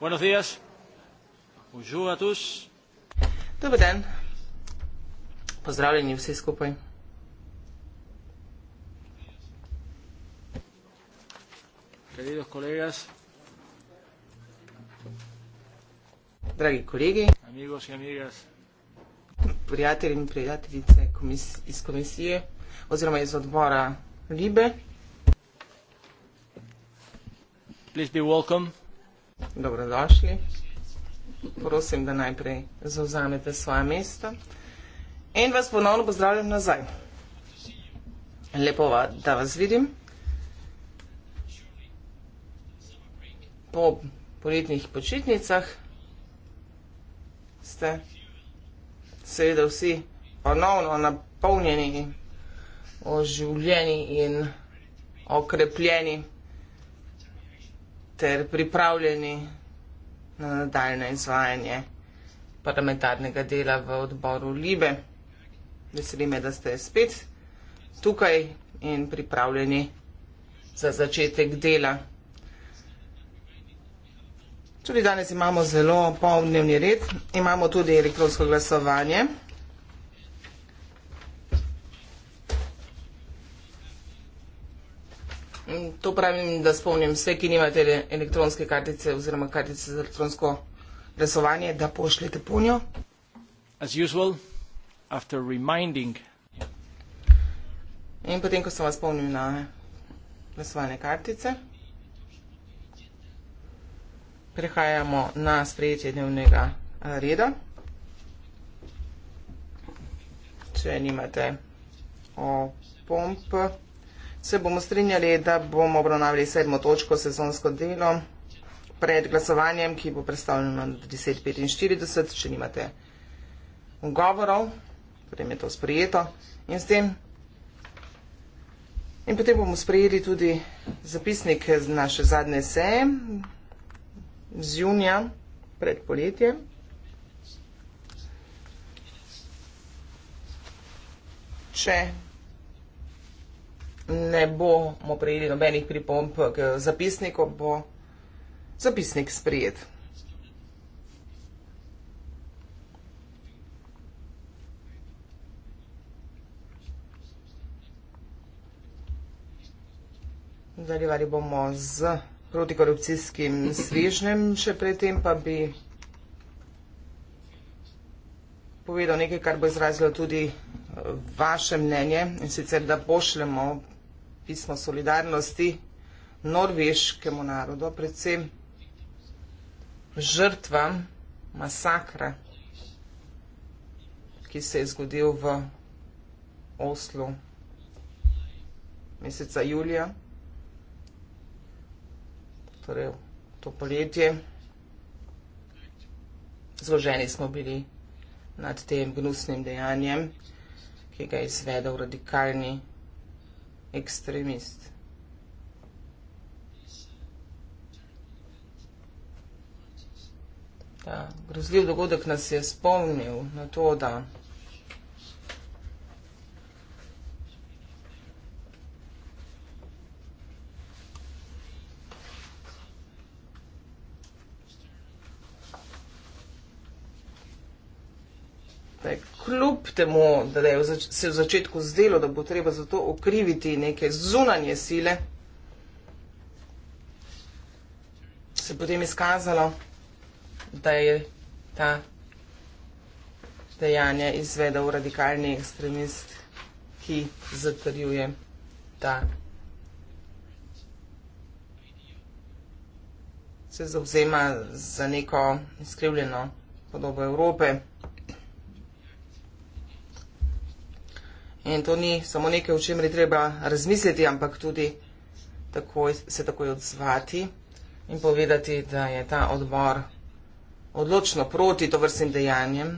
Buenos días. Bonjour à tous. Dober dan. Pozdravljeni vsi skupaj. Queridos colegas. Dragi kolegi. Amigos y amigas. Prijatelji in prijateljice komis iz komisije oziroma iz odbora Libe. Please be welcome dobrodošli. Prosim, da najprej zauzamete svoje mesto. In vas ponovno pozdravljam nazaj. Lepo, da vas vidim. Po poletnih počitnicah ste seveda vsi ponovno napolnjeni, oživljeni in okrepljeni ter pripravljeni na nadaljne izvajanje parlamentarnega dela v odboru Libe. Veselime, da ste spet tukaj in pripravljeni za začetek dela. Tudi danes imamo zelo polnjeni red, imamo tudi elektronsko glasovanje. To pravim, da spomnim vse, ki nimate elektronske kartice oziroma kartice za elektronsko glasovanje, da pošljete punjo. In potem, ko sem vas spomnil na glasovanje kartice, prehajamo na sprejetje dnevnega eh, reda. Če nimate opompe, se bomo strinjali, da bomo obravnavali sedmo točko sezonsko delo pred glasovanjem, ki bo predstavljeno na 10.45, če nimate govorov, potem je to sprejeto in s tem. In potem bomo sprejeli tudi zapisnik z naše zadnje seje z junija pred poletjem. Če ne bomo prejeli nobenih pripomp k zapisniku, bo zapisnik sprijet. Zdaljevali bomo z protikorupcijskim svežnem, še predtem pa bi povedal nekaj, kar bo izrazilo tudi vaše mnenje in sicer, da pošljemo pismo solidarnosti norveškemu narodu, predvsem žrtvam masakra, ki se je zgodil v Oslu meseca julija, torej to poletje. Zloženi smo bili nad tem gnusnim dejanjem, ki ga je izvedel radikalni ekstremist. Ta ja, grozljiv dogodek nas je spomnil na to, da. kljub temu, da je se je v začetku zdelo, da bo treba za to okriviti neke zunanje sile, se je potem izkazalo, da je ta dejanja izvedel radikalni ekstremist, ki zatrjuje, da se zauzema za neko izkrivljeno podobo Evrope. In to ni samo nekaj, o čemer je treba razmisliti, ampak tudi takoj, se takoj odzvati in povedati, da je ta odbor odločno proti to vrstnim dejanjem,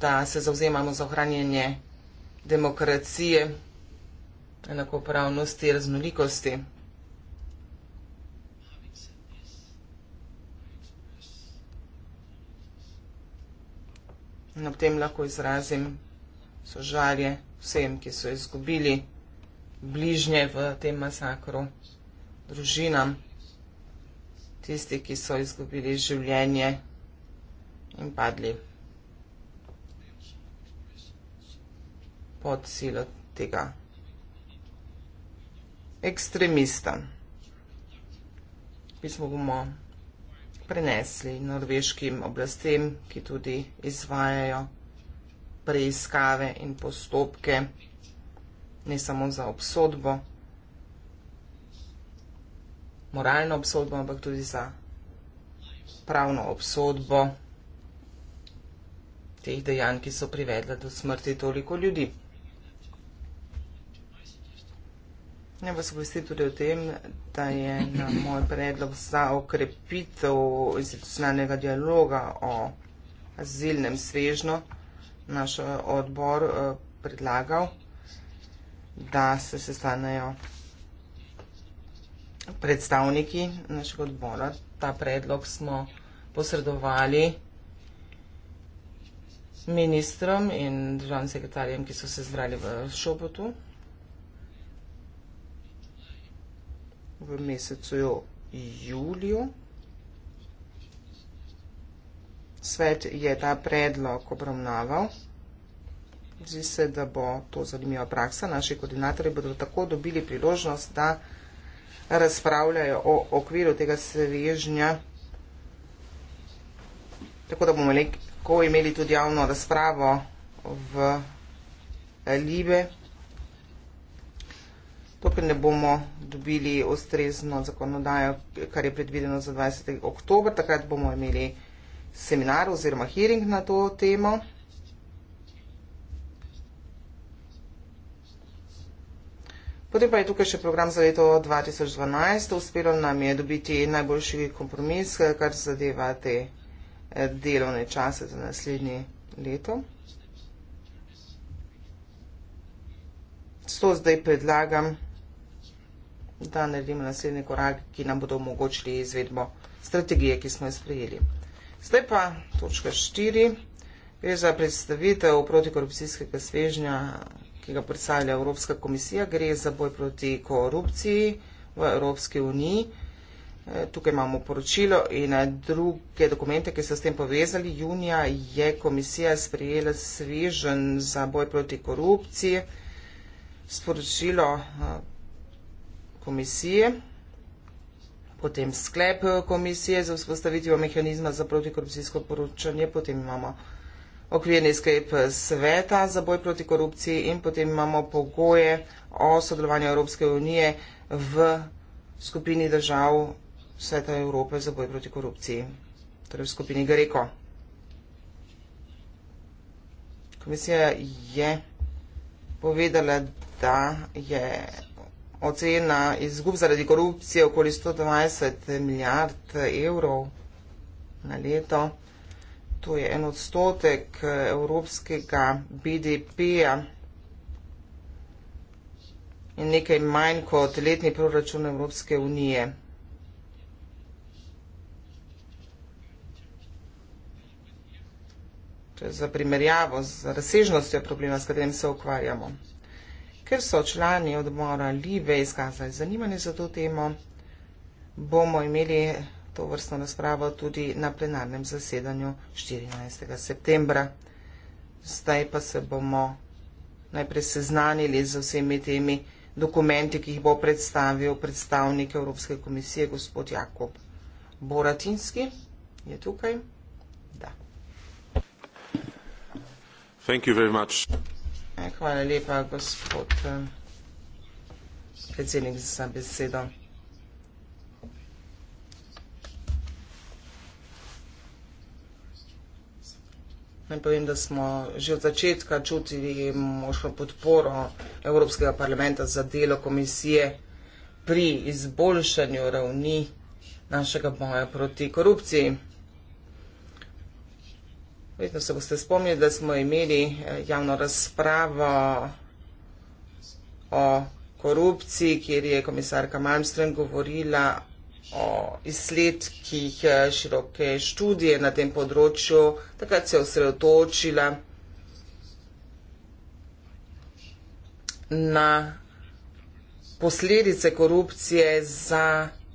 da se zauzemamo za ohranjanje demokracije, enakopravnosti, raznolikosti. In ob tem lahko izrazim sožalje vsem, ki so izgubili bližnje v tem masakru, družinam, tisti, ki so izgubili življenje in padli pod silo tega ekstremista. Pismo bomo prenesli norveškim oblastem, ki tudi izvajajo preiskave in postopke, ne samo za obsodbo, moralno obsodbo, ampak tudi za pravno obsodbo teh dejanj, ki so privedla do smrti toliko ljudi. Ne bo se obvesti tudi o tem, da je na moj predlog za okrepitev institucionalnega dialoga o azilnem svežno naš eh, odbor eh, predlagal, da se sestanejo predstavniki našega odbora. Ta predlog smo posredovali ministrom in državnim sekretarjem, ki so se zbrali v Šobotu v mesecu juliju svet je ta predlog obravnaval. Zdi se, da bo to zanimiva praksa. Naši koordinatorji bodo tako dobili priložnost, da razpravljajo o okviru tega svežnja, tako da bomo lahko imeli tudi javno razpravo v Libe. Dokler ne bomo dobili ustrezno zakonodajo, kar je predvideno za 20. oktober, takrat bomo imeli seminar oziroma hearing na to temo. Potem pa je tukaj še program za leto 2012. Uspelo nam je dobiti najboljši kompromis, kar zadeva te eh, delovne čase za naslednje leto. To zdaj predlagam, da naredimo naslednji korak, ki nam bodo omogočili izvedbo strategije, ki smo jo sprejeli. Zdaj pa točka štiri. Gre za predstavitev protikorupcijskega svežnja, ki ga predstavlja Evropska komisija. Gre za boj proti korupciji v Evropski uniji. E, tukaj imamo poročilo in e, druge dokumente, ki so s tem povezali. Junija je komisija sprejela svežen za boj proti korupciji. Sporočilo e, komisije potem sklep eh, komisije za vzpostavitev mehanizma za protikorupcijsko poročanje, potem imamo okvirni sklep eh, sveta za boj proti korupciji in potem imamo pogoje o sodelovanju Evropske unije v skupini držav Sveta Evrope za boj proti korupciji, torej v skupini Greko. Komisija je povedala, da je ocena izgub zaradi korupcije okoli 120 milijard evrov na leto. To je en odstotek evropskega BDP-ja in nekaj manj kot letni proračun Evropske unije. To je za primerjavo z razsežnostjo problema, s katerim se ukvarjamo. Ker so člani odmora Live izkazali zanimanje za to temo, bomo imeli to vrstno razpravo tudi na plenarnem zasedanju 14. septembra. Zdaj pa se bomo najprej seznanili z vsemi temi dokumenti, ki jih bo predstavil predstavnik Evropske komisije, gospod Jakob Boratinski. Je tukaj? Da. Thank you very much. Hvala lepa, gospod eh, predsednik, za besedo. Naj povem, da smo že od začetka čutili močno podporo Evropskega parlamenta za delo komisije pri izboljšanju ravni našega boja proti korupciji. Verjetno se boste spomnili, da smo imeli eh, javno razpravo o korupciji, kjer je komisarka Malmström govorila o izsledkih eh, široke študije na tem področju. Takrat se je osredotočila na posledice korupcije za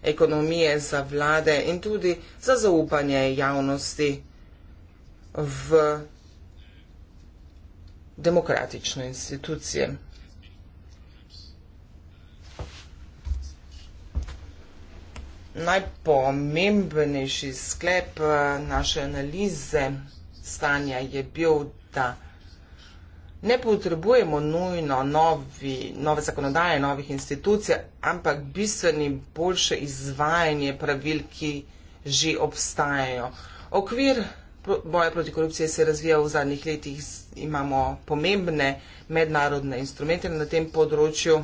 ekonomije, za vlade in tudi za zaupanje javnosti v demokratične institucije. Najpomembnejši sklep eh, naše analize stanja je bil, da ne potrebujemo nujno novi, nove zakonodaje, novih institucij, ampak bistveni boljše izvajanje pravil, ki že obstajajo. Okvir boja proti korupciji se razvija v zadnjih letih, imamo pomembne mednarodne instrumente na tem področju.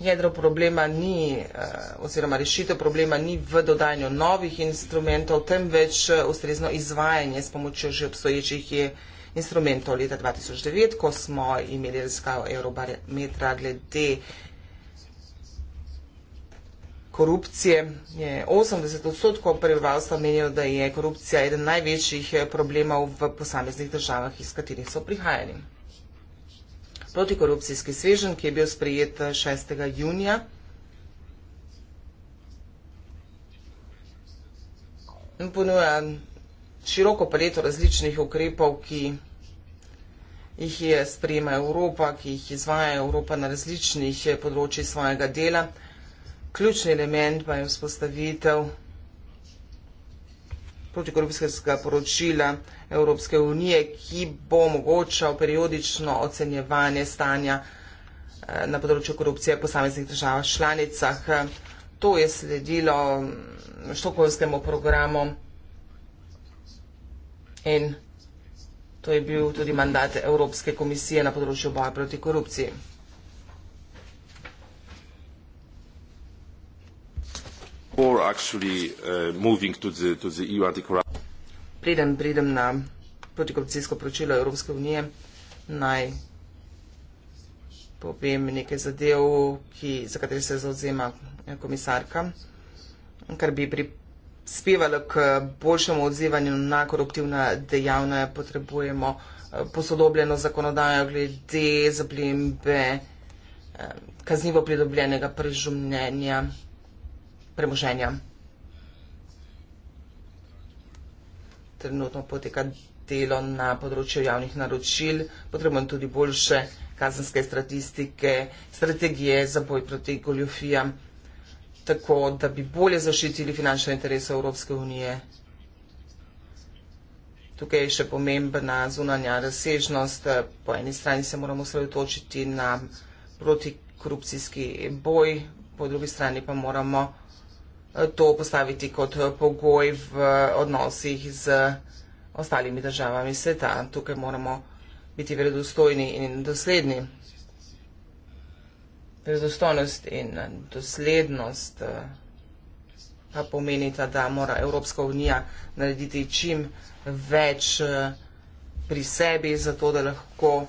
Jedro problema ni, eh, oziroma rešitev problema ni v dodanju novih instrumentov, temveč eh, ustrezno izvajanje s pomočjo že obstoječih instrumentov. Leta 2009, ko smo imeli raziskavo Eurobarometra glede korupcije. 80 odstotkov prebivalstva menijo, da je korupcija eden največjih eh, problemov v posameznih državah, iz katerih so prihajali. Protikorupcijski svežen, ki je bil sprejet 6. Eh, junija, ponuja široko paleto različnih ukrepov, ki jih je sprejema Evropa, ki jih izvaja Evropa na različnih eh, področjih svojega dela. Ključni element pa je vzpostavitev protikorupcijskega poročila Evropske unije, ki bo omogočal periodično ocenjevanje stanja eh, na področju korupcije v posameznih državah članicah. To je sledilo mm, štokholmskemu programu in to je bil tudi mandat Evropske komisije na področju boja proti korupciji. before actually uh, moving to the, to the EU anti-corruption. Preden pridem na protikorupcijsko poročilo Evropske unije, naj povem nekaj zadev, ki, za katere se zauzema eh, komisarka, kar bi pri spevalo k boljšemu odzivanju na koruptivna dejavna, potrebujemo eh, posodobljeno zakonodajo glede zaplembe eh, kaznivo pridobljenega prežumljenja premoženja. Trenutno poteka delo na področju javnih naročil, potrebujem tudi boljše kazenske statistike, strategije za boj proti goljofijam, tako da bi bolje zaščitili finančne interese Evropske unije. Tukaj je še pomembna zunanja razsežnost. Po eni strani se moramo osredotočiti na protikorupcijski boj, po drugi strani pa moramo Eh, to postaviti kot eh, pogoj v eh, odnosih z ostalimi državami sveta. Tukaj moramo biti verodostojni in dosledni. Verodostojnost in doslednost pa pomenita, da mora Evropska unija narediti čim več pri sebi, zato da lahko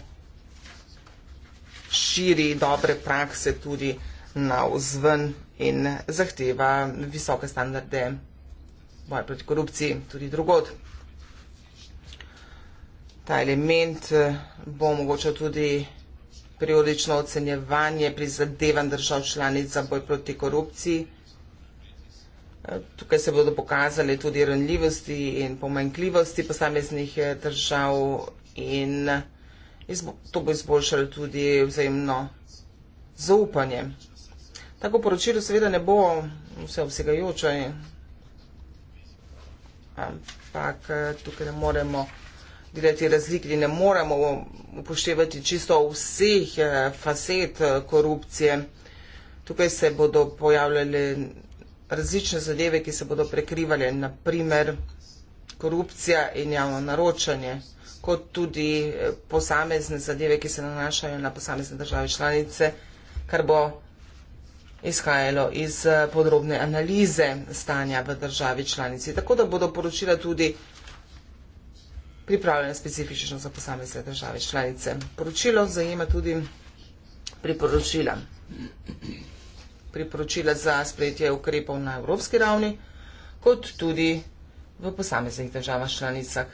širi dobre prakse tudi na vzven in zahteva visoke standarde boja proti korupciji tudi drugod. Ta element eh, bo omogočal tudi periodično ocenjevanje prizadevanj držav članic za boj proti korupciji. Eh, tukaj se bodo pokazali tudi ranljivosti in pomanjkljivosti posameznih eh, držav in to bo izboljšalo tudi vzajemno zaupanje. Tako poročilo seveda ne bo vse obsegajoče, ampak eh, tukaj ne moremo gledati razlik, ne moremo upoštevati čisto vseh eh, facet eh, korupcije. Tukaj se bodo pojavljale različne zadeve, ki se bodo prekrivali, naprimer korupcija in javno naročanje, kot tudi posamezne zadeve, ki se nanašajo na posamezne države članice, kar bo izhajalo iz eh, podrobne analize stanja v državi članici, tako da bodo poročila tudi pripravljena specifično za posamezne države članice. Poročilo zajema tudi priporočila. Priporočila za sprejetje ukrepov na evropski ravni, kot tudi v posameznih državah članicah.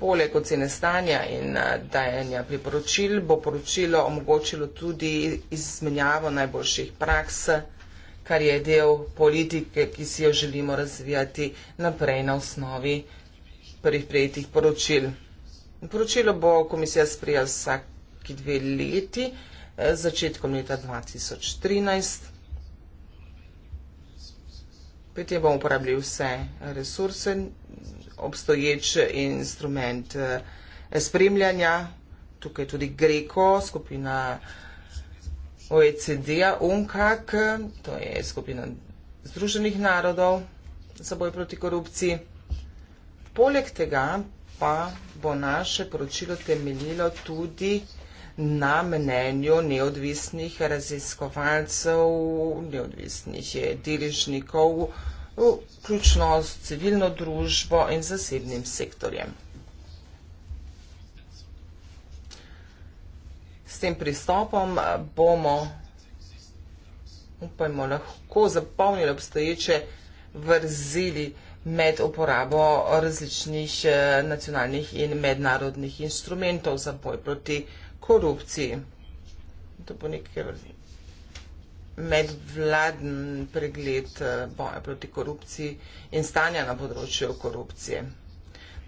Poleg ocene stanja in eh, dajanja priporočil bo poročilo omogočilo tudi izmenjavo najboljših praks, kar je del politike, ki si jo želimo razvijati naprej na osnovi prvih prejetih poročil. Poročilo bo komisija sprijela vsaki dve leti, eh, začetkom leta 2013. Pri tem bomo uporabili vse resurse obstoječ instrument eh, spremljanja, tukaj tudi Greko, skupina OECD-a, UNCAC, to je skupina Združenih narodov za boj proti korupciji. Poleg tega pa bo naše poročilo temeljilo tudi na mnenju neodvisnih raziskovalcev, neodvisnih deležnikov, vključno z civilno družbo in zasebnim sektorjem. S tem pristopom eh, bomo, upajmo, lahko zapolnili obstoječe vrzeli med uporabo različnih eh, nacionalnih in mednarodnih instrumentov za boj proti korupciji. To bo nekaj vrzeli medvladen pregled eh, boja proti korupciji in stanja na področju korupcije.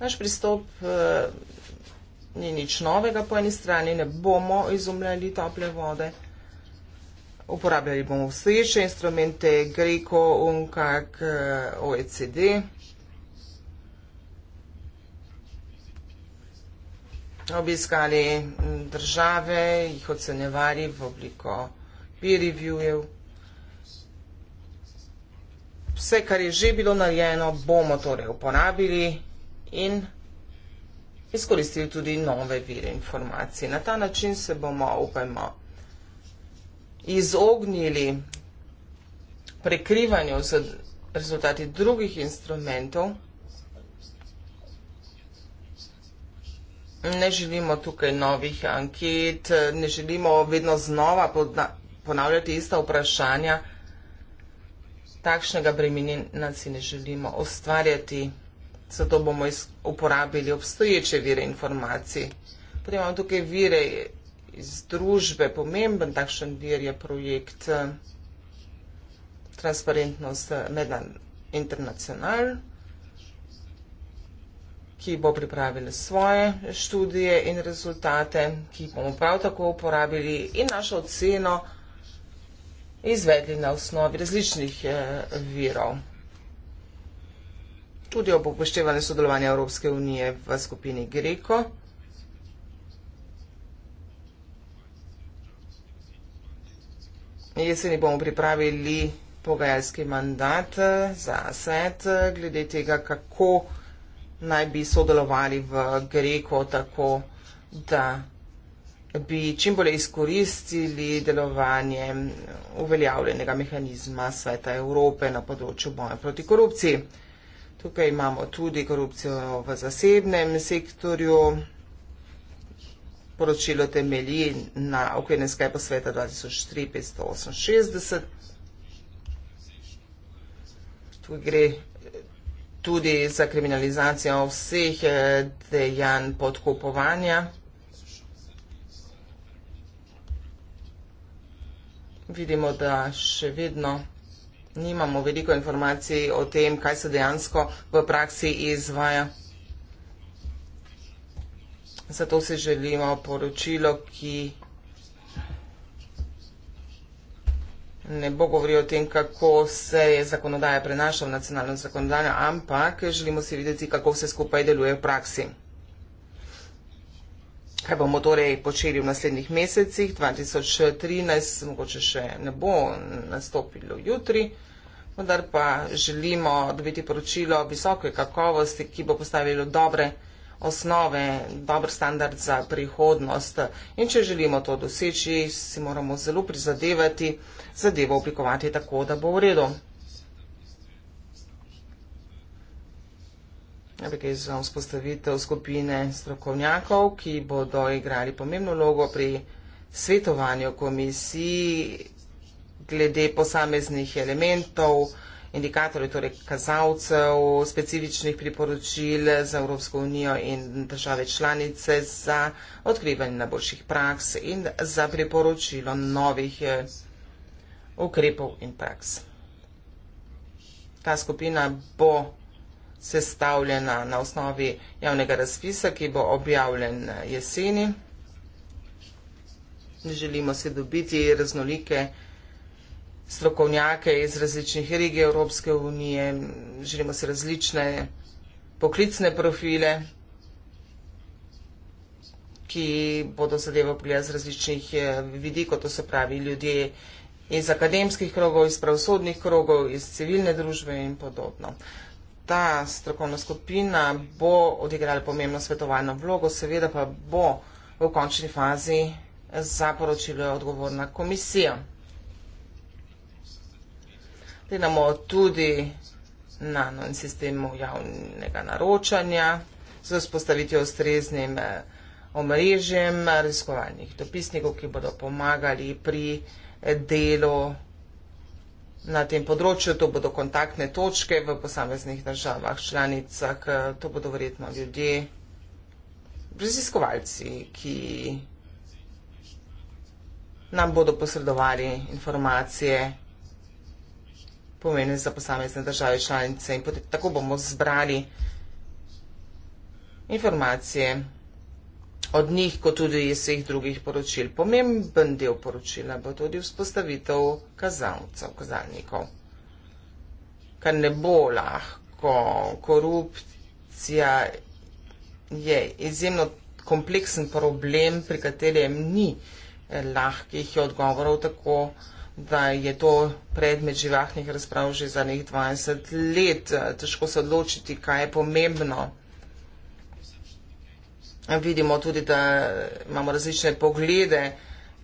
Naš pristop eh, ni nič novega po eni strani, ne bomo izumljali tople vode, uporabljali bomo vseše instrumente Greko, UNCAC, eh, OECD. Obiskali države, jih ocenjevali v obliko vsega, Peer-reviewjev. Vse, kar je že bilo narejeno, bomo torej uporabili in izkoristili tudi nove vire informacij. Na ta način se bomo, upajmo, izognili prekrivanju z rezultati drugih instrumentov. Ne želimo tukaj novih anket, ne želimo vedno znova podnašati ponavljati ista vprašanja. Takšnega bremenina si ne želimo ustvarjati, zato bomo uporabili obstoječe vire informacij. Potem imamo tukaj vire iz družbe, pomemben takšen vir je projekt Transparentnost International, ki bo pripravil svoje študije in rezultate, ki bomo prav tako uporabili in našo oceno izvedli na osnovi različnih eh, virov. Tudi ob upoštevanju sodelovanja Evropske unije v skupini Greko. Jeseni bomo pripravili pogajalski mandat eh, za SET, eh, glede tega, kako naj bi sodelovali v Greko tako, da bi čim bolje izkoristili delovanje uveljavljenega mehanizma Sveta Evrope na področju boja proti korupciji. Tukaj imamo tudi korupcijo v zasebnem sektorju. Poročilo temelji na okvirnem skajpu sveta 2003-568. Tukaj gre tudi za kriminalizacijo vseh eh, dejanj podkupovanja. vidimo, da še vedno nimamo veliko informacij o tem, kaj se dejansko v praksi izvaja. Zato si želimo poročilo, ki ne bo govoril o tem, kako se je zakonodaja prenašala v nacionalno zakonodajo, ampak želimo si videti, kako vse skupaj deluje v praksi kaj bomo torej počeli v naslednjih mesecih. 2013 mogoče še ne bo nastopilo jutri, vendar pa želimo dobiti poročilo visoke kakovosti, ki bo postavilo dobre osnove, dober standard za prihodnost. In če želimo to doseči, si moramo zelo prizadevati zadevo oblikovati tako, da bo v redu. Gre za vzpostavitev skupine strokovnjakov, ki bodo igrali pomembno vlogo pri svetovanju komisiji glede posameznih elementov, indikatorjev, torej kazalcev, specifičnih priporočil za Evropsko unijo in države članice za odkrivanje najboljših praks in za priporočilo novih eh, ukrepov in praks. Ta skupina bo sestavljena na osnovi javnega razpisa, ki bo objavljen eh, jeseni. Želimo se dobiti raznolike strokovnjake iz različnih regij Evropske unije, želimo se različne poklicne profile, ki bodo zadevo pogledali z različnih eh, vidikov, to se pravi ljudje iz akademskih krogov, iz pravosodnih krogov, iz civilne družbe in podobno ta strokovna skupina bo odigrala pomembno svetovalno vlogo, seveda pa bo v končni fazi za poročilo odgovorna komisija. Delamo tudi na novem sistemu javnega naročanja z vzpostavitvijo ustreznim eh, omrežjem raziskovalnih dopisnikov, ki bodo pomagali pri eh, delu na tem področju, to bodo kontaktne točke v posameznih državah, članicah, eh, to bodo verjetno ljudje, raziskovalci, ki nam bodo posredovali informacije pomene za posamezne države članice in potem tako bomo zbrali informacije od njih, kot tudi iz vseh drugih poročil. Pomemben del poročila bo tudi vzpostavitev kazalcev, kazalnikov, kar ne bo lahko. Korupcija je izjemno kompleksen problem, pri katerem ni eh, lahkih odgovorov, tako da je to predmet živahnih razprav že zadnjih 20 let. Težko se odločiti, kaj je pomembno vidimo tudi, da imamo različne poglede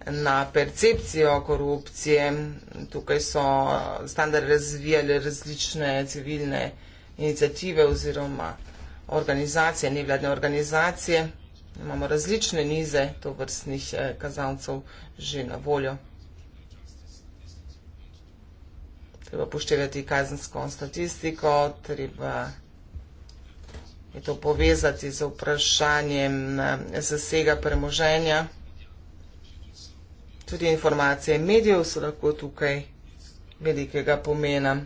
na percepcijo korupcije. Tukaj so standard razvijali različne civilne inicijative oziroma organizacije, nevladne organizacije. Imamo različne nize to vrstnih eh, kazalcev že na voljo. Treba poštevati kazensko statistiko, treba je to povezati z vprašanjem eh, zasega premoženja. Tudi informacije medijev so lahko tukaj velikega pomena.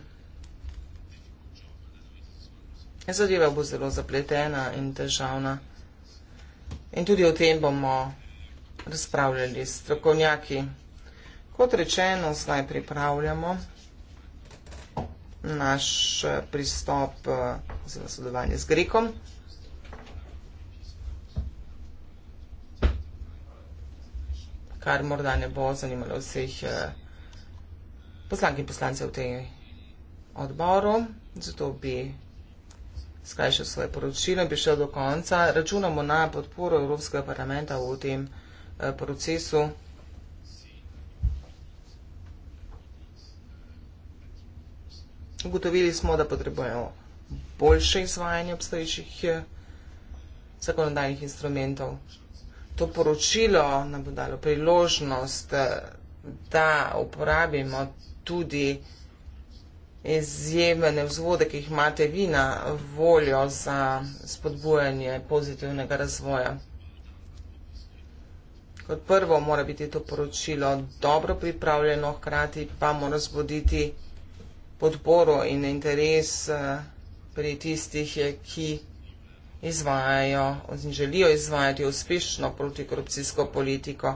Zadeva bo zelo zapletena in težavna. In tudi o tem bomo razpravljali s strokovnjaki. Kot rečeno, zdaj pripravljamo naš eh, pristop oziroma eh, sodelovanje z Grekom. kar morda ne bo zanimalo vseh eh, poslank in poslancev v tem odboru. Zato bi skrajšal svoje poročilo in bi šel do konca. Računamo na podporo Evropskega parlamenta v tem procesu. Ugotovili smo, da potrebujemo boljše izvajanje obstoječih eh, zakonodajnih instrumentov. To poročilo nam bo dalo priložnost, eh, da uporabimo tudi izjemne vzvode, ki jih imate vi na voljo za spodbujanje pozitivnega razvoja. Kot prvo mora biti to poročilo dobro pripravljeno, hkrati pa mora zbuditi podporo in interes eh, pri tistih, eh, ki izvajajo in želijo izvajati uspešno protikorupcijsko politiko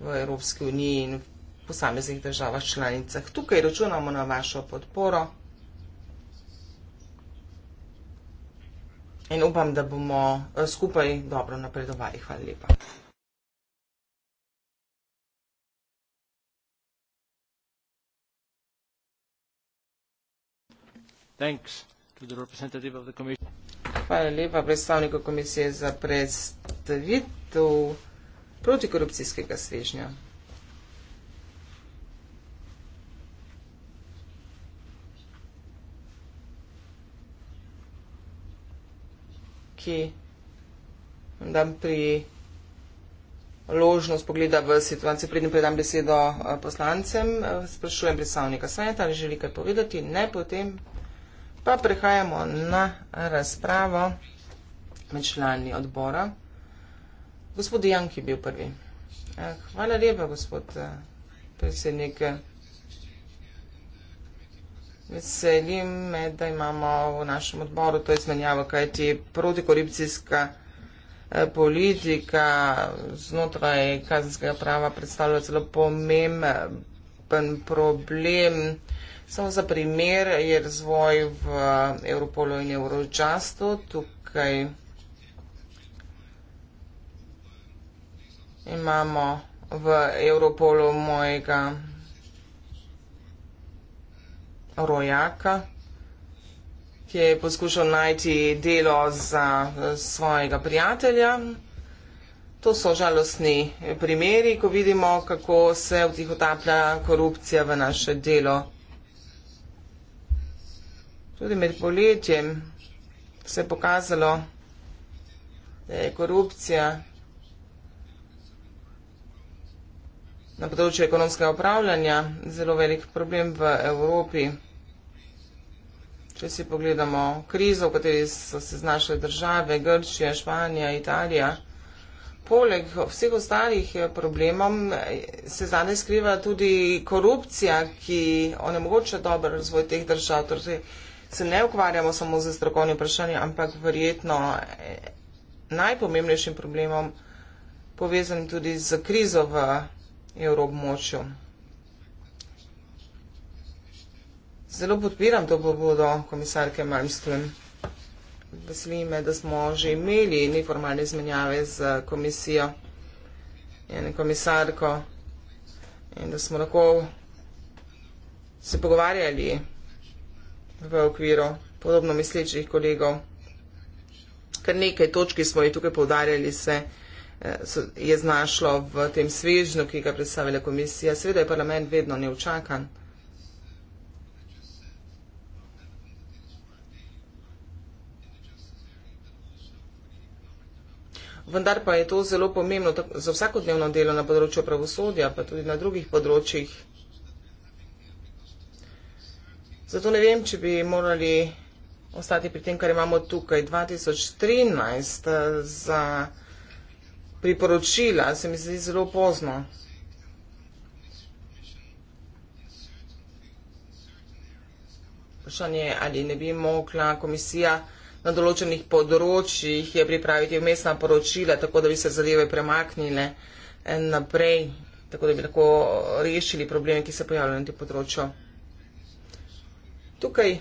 v Evropski uniji in v posameznih državah članicah. Tukaj računamo na vašo podporo in upam, da bomo eh, skupaj dobro napredovali. Hvala lepa. Hvala lepa predstavniku komisije za predstavitev protikorupcijskega svežnja. Ki dam pri ložnost pogleda v situacijo, preden predam besedo eh, poslancem, sprašujem predstavnika sveta, ali želi kaj povedati, ne potem. Pa prehajamo na razpravo med člani odbora. Gospod Janki je bil prvi. Eh, hvala lepa, gospod eh, predsednik. Veselim me, da imamo v našem odboru to izmenjavo, kajti protikorupcijska eh, politika znotraj kazenskega prava predstavlja zelo pomemben problem. Samo za primer je razvoj v eh, Europolu in Eurojustu. Tukaj imamo v Europolu mojega rojaka, ki je poskušal najti delo za eh, svojega prijatelja. To so žalostni primeri, ko vidimo, kako se vtihotaplja korupcija v naše delo. Tudi med poletjem se je pokazalo, da je korupcija na področju ekonomskega upravljanja zelo velik problem v Evropi. Če si pogledamo krizo, v kateri so se znašle države Grčija, Španija, Italija, poleg vseh ostalih eh, problemov eh, se zane skriva tudi korupcija, ki onemogoča dober razvoj teh držav. Torej se ne ukvarjamo samo z strokovnim vprašanjem, ampak verjetno najpomembnejšim problemom povezan tudi z krizo v evroobmočju. Zelo podpiram to pobudo komisarke Malmström. Veseli me, da smo že imeli neformalne izmenjave z komisijo in komisarko in da smo lahko se pogovarjali v okviru podobno mislečih kolegov. Kar nekaj točki smo jih tukaj povdarjali, se eh, je znašlo v tem svežnju, ki ga predstavlja komisija. Seveda je parlament vedno neučakan. Vendar pa je to zelo pomembno za vsakodnevno delo na področju pravosodja, pa tudi na drugih področjih. Zato ne vem, če bi morali ostati pri tem, kar imamo tukaj 2013 eh, za priporočila. Se mi zdi zelo pozno. Vprašanje je, ali ne bi mogla komisija na določenih področjih je pripraviti vmesna poročila, tako da bi se zadeve premaknile eh, naprej, tako da bi lahko rešili probleme, ki se pojavljajo na tem področju. Tukaj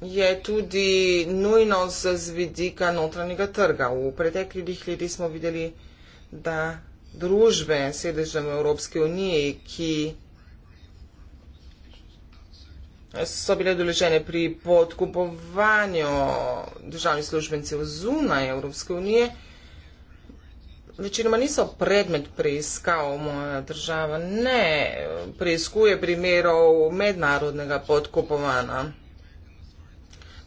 je tudi nujno z vidika notranjega trga. V preteklih letih smo videli, da družbe sedežem Evropske unije, ki so bile doležene pri podkupovanju državnih službencev zunaj Evropske unije, večinoma niso predmet preiskav moja država, ne preiskuje primerov mednarodnega podkupovanja,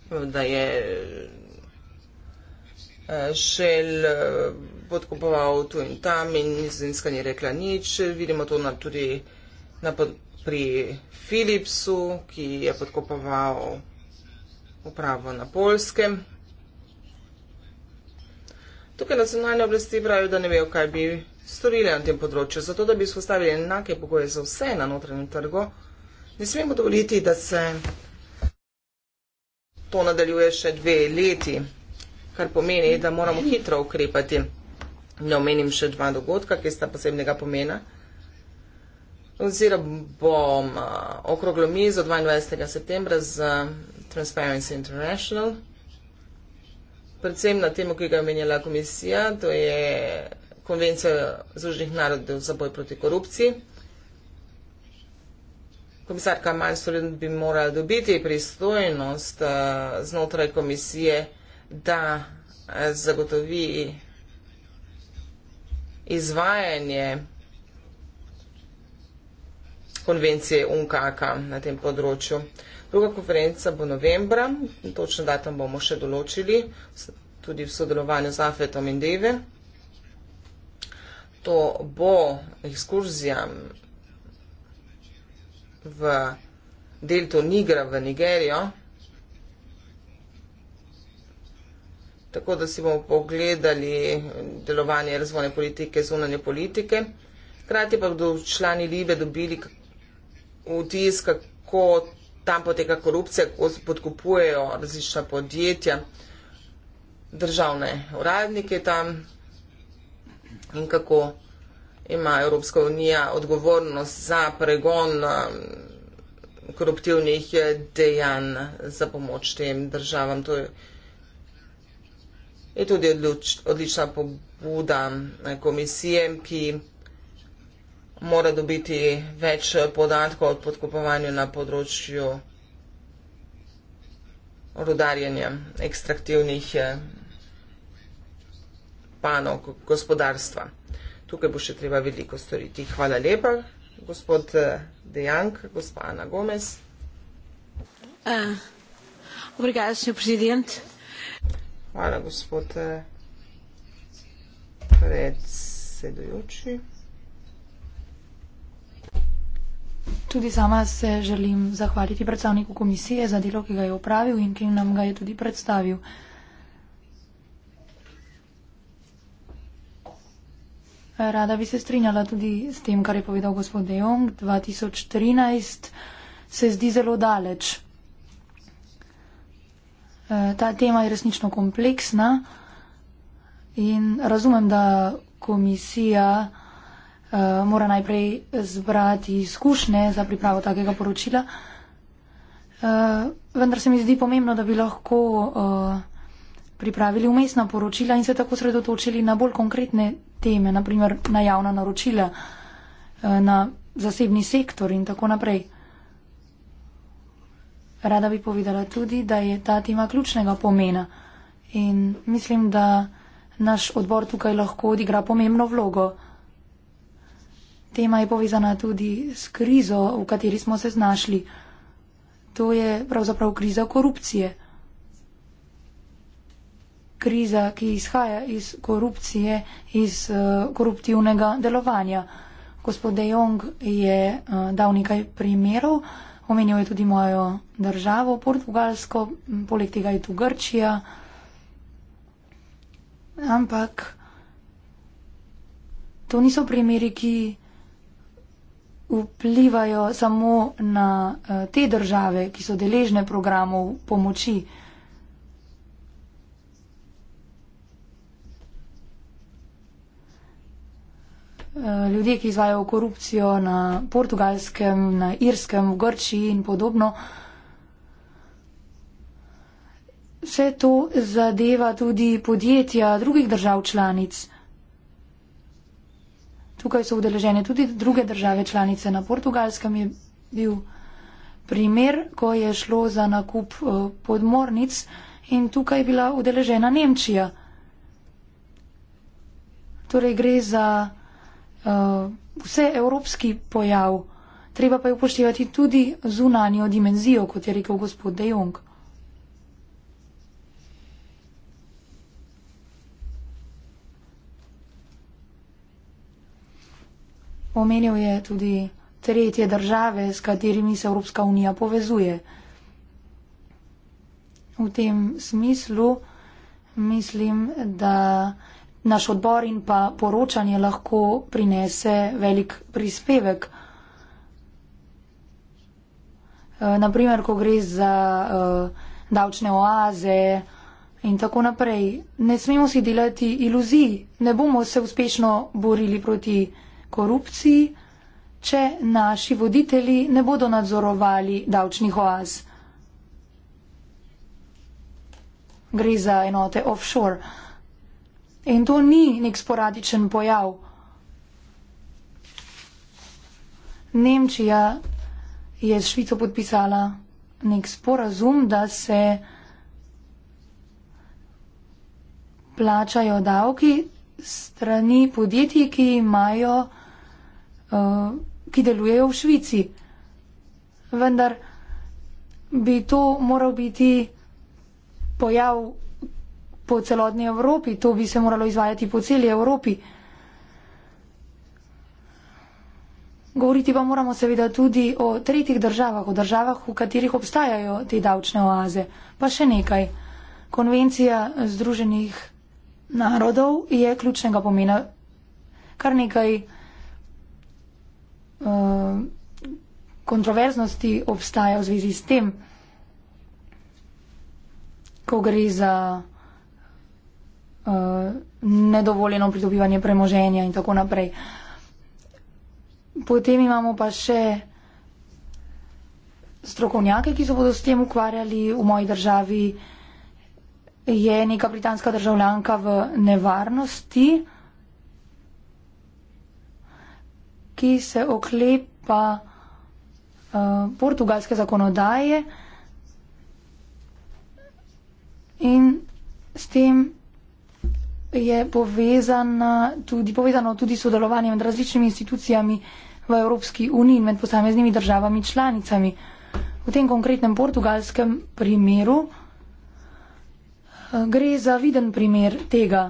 da je šel eh, eh, podkupoval tu in tam in Zinska ni rekla nič. Vidimo to na, tudi na, pri Philipsu, ki je podkupoval upravo na Polskem. Tukaj nacionalne oblasti pravijo, da ne vejo, kaj bi storili na tem področju. Zato, da bi vzpostavili enake pogoje za vse na notranjem trgu, ne smemo dovoliti, da se to nadaljuje še dve leti, kar pomeni, da moramo hitro ukrepati. Ne omenim še dva dogodka, ki sta posebnega pomena. Oziroma bom eh, okroglo mizo 22. septembra z Transparency International predvsem na temo, ki ga je menjala komisija, to je Konvencija Združenih narodov za boj proti korupciji. Komisarka Malmström bi morala dobiti pristojnost eh, znotraj komisije, da eh, zagotovi izvajanje konvencije UNKAK-a na tem področju. Druga konferenca bo novembra, točno datum bomo še določili, tudi v sodelovanju z Afetom in Deve. To bo ekskurzija v delto Nigra v Nigerijo, tako da si bomo pogledali delovanje razvojne politike, zunanje politike. Krati pa bodo člani Libe dobili vtis, kako tam poteka korupcija, ko se podkupujejo različna podjetja, državne uradnike tam in kako ima Evropska unija odgovornost za pregon um, koruptivnih dejanj za pomoč tem državam. To je tudi odlična pobuda eh, komisije, ki je mora dobiti več podatkov o podkupovanju na področju rodarjenja ekstraktivnih eh, panog gospodarstva. Tukaj bo še treba veliko storiti. Hvala lepa, gospod eh, Dejank, gospa Ana Gomez. Eh, obrigada, uh, senjor prezident. Hvala, gospod predsedujoči. Tudi sama se želim zahvaliti predstavniku komisije za delo, ki ga je upravil in ki nam ga je tudi predstavil. Rada bi se strinjala tudi s tem, kar je povedal gospod Dejong. 2013 se zdi zelo daleč. E, ta tema je resnično kompleksna in razumem, da komisija. Eh, mora najprej zbrati izkušnje za pripravo takega poročila. Eh, vendar se mi zdi pomembno, da bi lahko eh, pripravili umestna poročila in se tako sredotočili na bolj konkretne teme, naprimer na javna naročila, na zasebni sektor in tako naprej. Rada bi povedala tudi, da je ta tema ključnega pomena in mislim, da naš odbor tukaj lahko odigra pomembno vlogo. Tema je povezana tudi s krizo, v kateri smo se znašli. To je pravzaprav kriza korupcije. Kriza, ki izhaja iz korupcije, iz uh, koruptivnega delovanja. Gospod De Jong je uh, dal nekaj primerov, omenil je tudi mojo državo, Portugalsko, poleg tega je tu Grčija. Ampak to niso primeri, ki vplivajo samo na eh, te države, ki so deležne programov pomoči. Eh, ljudje, ki izvajo korupcijo na portugalskem, na irskem, v Grčiji in podobno. Vse to zadeva tudi podjetja drugih držav članic. Tukaj so udeležene tudi druge države članice. Na portugalskem je bil primer, ko je šlo za nakup eh, podmornic in tukaj je bila udeležena Nemčija. Torej gre za uh, vse evropski pojav. Treba pa je upoštevati tudi zunanjo dimenzijo, kot je rekel gospod De Jong. Omenil je tudi tretje države, s katerimi se Evropska unija povezuje. V tem smislu mislim, da naš odbor in pa poročanje lahko prinese velik prispevek. E, Naprimer, ko gre za uh, davčne oaze in tako naprej. Ne smemo si delati iluzij, ne bomo se uspešno borili proti korupciji, če naši voditelji ne bodo nadzorovali davčnih oaz. Gre za enote offshore. In to ni nek sporadičen pojav. Nemčija je s Švico podpisala nek sporazum, da se plačajo davki strani podjetij, ki imajo Eh, ki delujejo v Švici. Vendar bi to moral biti pojav po celotni Evropi, to bi se moralo izvajati po celi Evropi. Govoriti pa moramo seveda tudi o tretjih državah, o državah, v katerih obstajajo te davčne oaze. Pa še nekaj. Konvencija Združenih narodov je ključnega pomena. Kar nekaj Eh, kontroverznosti obstaja v zvezi s tem, ko gre za eh, nedovoljeno pridobivanje premoženja in tako naprej. Potem imamo pa še strokovnjake, ki se bodo s tem ukvarjali. V moji državi je neka britanska državljanka v nevarnosti. ki se oklepa uh, portugalske zakonodaje in s tem je povezana tudi, povezano tudi sodelovanje med različnimi institucijami v Evropski uniji in med posameznimi državami članicami. V tem konkretnem portugalskem primeru eh, gre za viden primer tega.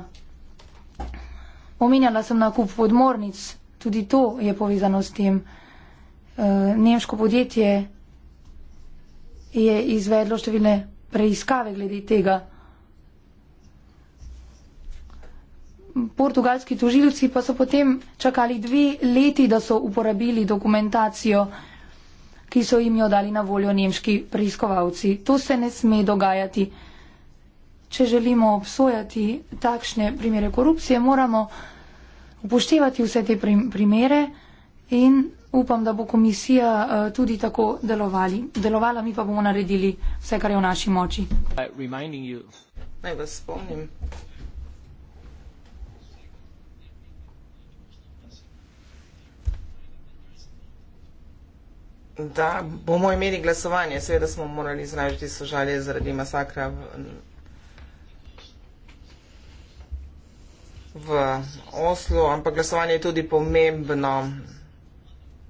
Omenjala sem nakup podmornic tudi to je povezano s tem. Eh, nemško podjetje je izvedlo številne preiskave glede tega. Portugalski tožilci pa so potem čakali dve leti, da so uporabili dokumentacijo, ki so jim jo dali na voljo nemški preiskovalci. To se ne sme dogajati. Če želimo obsojati takšne primere korupcije, moramo upoštevati vse te prim primere in upam, da bo komisija uh, tudi tako delovali. delovala, mi pa bomo naredili vse, kar je v naši moči. Naj vas spomnim. Da bomo imeli glasovanje, seveda smo morali izražiti sožalje zaradi masakra v Oslu, ampak glasovanje je tudi pomembno.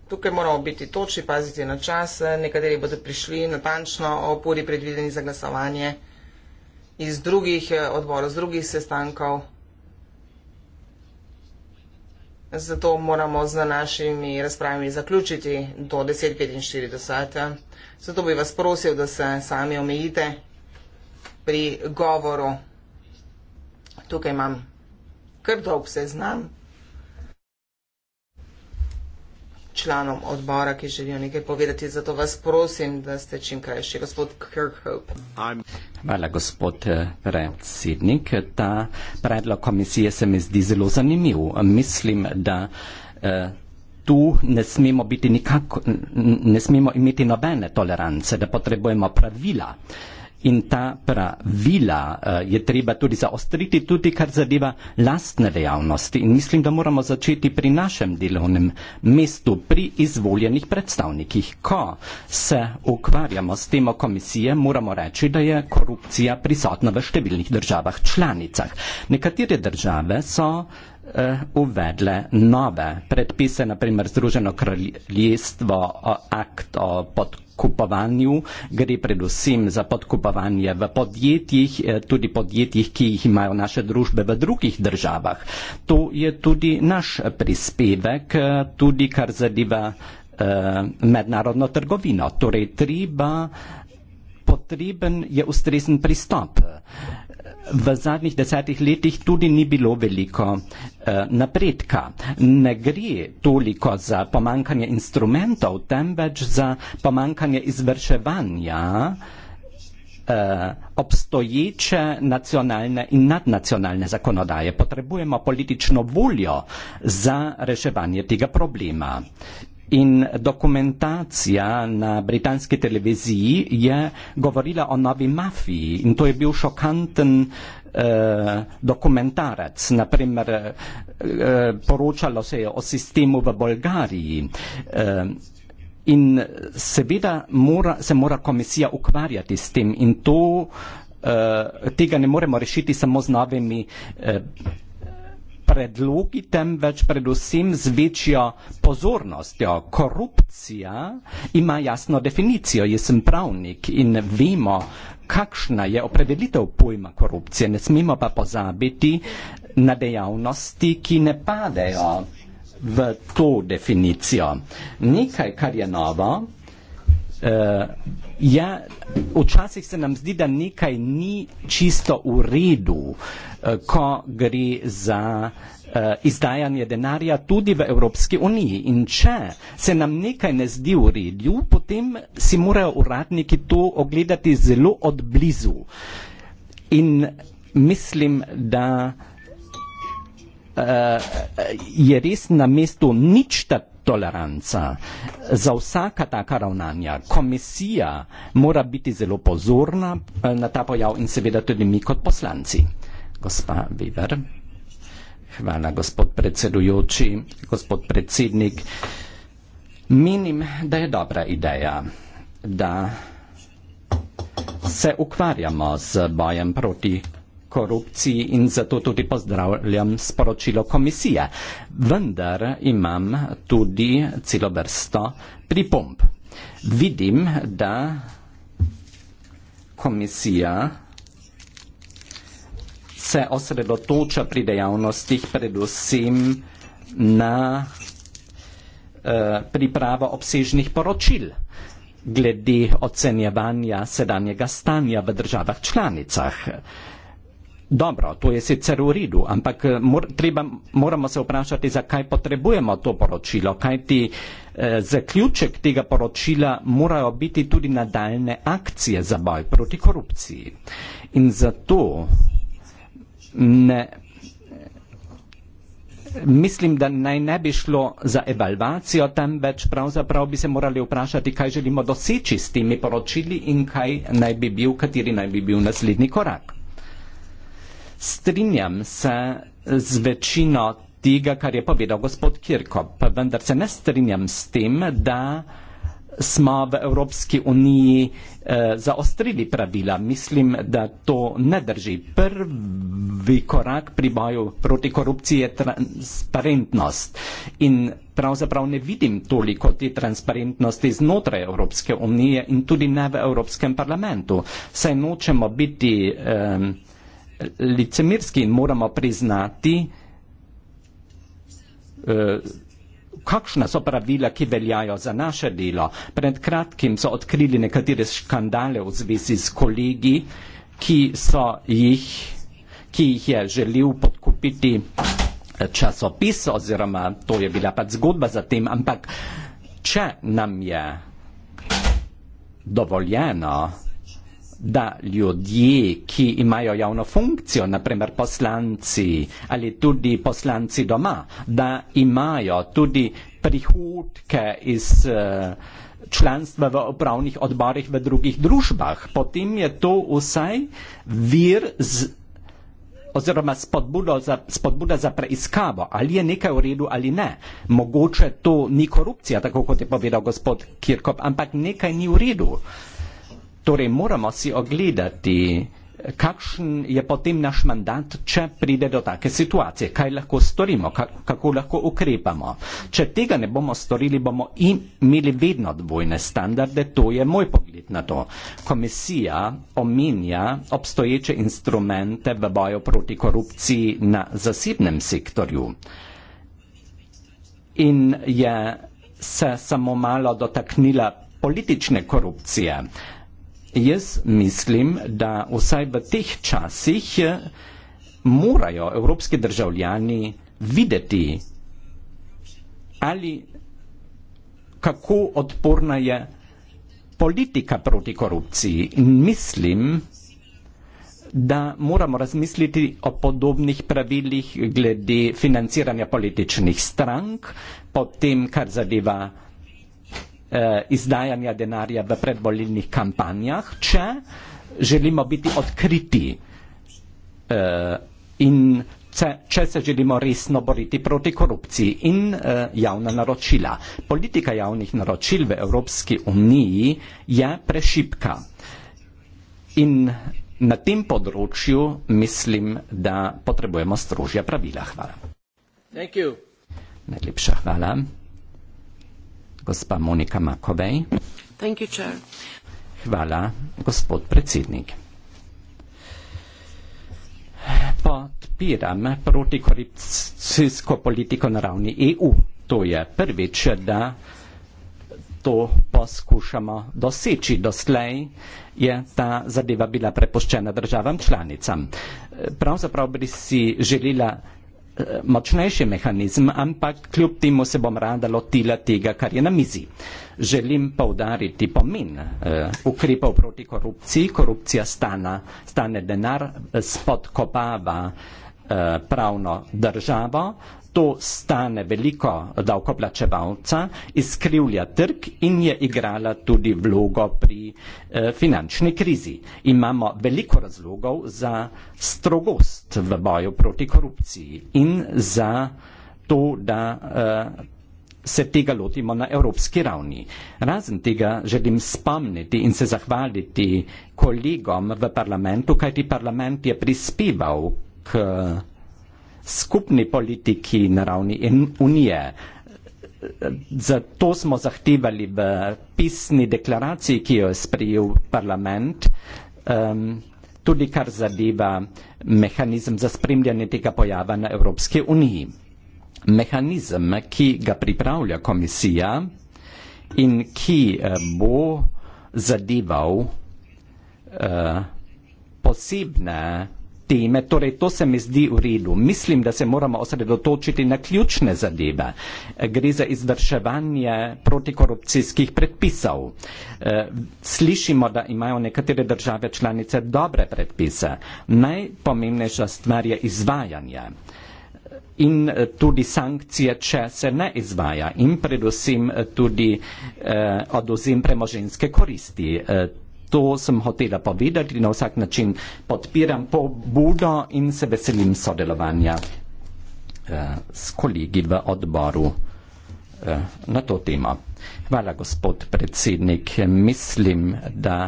Tukaj moramo biti točni, paziti na čas. Nekateri bodo prišli natančno o puri predvideni za glasovanje iz drugih eh, odborov, iz drugih sestankov. Zato moramo z našimi razpravami zaključiti do 10.45. Zato bi vas prosil, da se sami omejite pri govoru. Tukaj imam kar dolg seznam članom odbora, ki želijo nekaj povedati. Zato vas prosim, da ste čim krajši. Gospod Kirkhope. Hvala, gospod eh, predsednik. Ta predlog komisije se mi zdi zelo zanimiv. Mislim, da eh, tu ne smemo, biti nikako, ne smemo imeti nobene tolerance, da potrebujemo pravila. Eh, In ta pravila eh, je treba tudi zaostriti, tudi kar zadeva lastne dejavnosti. In mislim, da moramo začeti pri našem delovnem mestu, pri izvoljenih predstavnikih. Ko se ukvarjamo s temo komisije, moramo reči, da je korupcija prisotna v številnih državah članicah. Nekatere države so Eh, uvedle nove predpise, naprimer Združeno kraljestvo, akt o podkupovanju, gre predvsem za podkupovanje v podjetjih, eh, tudi podjetjih, ki jih imajo naše družbe v drugih državah. To je tudi naš prispevek, eh, tudi kar zadeva eh, mednarodno trgovino. Torej, treba, potreben je ustrezen pristop v zadnjih desetih letih tudi ni bilo veliko eh, napredka. Ne gre toliko za pomankanje instrumentov, temveč za pomankanje izvrševanja eh, obstoječe nacionalne in nadnacionalne zakonodaje. Potrebujemo politično voljo za reševanje tega problema. In dokumentacija na britanski televiziji je govorila o novi mafiji in to je bil šokanten eh, dokumentarac. Naprimer, eh, poročalo se je o sistemu v Bolgariji. Eh, In seveda mora, se mora komisija ukvarjati s tem in to, uh, tega ne moremo rešiti samo z novimi uh, predlogi, temveč predvsem z večjo pozornostjo. Korupcija ima jasno definicijo. Jaz sem pravnik in vemo, kakšna je opredelitev pojma korupcije. Ne smemo pa pozabiti na dejavnosti, ki ne padejo v to definicijo. Nekaj, kar je novo, uh, ja, včasih se nam zdi, da nekaj ni čisto v redu, uh, ko gre za uh, izdajanje denarja tudi v Evropski uniji. In če se nam nekaj ne zdi v redu, potem si morajo uradniki to ogledati zelo odblizu. In mislim, da uh, je res na mestu nič tako toleranca. Za vsaka taka ravnanja komisija mora biti zelo pozorna eh, na ta pojav in seveda tudi mi kot poslanci. Gospa Viver. Hvala, gospod predsedujoči, gospod predsednik. Menim, da je dobra ideja, da se ukvarjamo z bojem proti korupciji in zato tudi pozdravljam sporočilo komisije. Vendar imam tudi celo vrsto pripomp. Vidim, da komisija se osredotoča pri dejavnostih predvsem na eh, pripravo obsežnih poročil glede ocenjevanja sedanjega stanja v državah članicah. Dobro, to je sicer v redu, ampak eh, mor, treba, moramo se vprašati, zakaj potrebujemo to poročilo, kajti eh, zaključek tega poročila morajo biti tudi nadaljne akcije za boj proti korupciji. In zato ne, mislim, da naj ne bi šlo za evalvacijo, temveč pravzaprav bi se morali vprašati, kaj želimo doseči s temi poročili in kaj naj bi bil, kateri naj bi bil naslednji korak strinjam se z večino tega, kar je povedal gospod Kirko, pa vendar se ne strinjam s tem, da smo v Evropski uniji eh, zaostrili pravila. Mislim, da to ne drži. Prvi korak pri boju proti korupciji je transparentnost. In pravzaprav ne vidim toliko te transparentnosti znotraj Evropske unije in tudi ne v Evropskem parlamentu. Saj nočemo biti. Eh, licemirski in moramo priznati, uh, kakšna so pravila, ki veljajo za naše delo. Pred kratkim so odkrili nekatere škandale v zvezi s kolegi, ki, jih, ki jih je želel podkupiti eh, časopis oziroma to je bila pač zgodba za tem, ampak če nam je dovoljeno, da ljudje, ki imajo javno funkcijo, naprimer poslanci ali tudi poslanci doma, da imajo tudi prihodke iz uh, članstva v upravnih odborih v drugih družbah, potem je to vsaj vir z, oziroma za, spodbuda za preiskavo, ali je nekaj v redu ali ne. Mogoče to ni korupcija, tako kot je povedal gospod Kirkop, ampak nekaj ni v redu. Uh, Torej, moramo si ogledati, kakšen je potem naš mandat, če pride do take situacije, kaj lahko storimo, kako lahko ukrepamo. Če tega ne bomo storili, bomo imeli vedno dvojne standarde, to je moj pogled na to. Komisija omenja obstoječe instrumente v boju proti korupciji na zasebnem sektorju in je se samo malo dotaknila politične korupcije. Jaz mislim, da vsaj v teh časih eh, morajo evropski državljani videti, ali kako odporna je politika proti korupciji. In mislim, da moramo razmisliti o podobnih pravilih glede financiranja političnih strank, potem kar zadeva Eh, izdajanja denarja v predvolilnih kampanjah, če želimo biti odkriti eh, in če se želimo resno boriti proti korupciji in eh, javna naročila. Politika javnih naročil v Evropski uniji je prešipka in na tem področju mislim, da potrebujemo strožja pravila. Hvala. Najlepša hvala gospa Monika Makovej. Thank you, chair. Hvala, gospod predsednik. Podpiram protikorupcijsko politiko na ravni EU. To je prvič, da to poskušamo doseči. Doslej je ta zadeva bila prepuščena državam članicam. Pravzaprav bi si želela močnejši mehanizem, ampak kljub temu se bom rada lotila tega, kar je na mizi. Želim poudariti pomen uh, ukrepov proti korupciji. Korupcija stana, stane denar, eh, spodkopava uh, pravno državo, to stane veliko davkoplačevalca, izkrivlja trg in je igrala tudi vlogo pri eh, finančni krizi. Imamo veliko razlogov za strogost v boju proti korupciji in za to, da eh, se tega lotimo na evropski ravni. Razen tega želim spomniti in se zahvaliti kolegom v parlamentu, kajti parlament je prispeval k skupni politiki na ravni Unije. Zato smo zahtevali v pisni deklaraciji, ki jo je sprejel parlament, um, tudi kar zadeva mehanizem za spremljanje tega pojava na Evropski uniji. Mehanizem, ki ga pripravlja komisija in ki eh, bo zadeval uh, posebne teme, torej to se mi zdi v redu. Mislim, da se moramo osredotočiti na ključne zadeve. Gre za izvrševanje protikorupcijskih predpisov. Eh, slišimo, da imajo nekatere države članice dobre predpise. Najpomembnejša stvar je izvajanje in eh, tudi sankcije, če se ne izvaja in predvsem eh, tudi eh, odozim premoženske koristi. Eh, to sem hotela povedati na vsak način. Podpiram pobudo in se veselim sodelovanja eh, s kolegi v odboru eh, na to temo. Hvala, gospod predsednik. Mislim, da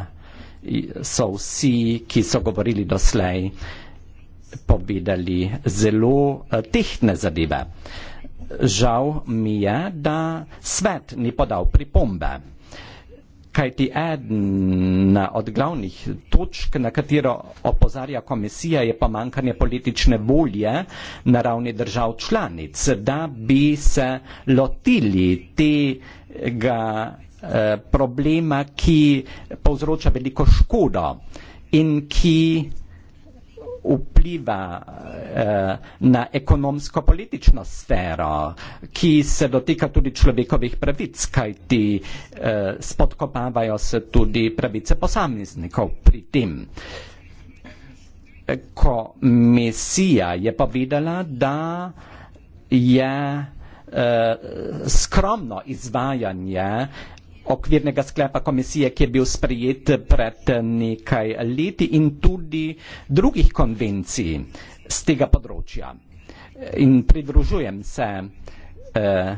so vsi, ki so govorili doslej, povedali zelo eh, tehne zadeve. Žal mi je, da svet ni podal pripombe. Kajti ena od glavnih točk, na katero opozarja komisija, je pomankanje politične volje na ravni držav članic, da bi se lotili tega eh, problema, ki povzroča veliko škodo in ki vpliva eh, na ekonomsko-politično sfero, ki se dotika tudi človekovih pravic, kajti eh, spodkopavajo se tudi pravice posameznikov pri tem. Ko Mesija je povedala, da je eh, skromno izvajanje okvirnega sklepa komisije, ki je bil sprejet pred nekaj leti in tudi drugih konvencij z tega področja. In pridružujem se eh,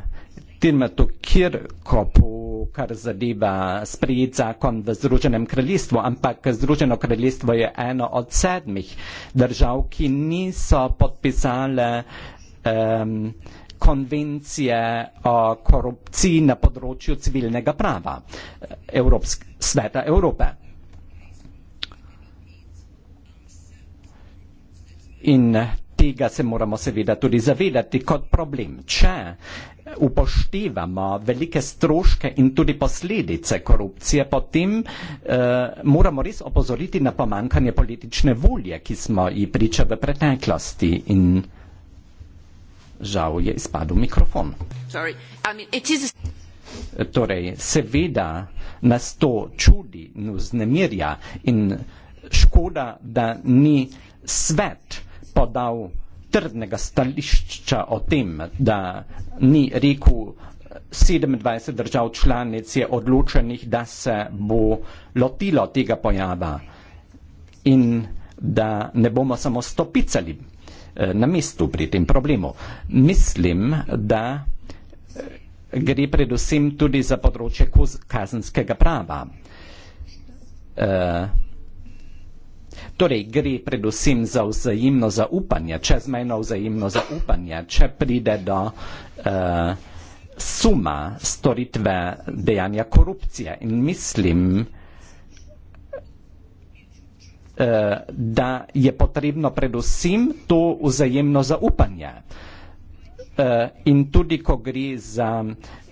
Timotu Kirkopu, kar zadeva sprejet zakon v Združenem kraljestvu, ampak Združeno kraljestvo je eno od sedmih držav, ki niso podpisale eh, konvencije o korupciji na področju civilnega prava eh, Evropsk Sveta Evrope. In eh, tega se moramo seveda tudi zavedati kot problem. Če upoštevamo velike stroške in tudi posledice korupcije, potem eh, moramo res opozoriti na pomankanje politične volje, ki smo ji priča v preteklosti. In žal je izpadel mikrofon. Torej, seveda nas to čudi in vznemirja in škoda, da ni svet podal trdnega stališča o tem, da ni rekel 27 držav članic je odločenih, da se bo lotilo tega pojava in da ne bomo samo stopicali Eh, na mestu pri tem problemu. Mislim, da eh, gre predvsem tudi za področje kazenskega prava. Eh, torej, gre predvsem za vzajemno zaupanje, čezmejno vzajemno zaupanje, če pride do suma storitve dejanja korupcije. In mislim, da Eh, da je potrebno predvsem to vzajemno zaupanje. Eh, in tudi, ko gre za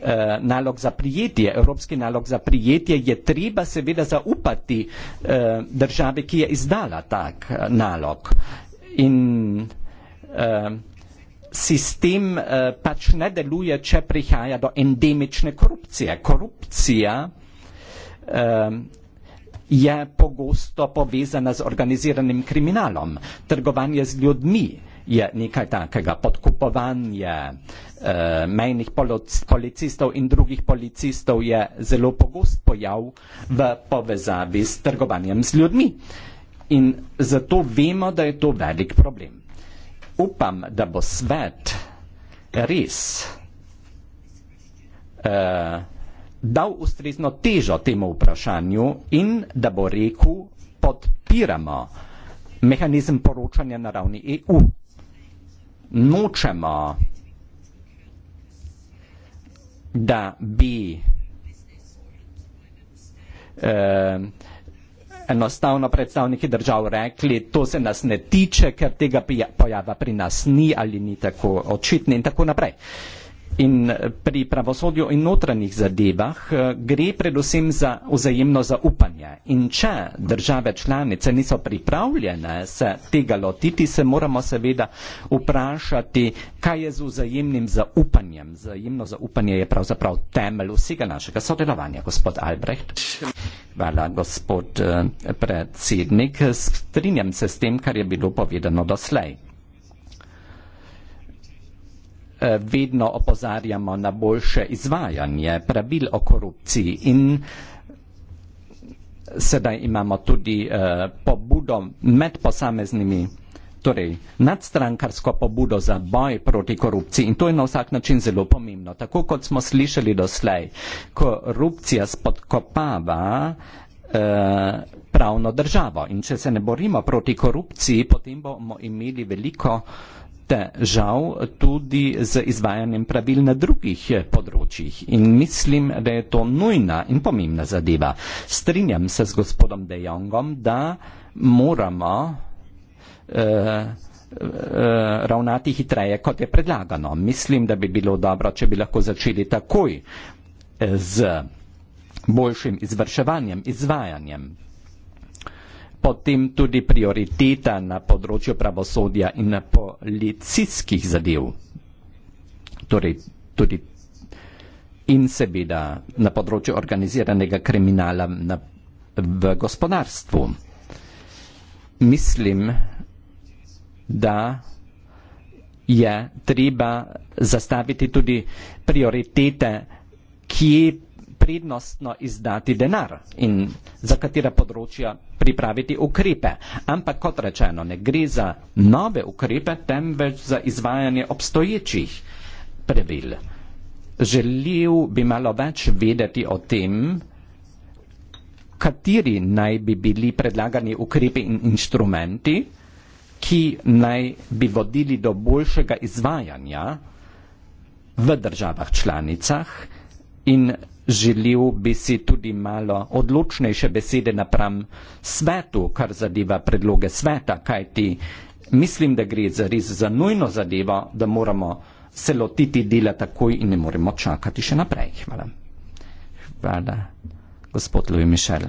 eh, nalog za prijetje, evropski nalog za prijetje, je treba seveda zaupati državi, ki je izdala tak nalog. In sistem pač ne deluje, če prihaja do endemične korupcije. Korupcija je pogosto povezana z organiziranim kriminalom. Trgovanje z ljudmi je nekaj takega, podkupovanje eh, mejnih policistov in drugih policistov je zelo pogost pojav v povezavi s trgovanjem z ljudmi. In zato vemo, da je to velik problem. Upam, da bo svet res eh, dal ustrezno težo temu vprašanju in da bo rekel, podpiramo mehanizem poročanja na ravni EU. Nočemo, da bi eh, enostavno predstavniki držav rekli, to se nas ne tiče, ker tega pojava pri nas ni ali ni tako očitni in tako naprej. Eh, In eh, pri pravosodju in notranjih zadevah eh, gre predvsem za vzajemno zaupanje. In če države članice niso pripravljene se tega lotiti, se moramo seveda vprašati, kaj je z vzajemnim zaupanjem. Vzajemno zaupanje je pravzaprav temelj vsega našega sodelovanja, gospod Albrecht. Hvala, gospod eh, predsednik. Strinjam se s tem, kar je bilo povedano doslej. Eh, vedno opozarjamo na boljše izvajanje pravil o korupciji in sedaj imamo tudi eh, pobudo med posameznimi, torej nadstrankarsko pobudo za boj proti korupciji in to je na vsak način zelo pomembno. Tako kot smo slišali doslej, korupcija spodkopava eh, pravno državo in če se ne borimo proti korupciji, potem bomo imeli veliko težav tudi z izvajanjem pravil na drugih področjih in mislim, da je to nujna in pomembna zadeva. Strinjam se z gospodom De Jongom, da moramo eh, eh ravnati hitreje, kot je predlagano. Mislim, da bi bilo dobro, če bi lahko začeli takoj eh, z boljšim izvrševanjem, izvajanjem potem tudi prioriteta na področju pravosodja in na policijskih zadev. Torej, tudi in seveda na področju organiziranega kriminala na, v gospodarstvu. Mislim, da je treba zastaviti tudi prioritete, kje prednostno izdati denar in za katera področja pripraviti ukrepe. Ampak kot rečeno, ne gre za nove ukrepe, temveč za izvajanje obstoječih pravil. Želel bi malo več vedeti o tem, kateri naj bi bili predlagani ukrepi in inštrumenti, ki naj bi vodili do boljšega izvajanja v državah članicah in želel bi si tudi malo odločnejše besede napram svetu, kar zadeva predloge sveta, kajti mislim, da gre za res za nujno zadevo, da moramo se lotiti dela takoj in ne moremo čakati še naprej. Hvala. Hvala, gospod Louis Michel.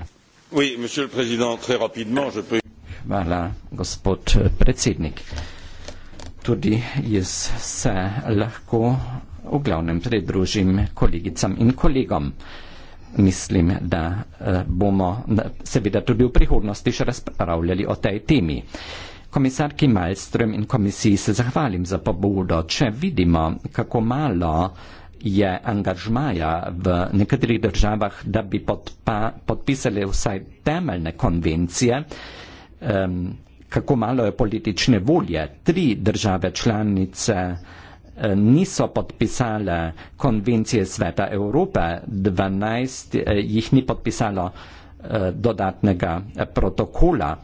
Oui, monsieur le président, très rapidement, je peux... Hvala, gospod eh, predsednik. Tudi jaz se lahko v glavnem pridružim kolegicam in kolegom. Mislim, da uh, bomo da, seveda tudi v prihodnosti še razpravljali o tej temi. Komisarki Malström in komisiji se zahvalim za pobudo. Če vidimo, kako malo je angažmaja v nekaterih državah, da bi podpa, podpisali vsaj temeljne konvencije, um, kako malo je politične volje. Tri države članice niso podpisale konvencije Sveta Evrope, 12 eh, jih ni podpisalo eh, dodatnega eh, protokola,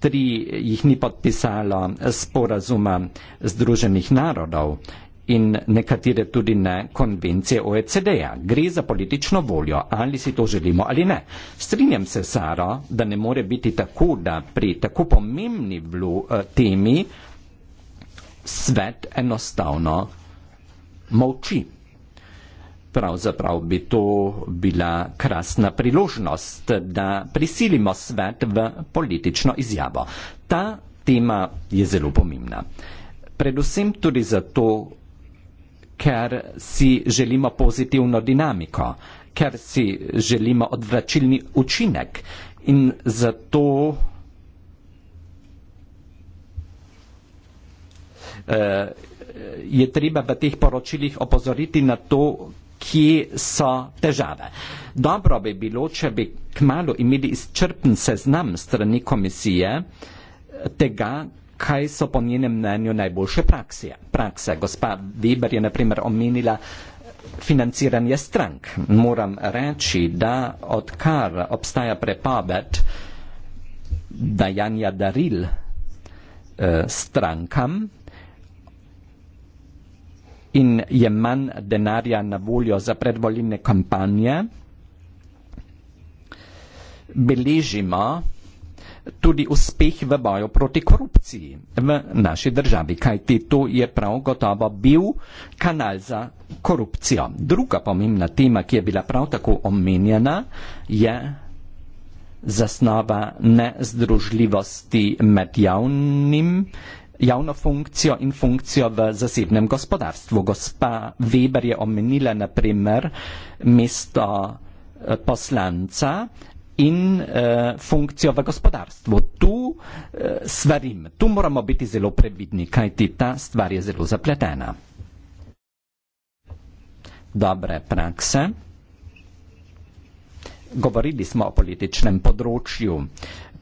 tri jih ni podpisalo sporazuma Združenih narodov in nekatere tudi ne konvencije OECD-ja. Gre za politično voljo, ali si to želimo ali ne. Strinjam se, Saro, da ne more biti tako, da pri tako pomembni temi svet enostavno molči. Pravzaprav bi to bila krasna priložnost, da prisilimo svet v politično izjavo. Ta tema je zelo pomembna. Predvsem tudi zato, ker si želimo pozitivno dinamiko, ker si želimo odvračilni učinek in zato Eh, je treba v teh poročilih opozoriti na to, kje so težave. Dobro bi bilo, če bi kmalo imeli izčrpen seznam strani komisije eh, tega, kaj so po njenem mnenju najboljše prakse. prakse. Gospa Weber je naprimer omenila financiranje strank. Moram reči, da odkar obstaja prepoved dajanja daril eh, strankam, in je manj denarja na voljo za predvoljene kampanje, beležimo tudi uspeh v boju proti korupciji v naši državi, kajti to je prav gotovo bil kanal za korupcijo. Druga pomembna tema, ki je bila prav tako omenjena, je zasnova nezdružljivosti med javnim javno funkcijo in funkcijo v zasebnem gospodarstvu. Gospa Weber je omenila naprimer mesto eh, poslanca in uh, funkcijo v gospodarstvu. Tu uh, svarim, tu moramo biti zelo previdni, kajti ta stvar je zelo zapletena. Dobre prakse. Govorili smo o političnem področju,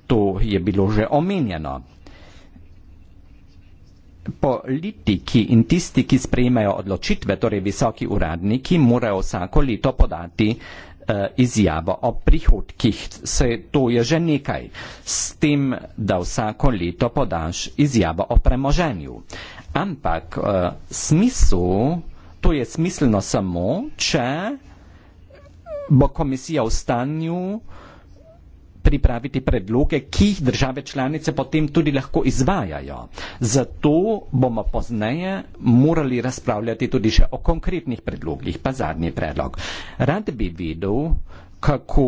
to je bilo že omenjeno. Politiki in tisti, ki sprejmejo odločitve, torej visoki uradniki, morajo vsako leto podati eh, izjavo o prihodkih. Se, to je že nekaj. S tem, da vsako leto podaš izjavo o premoženju. Ampak eh, smisel, to je smiselno samo, če bo komisija v stanju eh, pripraviti predloge, ki jih države članice potem tudi lahko izvajajo. Zato bomo pozneje morali razpravljati tudi še o konkretnih predlogih. Pa zadnji predlog. Rad bi videl, kako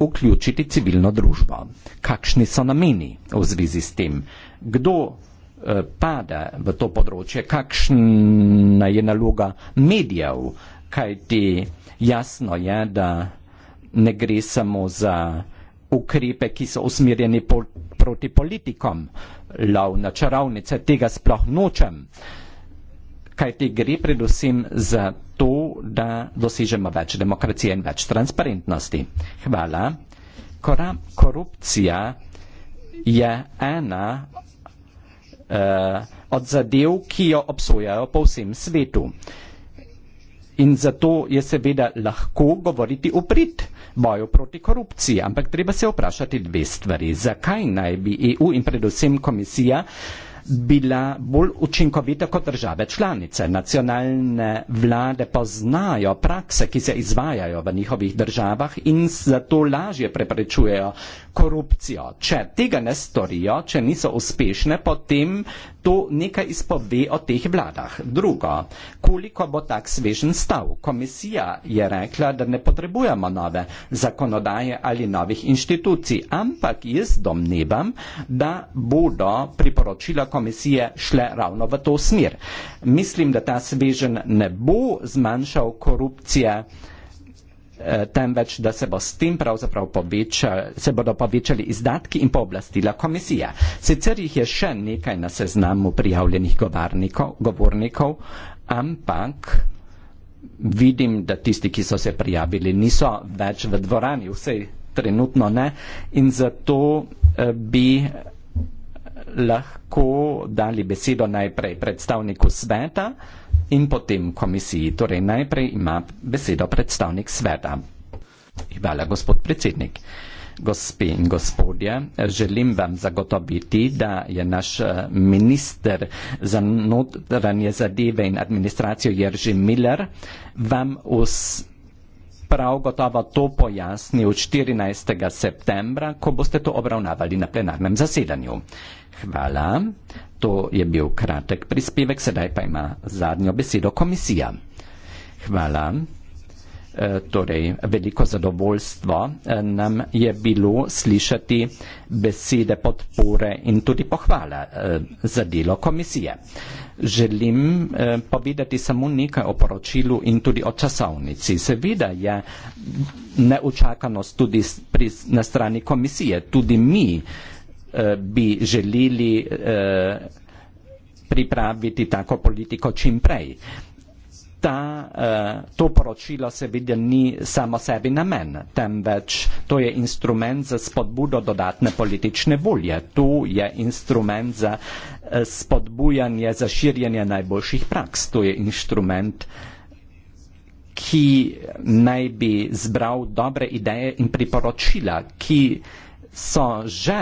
vključiti civilno družbo. Kakšni so nameni v zvezi s tem? Kdo eh, pada v to področje, kakšna je naloga medijev, kajti jasno je, da ne gre samo za ukrepe, ki so usmerjeni po, proti politikom. Lov na čarovnice, tega sploh nočem. Kaj ti gre predvsem za to, da dosežemo več demokracije in več transparentnosti. Hvala. Kora, korupcija je ena eh, od zadev, ki jo obsojajo po vsem svetu. In zato je seveda lahko govoriti uprit boju proti korupciji. Ampak treba se vprašati dve stvari. Zakaj naj bi EU in predvsem komisija bila bolj učinkovita kot države članice. Nacionalne vlade poznajo prakse, ki se izvajajo v njihovih državah in zato lažje preprečujejo korupcijo. Če tega ne storijo, če niso uspešne, potem to nekaj izpove o teh vladah. Drugo, koliko bo tak svežen stav? Komisija je rekla, da ne potrebujemo nove zakonodaje ali novih inštitucij, ampak jaz domnevam, da bodo priporočila komisije šle ravno v to smer. Mislim, da ta svežen ne bo zmanjšal korupcije. Eh, temveč da se, bo se bodo povečali izdatki in pooblastila komisije. Sicer jih je še nekaj na seznamu prijavljenih govornikov, ampak vidim, da tisti, ki so se prijavili, niso več v dvorani, vse trenutno ne in zato eh, bi lahko dali besedo najprej predstavniku sveta, in potem komisiji. Torej najprej ima besedo predstavnik sveta. Hvala, gospod predsednik. Gospe in gospodje, želim vam zagotoviti, da je naš eh, minister za notranje zadeve in administracijo Jerži Miller vam vsi prav gotovo to pojasnil 14. septembra, ko boste to obravnavali na plenarnem zasedanju. Hvala. To je bil kratek prispevek, sedaj pa ima zadnjo besedo komisija. Hvala. Eh, torej veliko zadovoljstvo eh, nam je bilo slišati besede podpore in tudi pohvale eh, za delo komisije. Želim povedati samo nekaj o poročilu in tudi o časovnici. Seveda je neučakanost tudi pri, na strani komisije. Tudi mi bi želeli pripraviti tako politiko čim prej ta, eh, to poročilo seveda ni samo sebi namen, temveč to je instrument za spodbudo dodatne politične volje. Tu je instrument za eh, spodbujanje, za širjenje najboljših praks. To je instrument, ki naj bi zbral dobre ideje in priporočila, ki so že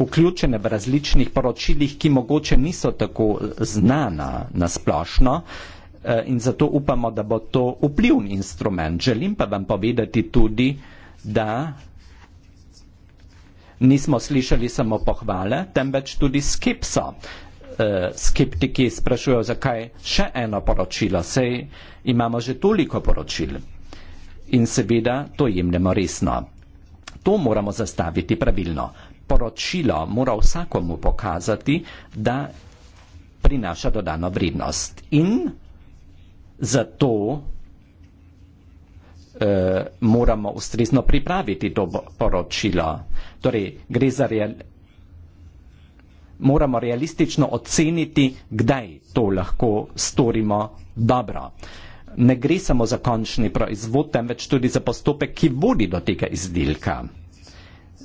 vključene v različnih poročilih, ki mogoče niso tako znana na splošno. Uh, Eh, in zato upamo, da bo to vplivni instrument. Želim pa vam povedati tudi, da nismo slišali samo pohvale, temveč tudi skepso. Eh, skeptiki sprašujejo, zakaj še eno poročilo, sej imamo že toliko poročil. In seveda to jemnemo resno. To moramo zastaviti pravilno. Poročilo mora vsakomu pokazati, da prinaša dodano vrednost. In Zato eh, moramo ustrezno pripraviti to poročilo. Torej, gre za reali moramo realistično oceniti, kdaj to lahko storimo dobro. Ne gre samo za končni proizvod, temveč tudi za postopek, ki vodi do tega izdelka.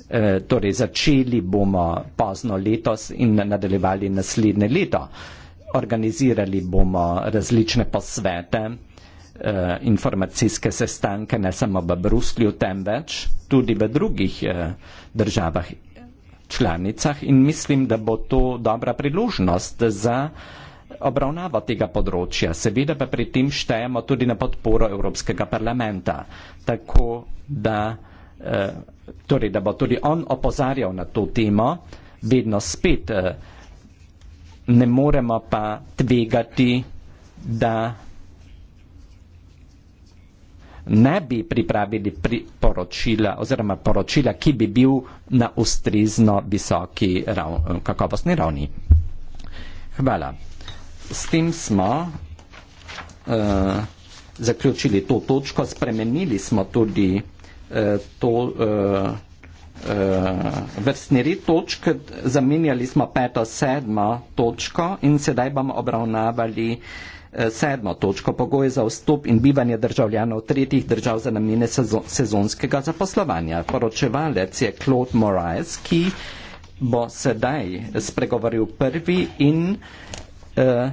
E, torej, začeli bomo pozno letos in nadaljevali naslednje leto. E, organizirali bomo različne posvete, eh, informacijske sestanke, ne samo v Bruslju, temveč tudi v drugih eh, državah članicah in mislim, da bo to dobra priložnost za obravnavo tega področja. Seveda pa pri tem štejemo tudi na podporo Evropskega parlamenta, tako da, eh, torej, da bo tudi on opozarjal na to temo, vedno spet ne moremo pa tvegati, da ne bi pripravili pri poročila oziroma poročila, ki bi bil na ustrezno visoki rav, kakovostni ravni. Hvala. S tem smo uh, zaključili to točko, spremenili smo tudi uh, to. Uh, uh, vrstni točk, zamenjali smo peto, sedmo točko in sedaj bomo obravnavali eh, sedmo točko, pogoje za vstop in bivanje državljanov tretjih držav za namene sezo sezonskega zaposlovanja. Poročevalec je Claude Moraes, ki bo sedaj spregovoril prvi in uh, eh,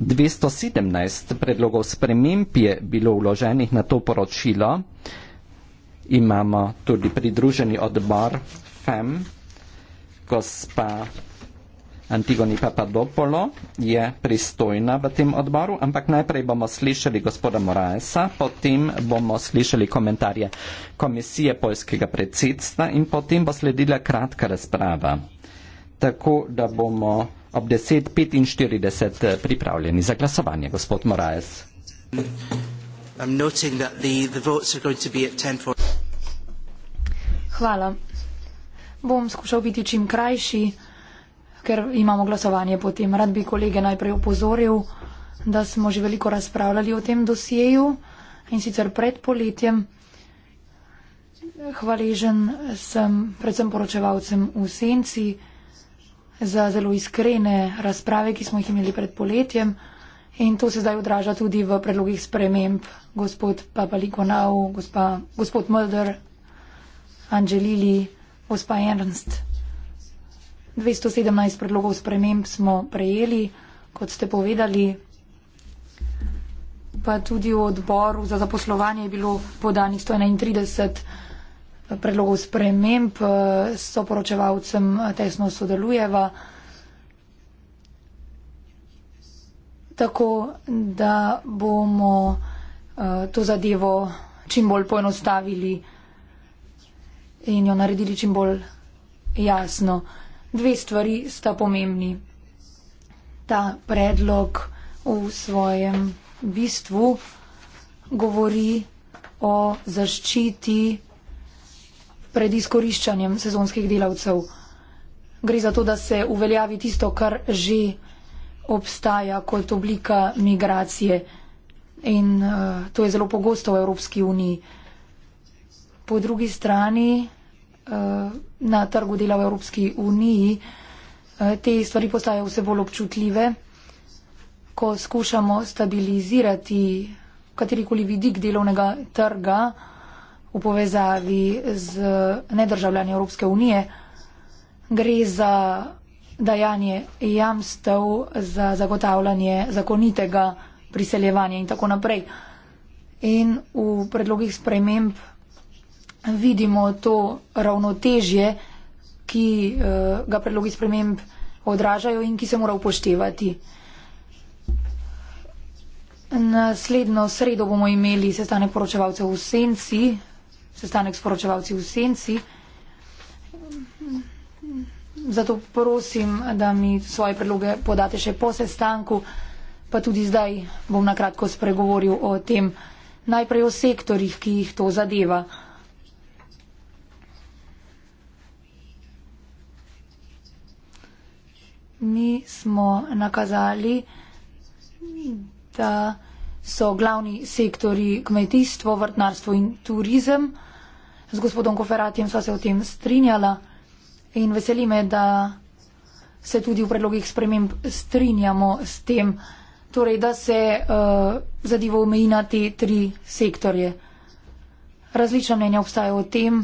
217 predlogov sprememb je bilo vloženih na to poročilo. Uh, imamo tudi pridruženi odbor FEM, gospa Antigoni Papadopolo je pristojna v tem odboru, ampak najprej bomo slišali gospoda Moraesa, potem bomo slišali komentarje komisije poljskega predsedstva in potem bo sledila kratka razprava. Tako da bomo ob 10.45 eh, pripravljeni za glasovanje, gospod Moraes. I'm noting that the, the votes are going to be at 10.40. Hvala. Bom skušal biti čim krajši, ker imamo glasovanje potem. Rad bi kolege najprej upozoril, da smo že veliko razpravljali o tem dosjeju in sicer pred poletjem. Hvaležen sem predvsem poročevalcem v senci za zelo iskrene razprave, ki smo jih imeli pred poletjem. In to se zdaj odraža tudi v predlogih sprememb. Gospod Papalikonau, gospa, gospod Mulder, Angelili, gospa Ernst. 217 predlogov sprememb smo prejeli, kot ste povedali. Pa tudi v odboru za zaposlovanje je bilo podanih 131 eh, predlogov sprememb. Eh, s soporočevalcem eh, tesno sodelujeva. tako da bomo uh, to zadevo čim bolj poenostavili in jo naredili čim bolj jasno. Dve stvari sta pomembni. Ta predlog v svojem bistvu govori o zaščiti pred izkoriščanjem sezonskih delavcev. Gre za to, da se uveljavi tisto, kar že obstaja kot oblika migracije in uh, to je zelo pogosto v Evropski uniji. Po drugi strani uh, na trgu dela v Evropski uniji uh, te stvari postajajo vse bolj občutljive, ko skušamo stabilizirati katerikoli vidik delovnega trga v povezavi z nedržavljanjem Evropske unije. Gre za dajanje jamstev za zagotavljanje zakonitega priseljevanja in tako naprej. In v predlogih sprememb vidimo to ravnotežje, ki eh, ga predlogi sprememb odražajo in ki se mora upoštevati. Naslednjo sredo bomo imeli sestanek poročevalcev v Senci, sestanek s poročevalci v Senci zato prosim, da mi svoje predloge podate še po sestanku, pa tudi zdaj bom nakratko spregovoril o tem, najprej o sektorjih, ki jih to zadeva. Mi smo nakazali, da so glavni sektori kmetijstvo, vrtnarstvo in turizem. Z gospodom Koferatjem sva se o tem strinjala. In veseli me, da se tudi v predlogih sprememb strinjamo s tem, torej, da se uh, zadevo omeji na te tri sektorje. Različna mnenja obstajajo o tem,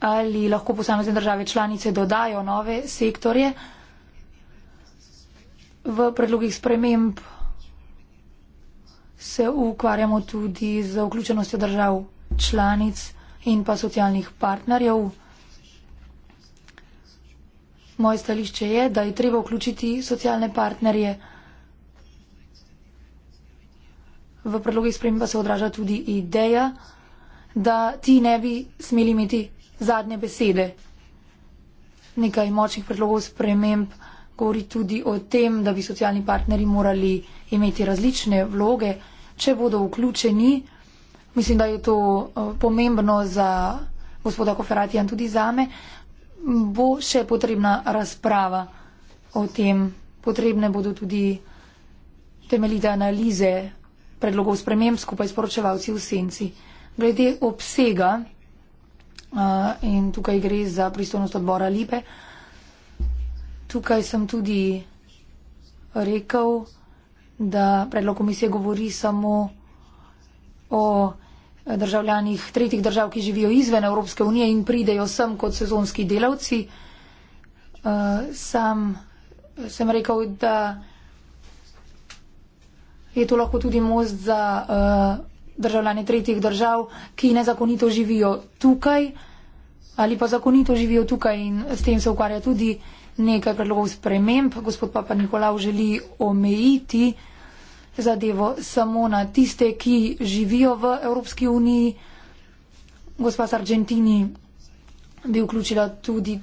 ali lahko posamezne države članice dodajo nove sektorje. V predlogih sprememb se ukvarjamo tudi z vključenostjo držav članic in pa socialnih partnerjev. Moje stališče je, da je treba vključiti socialne partnerje. V predlogih sprem pa se odraža tudi ideja, da ti ne bi smeli imeti zadnje besede. Nekaj močnih predlogov sprememb govori tudi o tem, da bi socialni partneri morali imeti različne vloge, če bodo vključeni. Mislim, da je to eh, pomembno za gospoda Koferatijan tudi zame bo še potrebna razprava o tem. Potrebne bodo tudi temeljite analize predlogov sprememb skupaj s poročevalci v senci. Glede obsega, in tukaj gre za pristojnost odbora Lipe, tukaj sem tudi rekel, da predlog komisije govori samo o državljanih tretjih držav, ki živijo izven Evropske unije in pridejo sem kot sezonski delavci. Eh, sam sem rekel, da je to lahko tudi most za eh, državljane tretjih držav, ki nezakonito živijo tukaj ali pa zakonito živijo tukaj in s tem se ukvarja tudi nekaj predlogov sprememb. Gospod Papa Nikolaus želi omejiti zadevo samo na tiste, ki živijo v Evropski uniji. Gospa Sargentini bi vključila tudi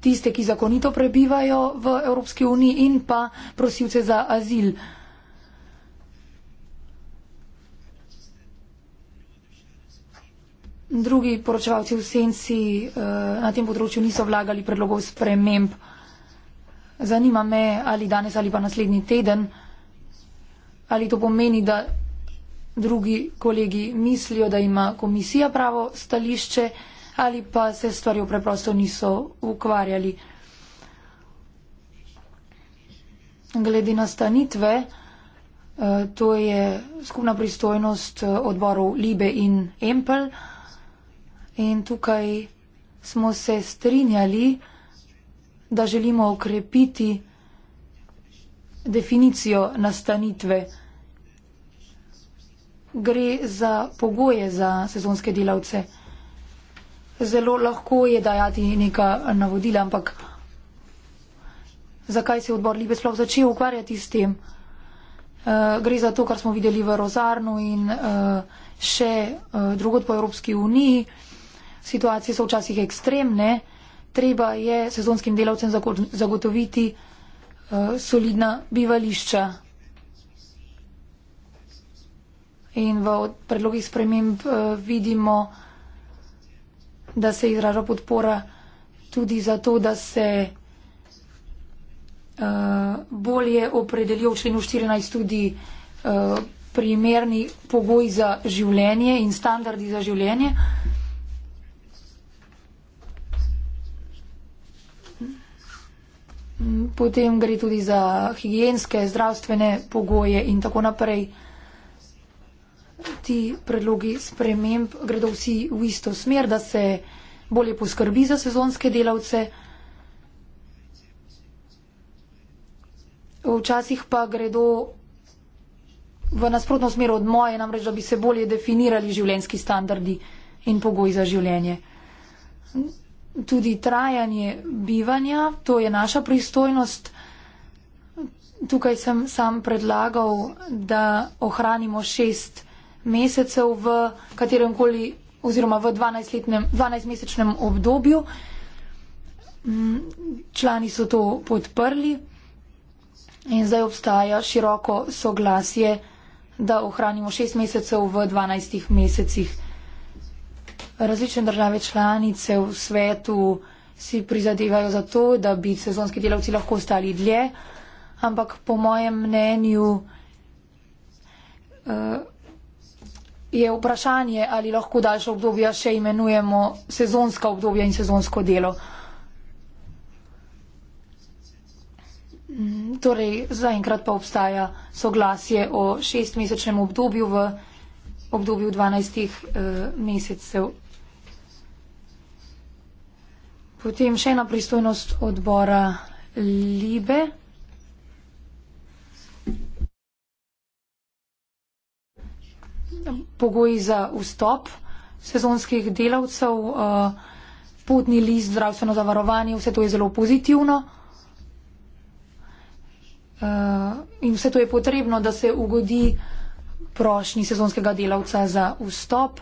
tiste, ki zakonito prebivajo v Evropski uniji in pa prosilce za azil. Drugi poročevalci v senci uh, na tem področju niso vlagali predlogov sprememb. Zanima me, ali danes ali pa naslednji teden uh, ali to pomeni, da drugi kolegi mislijo, da ima komisija pravo stališče ali pa se stvarjo preprosto niso ukvarjali. Glede nastanitve, eh, to je skupna pristojnost eh, odborov Libe in Empel in tukaj smo se strinjali, da želimo okrepiti definicijo nastanitve gre za pogoje za sezonske delavce. Zelo lahko je dajati neka navodila, ampak zakaj se je odbor Libe sploh začel ukvarjati s tem? Uh, gre za to, kar smo videli v Rozarnu in uh, še uh, drugot po Evropski uniji. Situacije so včasih ekstremne. Treba je sezonskim delavcem zagotoviti uh, solidna bivališča. in v predlogih sprememb eh, vidimo, da se izraža podpora tudi zato, da se eh, bolje opredelijo v členu 14 tudi eh, primerni pogoj za življenje in standardi za življenje. Potem gre tudi za higijenske, zdravstvene pogoje in tako naprej ti predlogi sprememb gredo vsi v isto smer, da se bolje poskrbi za sezonske delavce. Včasih pa gredo v nasprotno smer od moje, namreč, da bi se bolje definirali življenjski standardi in pogoj za življenje. Tudi trajanje bivanja, to je naša pristojnost. Tukaj sem sam predlagal, da ohranimo šest mesecev v katerem koli oziroma v 12-mesečnem 12 obdobju. Mm, člani so to podprli in zdaj obstaja široko soglasje, da ohranimo 6 mesecev v 12 mesecih. Različne države članice v svetu si prizadevajo za to, da bi sezonski delavci lahko ostali dlje, ampak po mojem mnenju. Uh, je vprašanje, ali lahko daljša obdobja še imenujemo sezonska obdobja in sezonsko delo. Mm, torej, zaenkrat pa obstaja soglasje o šestmesečnem obdobju v obdobju 12 eh, mesecev. Potem še ena pristojnost odbora Libe. pogoji za vstop sezonskih delavcev, eh, potni list, zdravstveno zavarovanje, vse to je zelo pozitivno. Eh, in vse to je potrebno, da se ugodi prošnji sezonskega delavca za vstop.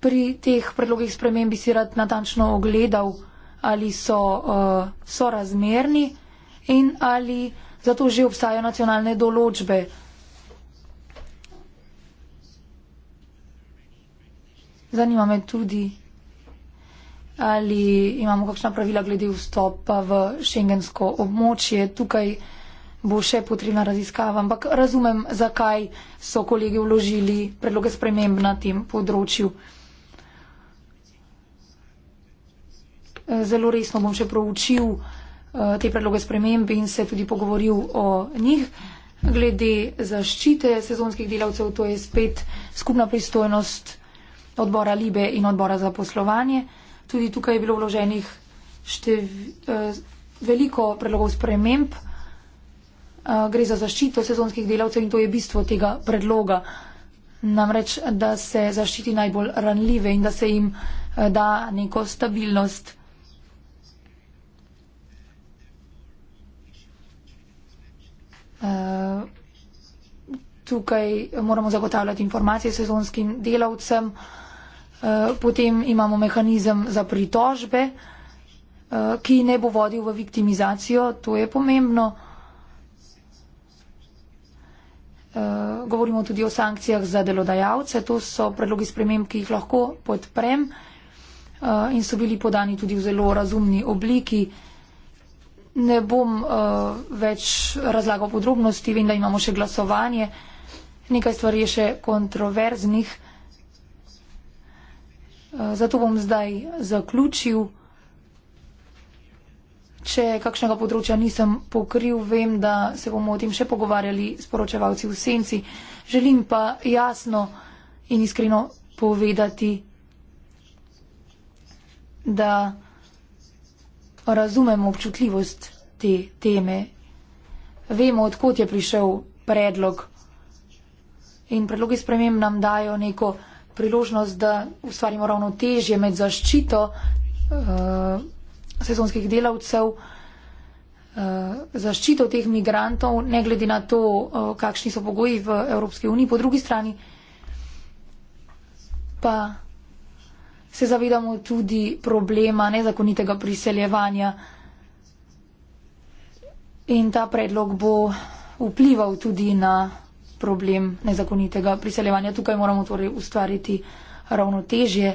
Pri teh predlogih sprememb bi si rad natančno ogledal, ali so, uh, eh, so razmerni in ali. Zato že obstajajo nacionalne določbe. Zanima me tudi, ali imamo kakšna pravila glede vstopa v šengensko območje. Tukaj bo še potrebna raziskava, ampak razumem, zakaj so kolegi vložili predloge sprememb na tem področju. Zelo resno bom še proučil. Eh, te predloge sprememb in se tudi pogovoril o njih. Glede zaščite sezonskih delavcev, to je spet skupna pristojnost odbora Libe in odbora za poslovanje. Tudi tukaj je bilo vloženih štev, eh, veliko predlogov sprememb. Eh, gre za zaščito sezonskih delavcev in to je bistvo tega predloga. Namreč, da se zaščiti najbolj ranljive in da se jim da neko stabilnost. Eh, tukaj moramo zagotavljati informacije sezonskim delavcem. Eh, potem imamo mehanizem za pritožbe, eh, ki ne bo vodil v viktimizacijo. To je pomembno. Govorimo tudi o sankcijah za delodajalce. To so predlogi sprememb, ki jih lahko podprem in so bili podani tudi v zelo razumni obliki ne bom uh, več razlagal podrobnosti, vem, da imamo še glasovanje, nekaj stvari je še kontroverznih. Uh, zato bom zdaj zaključil. Če kakšnega področja nisem pokril, vem, da se bomo o tem še pogovarjali s poročevalci v senci. Želim pa jasno in iskreno povedati, da pa razumemo občutljivost te teme. Vemo, odkot je prišel predlog. In predlogi sprememb nam dajo neko priložnost, da ustvarimo ravno težje med zaščito uh, sezonskih delavcev, uh, zaščito teh migrantov, ne glede na to, uh, kakšni so pogoji v Evropski uniji. Po drugi strani pa se zavedamo tudi problema nezakonitega priseljevanja. In ta predlog bo vplival tudi na problem nezakonitega priseljevanja. Tukaj moramo torej ustvariti ravnotežje.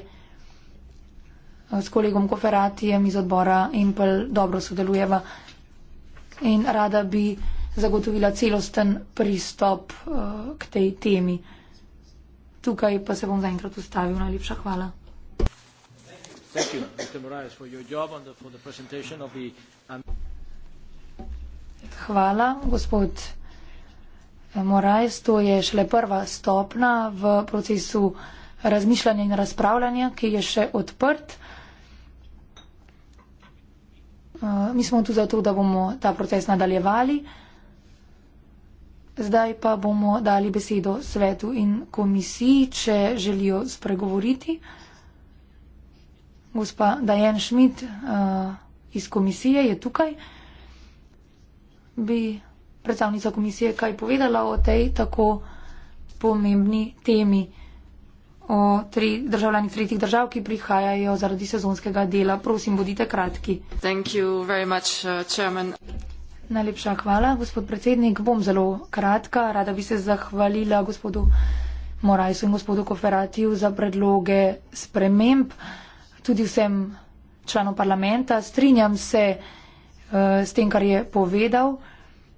S kolegom Koferatijem iz odbora Impel dobro sodelujeva in rada bi zagotovila celosten pristop eh, k tej temi. Tukaj pa se bom zaenkrat ustavil. Najlepša hvala. Thank you, Mr. Moraes, for your job and for the presentation of the. Hvala, gospod Moraes. To je šele prva stopna v procesu razmišljanja in razpravljanja, ki je še odprt. Uh, mi smo tu zato, da bomo ta proces nadaljevali. Zdaj pa bomo dali besedo svetu in komisiji, če želijo spregovoriti gospa Dajen Šmit uh, eh, iz komisije je tukaj. Bi predstavnica komisije kaj povedala o tej tako pomembni temi, o tri, državljanih tretjih držav, ki prihajajo zaradi sezonskega dela. Prosim, bodite kratki. Much, uh, Najlepša hvala, gospod predsednik. Bom zelo kratka. Rada bi se zahvalila gospodu Morajsu in gospodu Koferatiju za predloge sprememb tudi vsem članom parlamenta. Strinjam se uh, s tem, kar je povedal.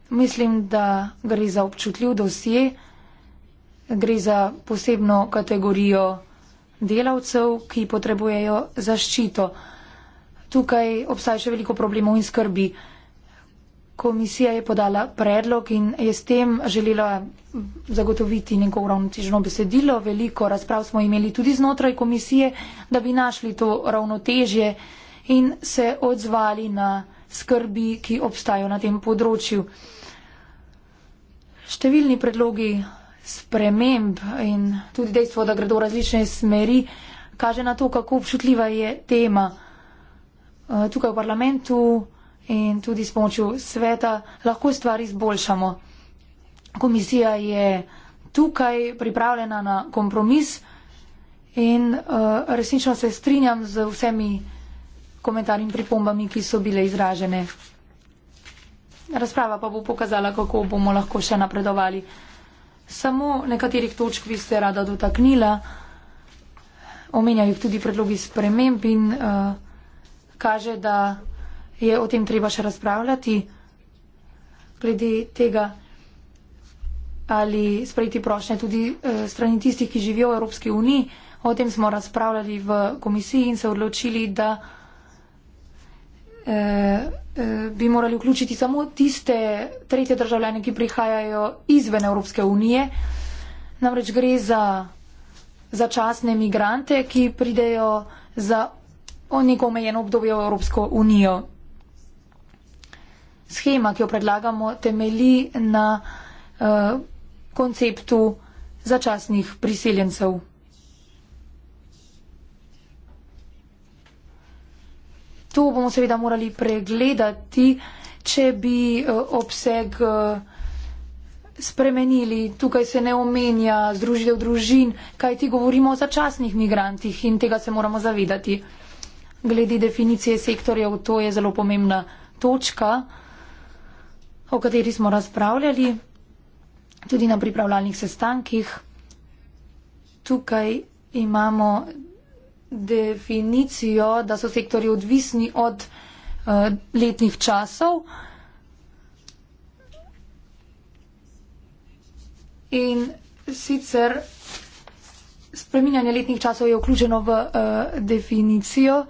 Mislim, da gre za občutljiv dosje, gre za posebno kategorijo delavcev, ki potrebujejo zaščito. Tukaj obstaja še veliko problemov in skrbi. Uh, Komisija je podala predlog in je s tem želela zagotoviti neko ravnotežno besedilo. Veliko razprav smo imeli tudi znotraj komisije, da bi našli to ravnotežje in se odzvali na skrbi, ki obstajajo na tem področju. Številni predlogi sprememb in tudi dejstvo, da gredo v različne smeri, kaže na to, kako občutljiva je tema. Eh, tukaj v parlamentu in tudi s pomočjo sveta lahko stvari izboljšamo. Komisija je tukaj pripravljena na kompromis in uh, resnično se strinjam z vsemi komentarji in pripombami, ki so bile izražene. Razprava pa bo pokazala, kako bomo lahko še napredovali. Samo nekaterih točk bi se rada dotaknila. Omenjajo jih tudi predlogi sprememb in uh, kaže, da je o tem treba še razpravljati, glede tega, ali sprejeti prošnje tudi eh, strani tistih, ki živijo v Evropski uniji. O tem smo razpravljali v komisiji in se odločili, da eh, eh bi morali vključiti samo tiste tretje državljane, ki prihajajo izven Evropske unije. Namreč gre za začasne migrante, ki pridejo za neko omejeno obdobje v Evropsko unijo. Schema, ki jo predlagamo, temeli na uh, konceptu začasnih priseljencev. Tu bomo seveda morali pregledati, če bi uh, obseg uh, spremenili. Tukaj se ne omenja združitev družin, kaj ti govorimo o začasnih migrantih in tega se moramo zavedati. Glede definicije sektorjev, to je zelo pomembna točka o kateri smo razpravljali, tudi na pripravljalnih sestankih. Tukaj imamo definicijo, da so sektori odvisni od uh, letnih časov. In sicer spreminjanje letnih časov je vključeno v uh, definicijo.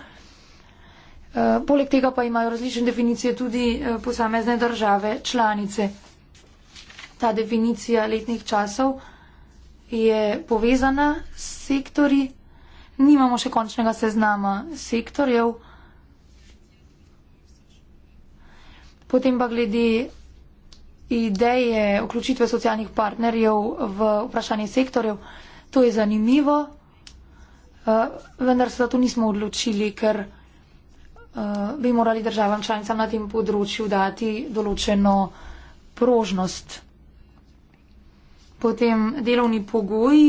Eh, poleg tega pa imajo različne definicije tudi eh, posamezne države članice. Ta definicija letnih časov je povezana s sektori. Nimamo še končnega seznama sektorjev. Potem pa glede ideje vključitve socialnih partnerjev v vprašanje sektorjev. To je zanimivo, eh, vendar se za to nismo odločili, ker. Eh, bi morali državam članicam na tem področju dati določeno prožnost. Potem delovni pogoji.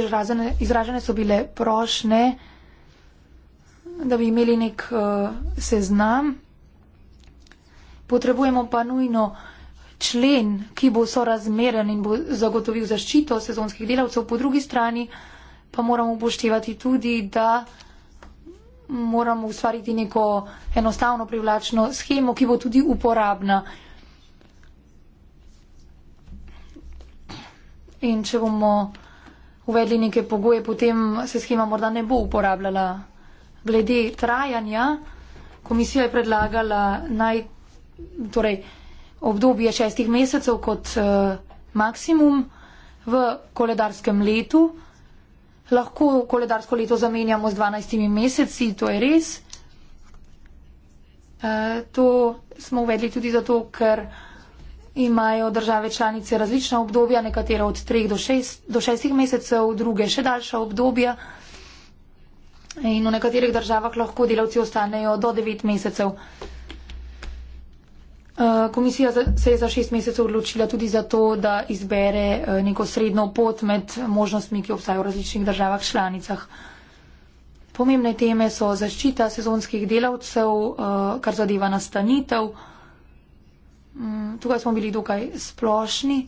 Izražene, izražene so bile prošne, da bi imeli nek uh, seznam. Potrebujemo pa nujno uh, člen, ki bo sorazmeren in bo zagotovil zaščito sezonskih delavcev, po drugi strani pa moramo upoštevati tudi, da moramo ustvariti neko enostavno privlačno schemo, ki bo tudi uporabna. In če bomo uvedli neke pogoje, potem se schema morda ne bo uporabljala. Glede trajanja, komisija je predlagala naj, torej, obdobje šestih mesecev kot uh, maksimum v koledarskem letu. Lahko koledarsko leto zamenjamo z 12 meseci, to je res. Uh, to smo uvedli tudi zato, ker imajo države članice različna obdobja, nekatera od 3 do, do 6 mesecev, druge še daljša obdobja. In v nekaterih državah lahko delavci ostanejo do 9 mesecev. Uh, Eh, komisija se je za šest mesecev odločila tudi za to, da izbere eh, neko srednjo pot med možnostmi, ki obstajajo v različnih državah članicah. Pomembne teme so zaščita sezonskih delavcev, eh, kar zadeva nastanitev. Mm, tukaj smo bili dokaj splošni.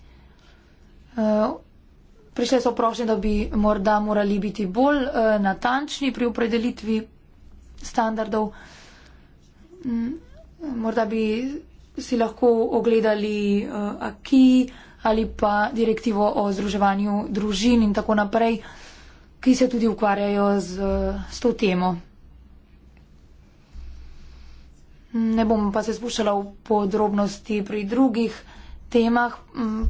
Prišle so prošnje, da bi morda morali biti bolj natančni pri opredelitvi standardov. Mm, morda bi si lahko ogledali uh, eh, AKI ali pa direktivo o združevanju družin in tako naprej, ki se tudi ukvarjajo z, z eh, to temo. Ne bom pa se spuščala v podrobnosti pri drugih temah. Mm,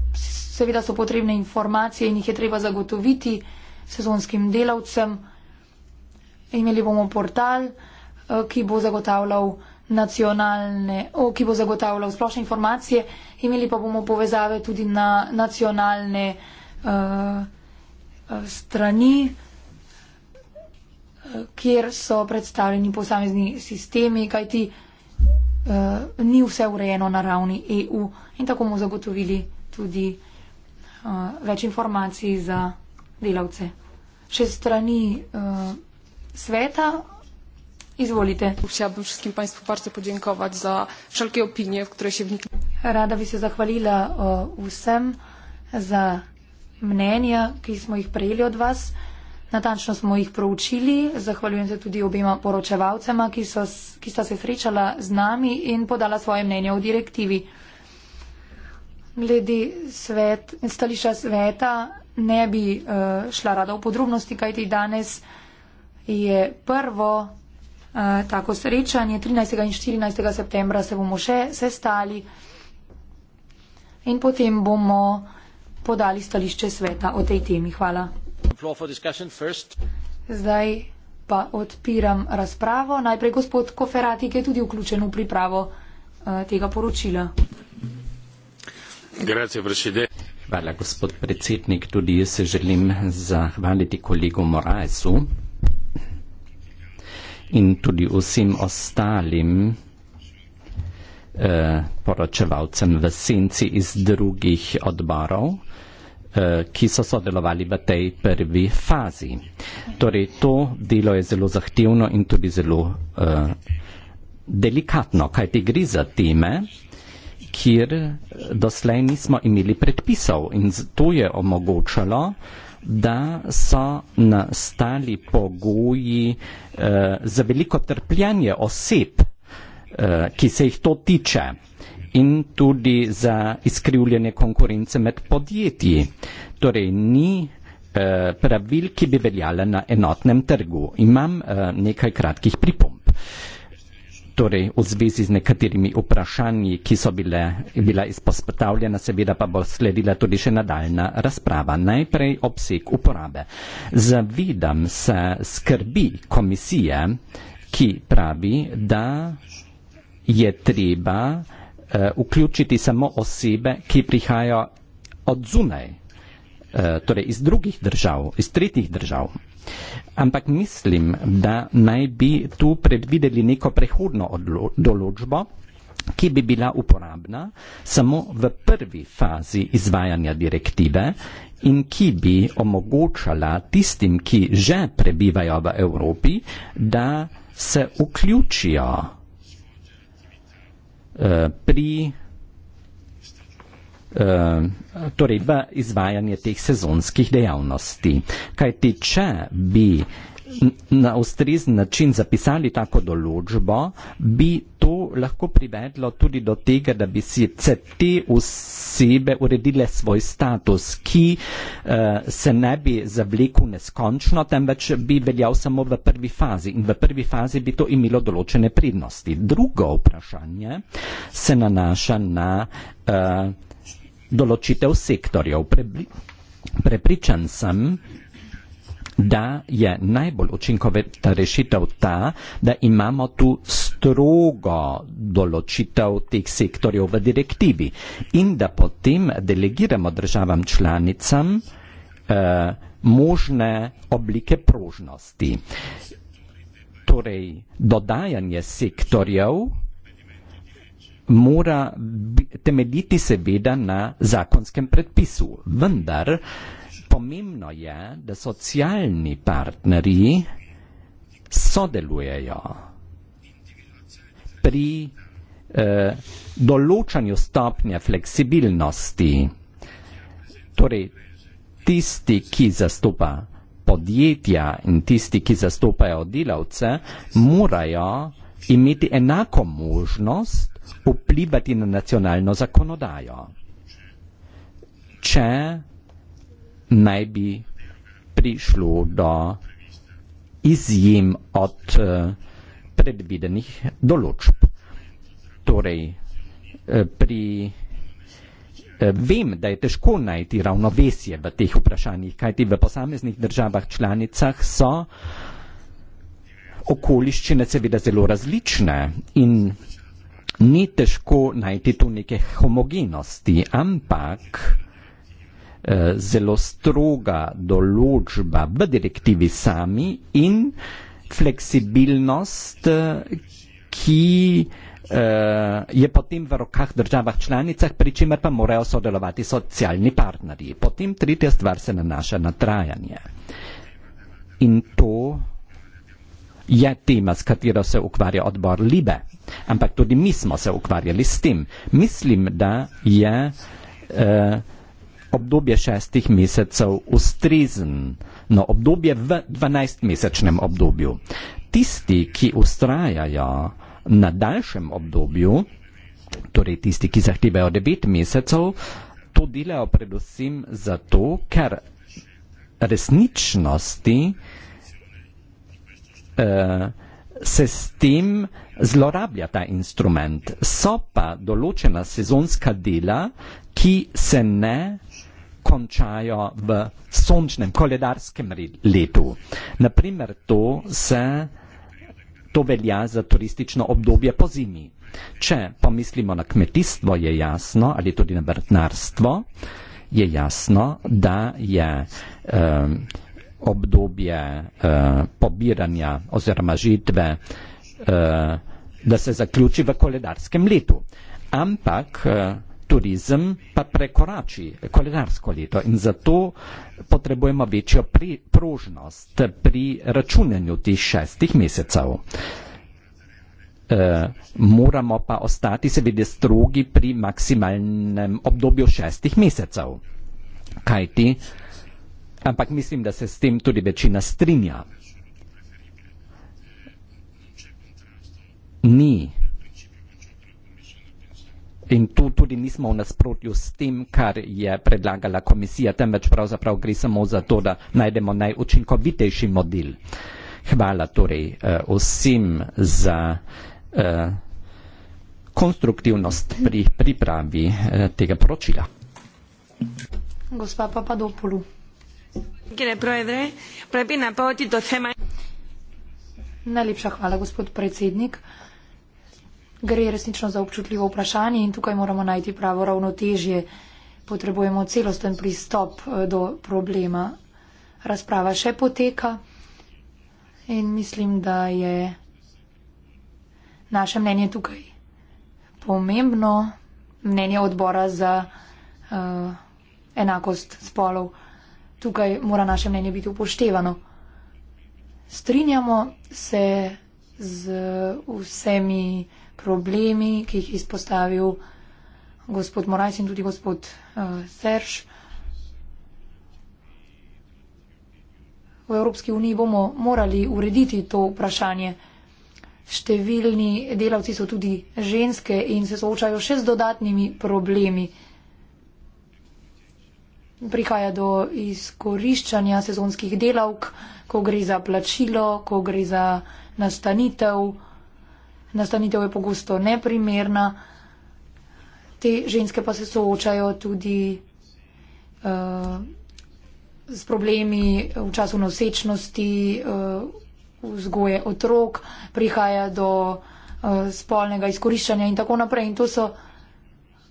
seveda so potrebne informacije in jih je treba zagotoviti sezonskim delavcem. Imeli bomo portal, eh, ki bo zagotavljal nacionalne, o, ki bo zagotavljal splošne informacije, imeli pa bomo povezave tudi na nacionalne uh, strani, eh, kjer so predstavljeni posamezni sistemi, kajti uh, ni vse urejeno na ravni EU in tako bomo zagotovili tudi uh, več informacij za delavce. Še strani uh, sveta Izvolite. Chciałabym wszystkim Państwu bardzo podziękować za wszelkie opinie, w które się wnikli. Rada by się zachwalila o wszystkim za mnenia, które smo ich prejeli od Was. Natančno smo jih proučili, zahvaljujem se tudi obima poročevalcema, ki, so, ki sta se srečala z nami in podala svoje mnenje o direktivi. Glede svet, stališča sveta ne bi uh, šla rada v podrobnosti, kajti danes je prvo Eh, tako srečanje. 13. in 14. septembra se bomo še sestali in potem bomo podali stališče sveta o tej temi. Hvala. Zdaj pa odpiram razpravo. Najprej gospod Koferati, ki je tudi vključen v pripravo eh, tega poročila. Hvala, gospod predsednik. Tudi jaz se želim zahvaliti kolegu Moraesu in tudi vsem ostalim eh, poročevalcem v senci iz drugih odborov, eh, ki so sodelovali v tej prvi fazi. Torej, to delo je zelo zahtevno in tudi zelo eh, delikatno, kaj ti gre za teme kjer doslej nismo imeli predpisov in to je omogočalo, da so nastali pogoji eh, za veliko trpljanje oseb, eh, ki se jih to tiče in tudi za izkrivljanje konkurence med podjetji. Torej ni eh, pravil, ki bi veljala na enotnem trgu. Imam eh, nekaj kratkih pripomb torej v zvezi z nekaterimi vprašanji, ki so bile, bila izpostavljena, seveda pa bo sledila tudi še nadaljna razprava. Najprej obseg uporabe. Zavidam se skrbi komisije, ki pravi, da je treba uh, vključiti samo osebe, ki prihajajo od zunaj, uh, torej iz drugih držav, iz tretjih držav. Ampak mislim, da naj bi tu predvideli neko prehodno določbo, ki bi bila uporabna samo v prvi fazi izvajanja direktive in ki bi omogočala tistim, ki že prebivajo v Evropi, da se vključijo eh, pri Eh, torej v izvajanje teh sezonskih dejavnosti. Kaj ti, če bi na ustrezen način zapisali tako določbo, bi to lahko privedlo tudi do tega, da bi si te osebe uredile svoj status, ki uh, se ne bi zavlekel neskončno, temveč bi veljal samo v prvi fazi in v prvi fazi bi to imelo določene prednosti. Drugo vprašanje se nanaša na uh, določitev sektorjev. Prepričan sem, da je najbolj učinkovita rešitev ta, da imamo tu strogo določitev teh sektorjev v direktivi in da potem delegiramo državam članicam eh, možne oblike prožnosti. Torej, dodajanje sektorjev mora temeljiti seveda na zakonskem predpisu. Vendar pomembno je, da socialni partnerji sodelujejo pri eh, določanju stopnje fleksibilnosti. Torej, tisti, ki zastopa podjetja in tisti, ki zastopajo delavce, morajo imeti enako možnost vplivati na nacionalno zakonodajo, če naj bi prišlo do izjem od eh, predvidenih določb. Torej, eh, pri eh, Vem, da je težko najti ravnovesje v teh vprašanjih, kajti v posameznih državah članicah so okoliščine seveda zelo različne in ni težko najti tu neke homogenosti, ampak eh, zelo stroga določba v direktivi sami in fleksibilnost, ki eh, je potem v rokah državah članicah, pri čemer pa morajo sodelovati socialni partnerji. Potem tretja stvar se nanaša na trajanje. In to je tema, s katero se ukvarja odbor Libe. Ampak tudi mi smo se ukvarjali s tem. Mislim, da je eh, obdobje šestih mesecev ustrezen, no obdobje v dvanajstmesečnem obdobju. Tisti, ki ustrajajo na daljšem obdobju, torej tisti, ki zahtevajo devet mesecev, to delajo predvsem zato, ker resničnosti eh, uh, se s tem zlorablja ta instrument. So pa določena sezonska dela, ki se ne končajo v sončnem, koledarskem letu. Naprimer, to, se, to velja za turistično obdobje po zimi. Če pomislimo na kmetijstvo, je jasno, ali tudi na vrtnarstvo, je jasno, da je. Uh, obdobje eh, pobiranja oziroma žitve, eh, da se zaključi v koledarskem letu. Ampak eh, turizem pa prekorači koledarsko leto in zato potrebujemo večjo pri, prožnost pri računanju tih šestih mesecev. Eh, moramo pa ostati seveda strogi pri maksimalnem obdobju šestih mesecev. Kajti, ampak mislim, da se s tem tudi večina strinja. Ni. In tu tudi nismo v nasprotju s tem, kar je predlagala komisija, temveč pravzaprav gre samo za to, da najdemo najučinkovitejši model. Hvala torej uh, vsem za uh, konstruktivnost pri pripravi uh, tega poročila. Gospa Papadopoulou. Κύριε Πρόεδρε, πρέπει να πω ότι το θέμα... Najlepša hvala, gospod predsednik. Gre resnično za občutljivo vprašanje in tukaj moramo najti pravo ravnotežje. Potrebujemo celosten pristop eh, do problema. Razprava še poteka in mislim, da je naše mnenje tukaj pomembno, mnenje odbora za uh, enakost spolov tukaj mora naše mnenje biti upoštevano. Strinjamo se z vsemi problemi, ki jih izpostavil gospod Morajs in tudi gospod uh, Serž. V Evropski uniji bomo morali urediti to vprašanje. Številni delavci so tudi ženske in se soočajo še z dodatnimi problemi prihaja do izkoriščanja sezonskih delavk, ko gre za plačilo, ko gre za nastanitev. Nastanitev je pogosto neprimerna. Te ženske pa se soočajo tudi uh, s problemi v času nosečnosti, uh, vzgoje otrok, prihaja do uh, spolnega izkoriščanja in tako naprej. In to so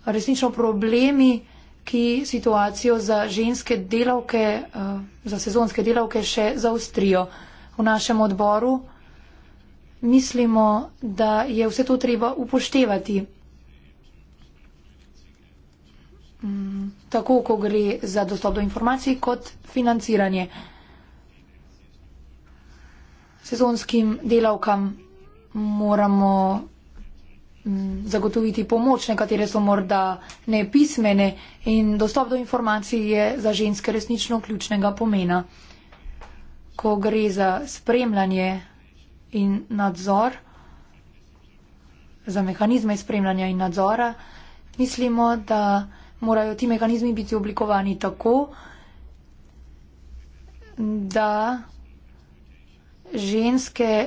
resnično problemi, ki situacijo za ženske delavke, eh, za sezonske delavke še zaustrijo. V našem odboru mislimo, da je vse to treba upoštevati. Mm, tako, ko gre za dostop do informacij, kot financiranje. Sezonskim delavkam moramo zagotoviti pomoč, nekatere so morda nepismene in dostop do informacij je za ženske resnično ključnega pomena. Ko gre za spremljanje in nadzor, za mehanizme spremljanja in nadzora, mislimo, da morajo ti mehanizmi biti oblikovani tako, da ženske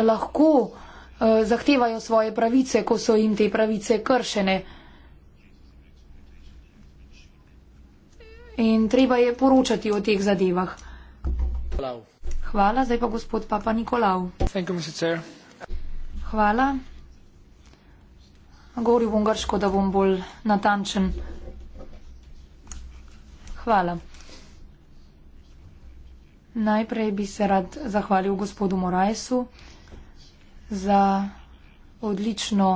lahko uh, zahtevajo svoje pravice, ko so jim te pravice kršene. In treba je poročati o teh zadevah. Hvala, zdaj pa gospod Papa Nikolav. Hvala. Govoril bom grško, da bom bolj natančen. Hvala. Najprej bi se rad zahvalil gospodu Morajsu za odlično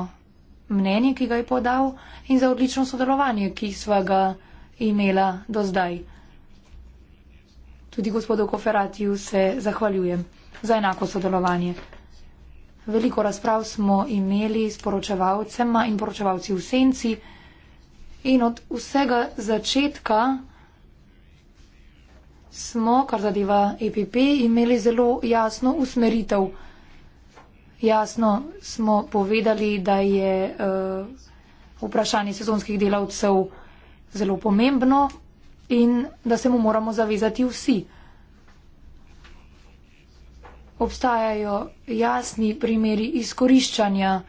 mnenje, ki ga je podal in za odlično sodelovanje, ki sva ga imela do zdaj. Tudi gospodu Koferatiju se zahvaljujem za enako sodelovanje. Veliko razprav smo imeli s poročevalcema in poročevalci v senci in od vsega začetka smo, kar zadeva EPP, imeli zelo jasno usmeritev. Jasno smo povedali, da je uh, vprašanje sezonskih delavcev zelo pomembno in da se mu moramo zavezati vsi. Obstajajo jasni primeri izkoriščanja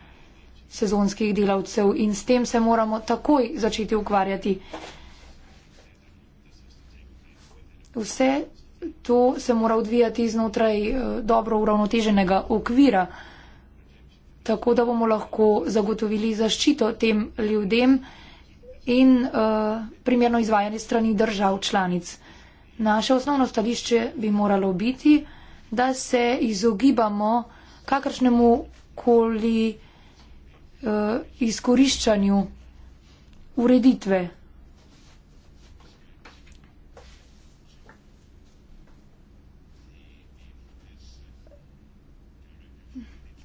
sezonskih delavcev in s tem se moramo takoj začeti ukvarjati. Vse to se mora odvijati znotraj eh, dobro uravnoteženega okvira tako da bomo lahko zagotovili zaščito tem ljudem in uh, primerno izvajanje strani držav članic. Naše osnovno stališče bi moralo biti, da se izogibamo kakršnemu koli uh, izkoriščanju ureditve.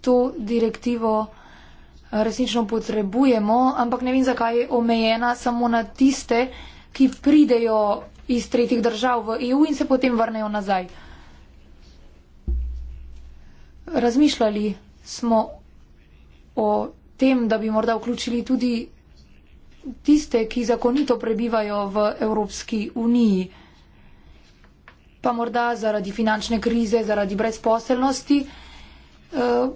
to direktivo eh, resnično potrebujemo, ampak ne vem, zakaj je omejena samo na tiste, ki pridejo iz tretjih držav v EU in se potem vrnejo nazaj. Razmišljali smo o tem, da bi morda vključili tudi tiste, ki zakonito prebivajo v Evropski uniji, pa morda zaradi finančne krize, zaradi brezposelnosti. Uh,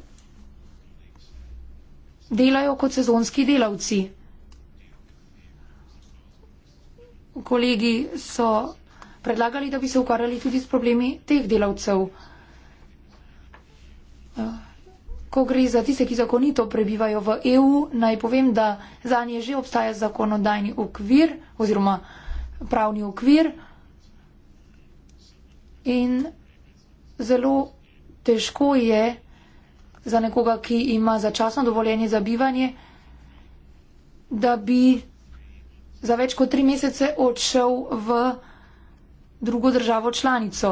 delajo kot sezonski delavci. Kolegi so predlagali, da bi se ukvarjali tudi s problemi teh delavcev. Ko gre za tiste, ki zakonito prebivajo v EU, naj povem, da za nje že obstaja zakonodajni okvir oziroma pravni okvir in zelo težko je za nekoga, ki ima začasno dovoljenje za bivanje, da bi za več kot tri mesece odšel v drugo državo članico.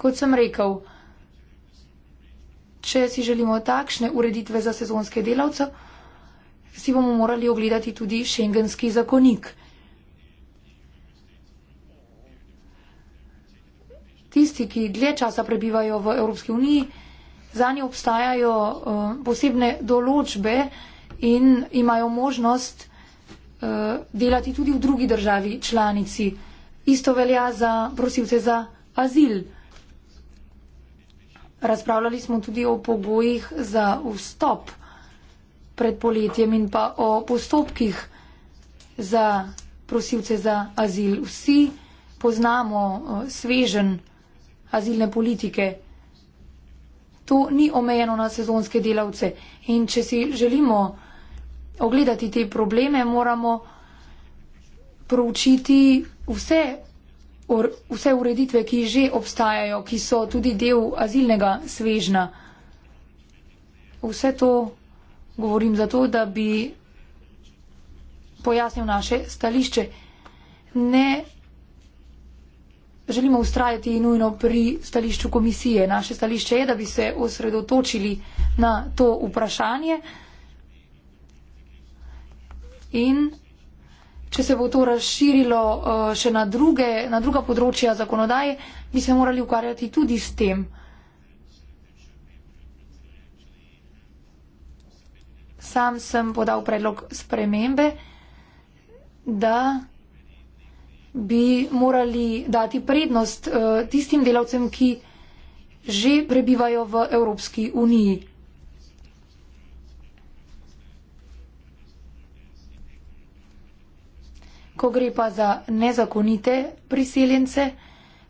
Kot sem rekel, če si želimo takšne ureditve za sezonske delavce, si bomo morali ogledati tudi šengenski zakonik. tisti, ki dlje časa prebivajo v Evropski uniji, za nje obstajajo uh, posebne določbe in imajo možnost uh, delati tudi v drugi državi članici. Isto velja za prosilce za azil. Razpravljali smo tudi o pogojih za vstop pred poletjem in pa o postopkih za prosilce za azil. Vsi poznamo eh, svežen azilne politike. To ni omejeno na sezonske delavce in če si želimo ogledati te probleme, moramo proučiti vse, or, vse ureditve, ki že obstajajo, ki so tudi del azilnega svežna. Vse to govorim zato, da bi pojasnil naše stališče. Ne želimo ustrajati nujno pri stališču komisije. Naše stališče je, da bi se osredotočili na to vprašanje in če se bo to razširilo eh, še na, druge, na druga področja zakonodaje, bi se morali ukvarjati tudi s tem. Sam sem podal predlog spremembe, da bi morali dati prednost eh, tistim delavcem, ki že prebivajo v Evropski uniji. Ko gre pa za nezakonite priseljence,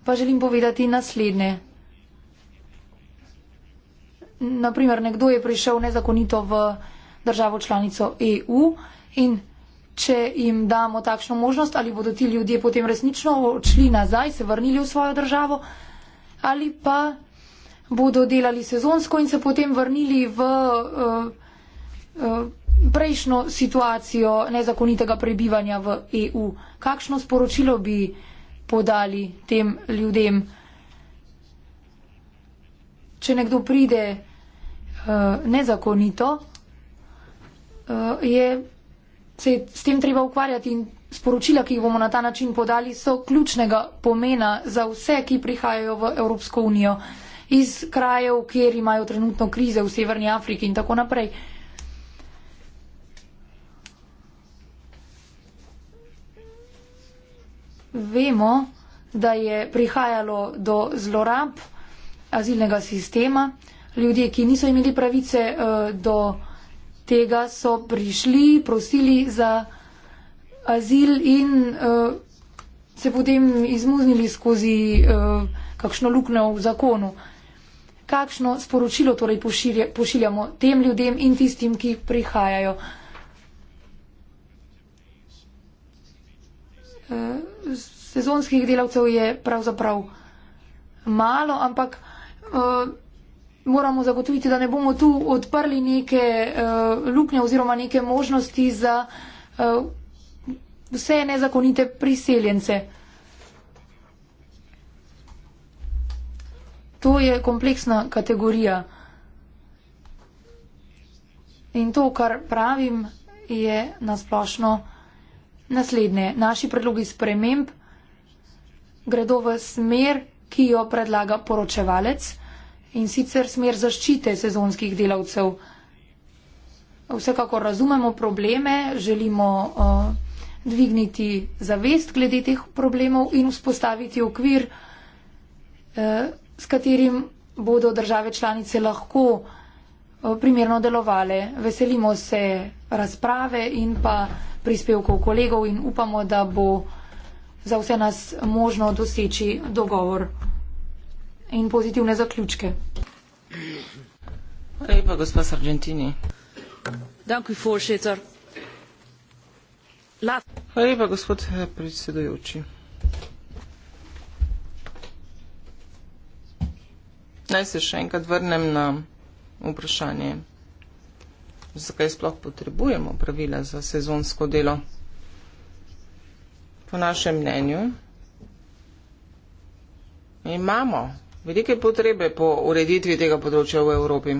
pa želim povedati naslednje. Naprimer, nekdo je prišel nezakonito v državo članico EU in če jim damo takšno možnost, ali bodo ti ljudje potem resnično odšli nazaj, se vrnili v svojo državo, ali pa bodo delali sezonsko in se potem vrnili v uh, uh, prejšnjo situacijo nezakonitega prebivanja v EU. Kakšno sporočilo bi podali tem ljudem, če nekdo pride uh, nezakonito, uh, je se je s tem treba ukvarjati in sporočila, ki jih bomo na ta način podali, so ključnega pomena za vse, ki prihajajo v Evropsko unijo iz krajev, kjer imajo trenutno krize v Severni Afriki in tako naprej. Vemo, da je prihajalo do zlorab azilnega sistema, ljudje, ki niso imeli pravice uh, do tega so prišli, prosili za azil in uh, se potem izmuznili skozi uh, kakšno luknjo v zakonu. Kakšno sporočilo torej pošilja, pošiljamo tem ljudem in tistim, ki prihajajo? Eh, sezonskih delavcev je pravzaprav malo, ampak moramo zagotoviti, da ne bomo tu odprli neke uh, luknje oziroma neke možnosti za uh, vse nezakonite priseljence. To je kompleksna kategorija. In to, kar pravim, je nasplošno naslednje. Naši predlogi sprememb gredo v smer, ki jo predlaga poročevalec in sicer smer zaščite sezonskih delavcev. Vsekakor razumemo probleme, želimo uh, dvigniti zavest glede teh problemov in vzpostaviti okvir, uh, s katerim bodo države članice lahko uh, primerno delovale. Veselimo se razprave in pa prispevkov kolegov in upamo, da bo za vse nas možno doseči dogovor in pozitivne zaključke. Lepa, gospa Sargentini. Danki, foršetar. Hvala lepa, gospod eh, predsedujoči. Naj se še enkrat vrnem na vprašanje, zakaj sploh potrebujemo pravila za sezonsko delo. Po našem mnenju imamo velike potrebe po ureditvi tega področja v Evropi.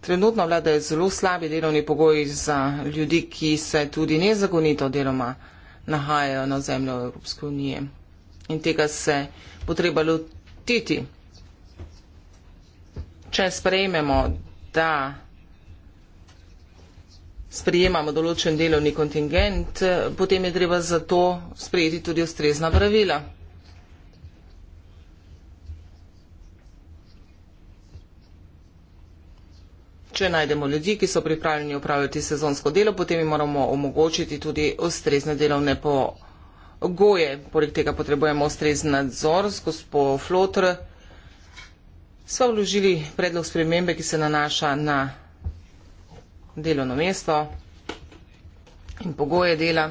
Trenutno vlada je zelo slabi delovni pogoj za ljudi, ki se tudi nezakonito deloma nahajajo na zemljo Evropske unije. In tega se bo treba lotiti. Če sprejmemo, da sprejemamo določen delovni kontingent, potem je treba za to sprejeti tudi ustrezna pravila. če najdemo ljudi, ki so pripravljeni upravljati sezonsko delo, potem jim moramo omogočiti tudi ustrezne delovne pogoje. Poleg tega potrebujemo ustrezen nadzor skozi po flotr. Sva vložili predlog spremembe, ki se nanaša na delovno mesto in pogoje dela.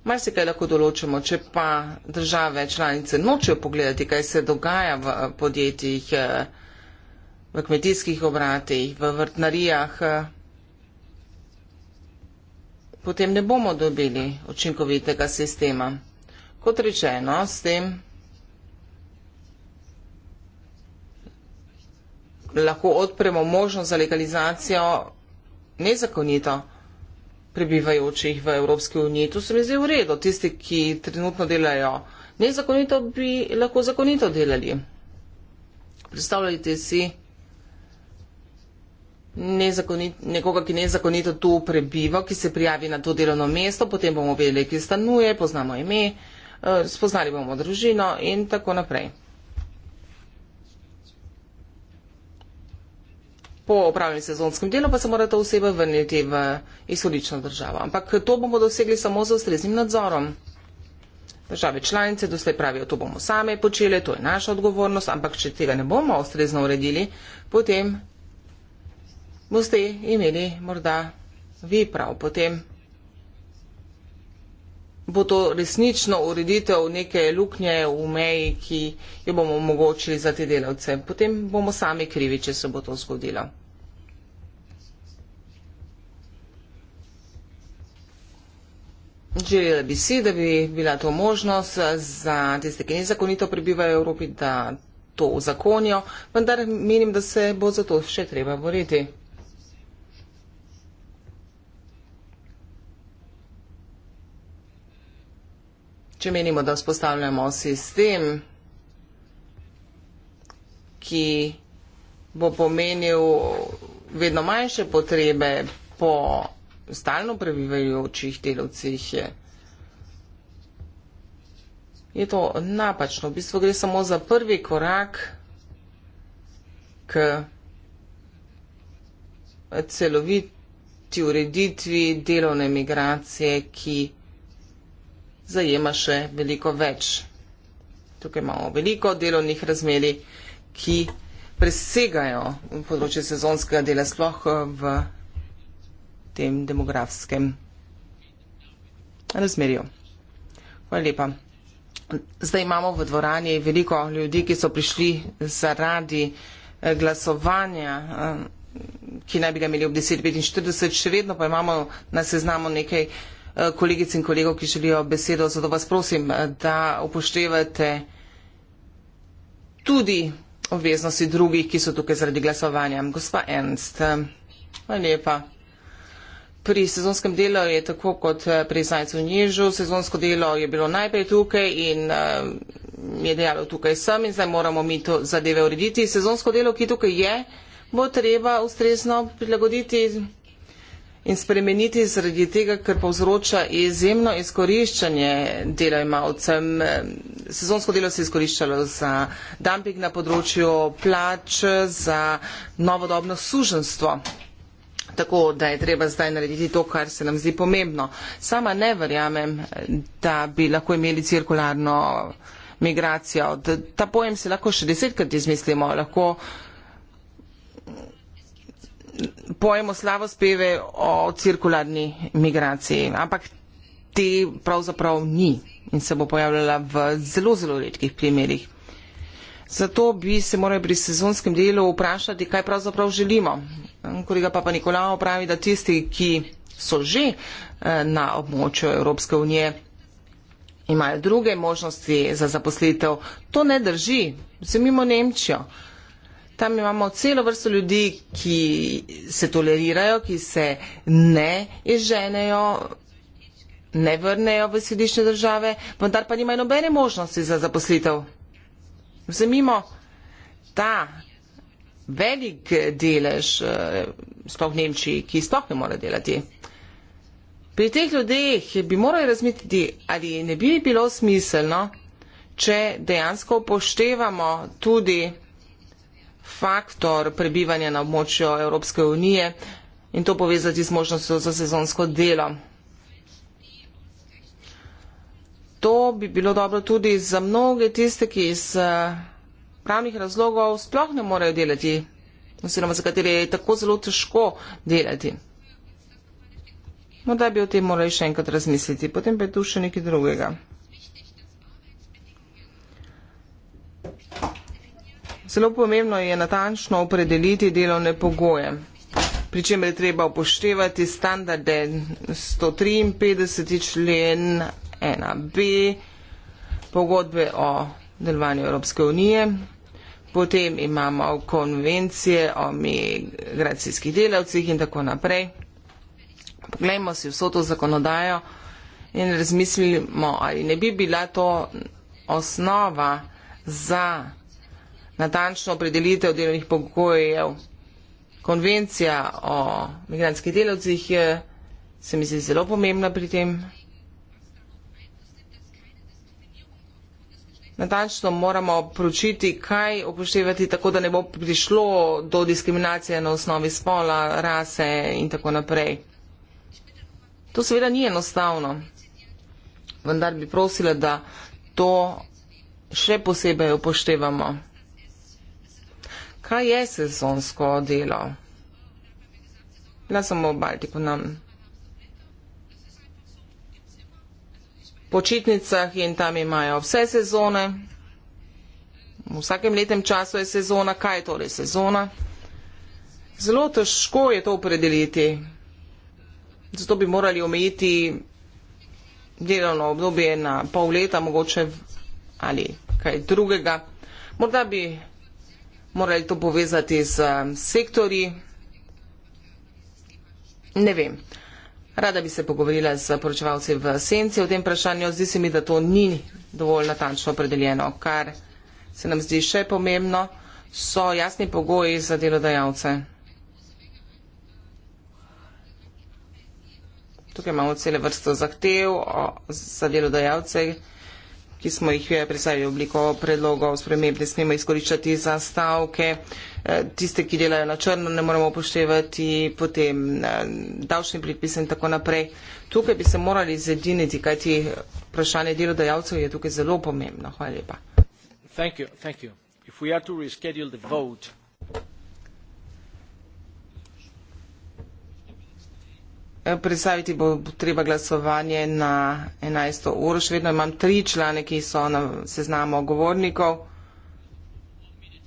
Marsikaj lahko določimo, če pa države članice nočejo pogledati, kaj se dogaja v eh, podjetjih, eh, v kmetijskih obratih, v vrtnarijah, eh, potem ne bomo dobili učinkovitega sistema. Kot rečeno, s tem lahko odpremo možnost za legalizacijo nezakonito prebivajočih v Evropski uniji. To se mi zdi v redu. Tisti, ki trenutno delajo nezakonito, bi lahko zakonito delali. Predstavljajte si nezakonit, nekoga, ki nezakonito tu prebiva, ki se prijavi na to delovno mesto, potem bomo vedeli, kje stanuje, poznamo ime, eh, spoznali bomo družino in tako naprej. po opravljenem sezonskem delu pa se mora ta oseba vrniti v izhodično državo. Ampak to bomo dosegli samo z ustreznim nadzorom. Države članice doslej pravijo, to bomo same počele, to je naša odgovornost, ampak če tega ne bomo ustrezno uredili, potem boste imeli morda vi prav. Potem bo to resnično ureditev neke luknje v meji, ki jo bomo omogočili za te delavce. Potem bomo sami krivi, če se bo to zgodilo. Želela bi si, da bi bila to možnost za tiste, ki nezakonito prebivajo v Evropi, da to zakonijo, vendar menim, da se bo za to še treba boriti. Če menimo, da vzpostavljamo sistem, ki bo pomenil vedno manjše potrebe po vsega, stalno prebivajočih delavcih je. Je to napačno. V bistvu gre samo za prvi korak k celoviti ureditvi delovne migracije, ki zajema še veliko več. Tukaj imamo veliko delovnih razmeri, ki presegajo področje sezonskega dela sploh v tem demografskem razmerju. Hvala lepa. Zdaj imamo v dvorani veliko ljudi, ki so prišli zaradi eh, glasovanja, eh, ki naj bi ga imeli ob 10.45, še vedno pa imamo na seznamu nekaj eh, kolegic in kolegov, ki želijo besedo, zato vas prosim, da upoštevate tudi obveznosti drugih, ki so tukaj zaradi glasovanja. Gospa Ernst, hvala lepa. Pri sezonskem delu je tako kot eh, pri Science of Nižu, sezonsko delo je bilo najprej tukaj in uh, je dejalo tukaj sem in zdaj moramo mi to zadeve urediti. Sezonsko delo, ki tukaj je, bo treba ustrezno prilagoditi in spremeniti zaradi tega, ker povzroča izjemno izkoriščanje dela imavcem. Sezonsko delo se je izkoriščalo za dumping na področju plač, za novodobno suženstvo. Tako da je treba zdaj narediti to, kar se nam zdi pomembno. Sama ne verjamem, da bi lahko imeli cirkularno migracijo. Ta pojem se lahko še desetkrat izmislimo. Lahko pojemo slavo speve o cirkularni migraciji, ampak te pravzaprav ni in se bo pojavljala v zelo, zelo redkih primerjih. Zato bi se morali pri sezonskem delu vprašati, kaj pravzaprav želimo. Kolega Papa Nikolao pravi, da tisti, ki so že eh, na območju Evropske unije, imajo druge možnosti za zaposlitev. To ne drži. Vzemimo Nemčijo. Tam imamo celo vrsto ljudi, ki se tolerirajo, ki se ne izženejo, ne vrnejo v središče države, vendar pa nimajo nobene možnosti za zaposlitev. Vzemimo ta velik delež, eh, sploh v Nemčiji, ki sploh ne more delati. Pri teh ljudeh bi morali razmisliti, ali ne bi bilo smiselno, če dejansko upoštevamo tudi faktor prebivanja na območju Evropske unije in to povezati z možnostjo za sezonsko delo. to bi bilo dobro tudi za mnoge tiste, ki iz eh, pravnih razlogov sploh ne morejo delati, oziroma za katere je tako zelo težko delati. Morda bi o tem morali še enkrat razmisliti, potem pa je tu še nekaj drugega. Zelo pomembno je natančno opredeliti delovne pogoje, pri čemer je treba upoštevati standarde 153 člen 1b, pogodbe o delovanju Evropske unije, potem imamo konvencije o migracijskih delavcih in tako naprej. Poglejmo si vso to zakonodajo in razmislimo, ali ne bi bila to osnova za natančno opredelitev delovnih pogojev. Konvencija o migranskih delavcih je, se mi zdi, zelo pomembna pri tem. natančno moramo pročiti, kaj upoštevati, tako da ne bo prišlo do diskriminacije na osnovi spola, rase in tako naprej. To seveda ni enostavno, vendar bi prosila, da to še posebej upoštevamo. Kaj je sezonsko delo? Bila sem v Baltiku nam. počitnicah in tam imajo vse sezone. V vsakem letem času je sezona, kaj je torej sezona. Zelo težko je to opredeliti. Zato bi morali omejiti delovno obdobje na pol leta, mogoče ali kaj drugega. Morda bi morali to povezati z um, sektori. Ne vem. Rada bi se pogovorila z poročevalci v senci o tem vprašanju. Zdi se mi, da to ni dovolj natančno opredeljeno. Kar se nam zdi še pomembno, so jasni pogoji za delodajalce. Tukaj imamo cele vrste zahtev za delodajalce ki smo jih eh, predstavili v obliko predlogov, sprememb ne smemo izkoriščati za stavke, eh, tiste, ki delajo na črno, ne moramo upoštevati, potem eh, davčni pripis in tako naprej. Tukaj bi se morali zediniti, kajti vprašanje delodajalcev je tukaj zelo pomembno. Hvala lepa. Thank you, thank you. Eh, predstaviti bo treba glasovanje na 11. uro. Še vedno imam tri člane, ki so na seznamu govornikov.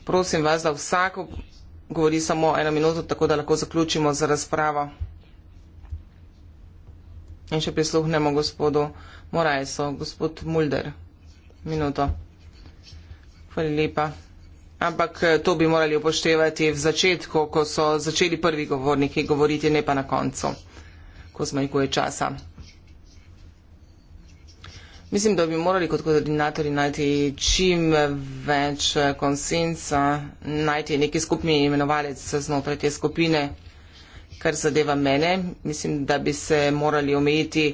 Prosim vas, da vsako govori samo eno minuto, tako da lahko zaključimo z razpravo. In še prisluhnemo gospodu Morajso. Gospod Mulder, minuto. Hvala lepa. Ampak eh, to bi morali upoštevati v začetku, ko so začeli prvi govorniki govoriti, ne pa na koncu ko zmanjkuje časa. Mislim, da bi morali kot koordinatori najti čim več konsensa, najti neki skupni imenovalec znotraj te skupine, kar zadeva mene. Mislim, da bi se morali omejiti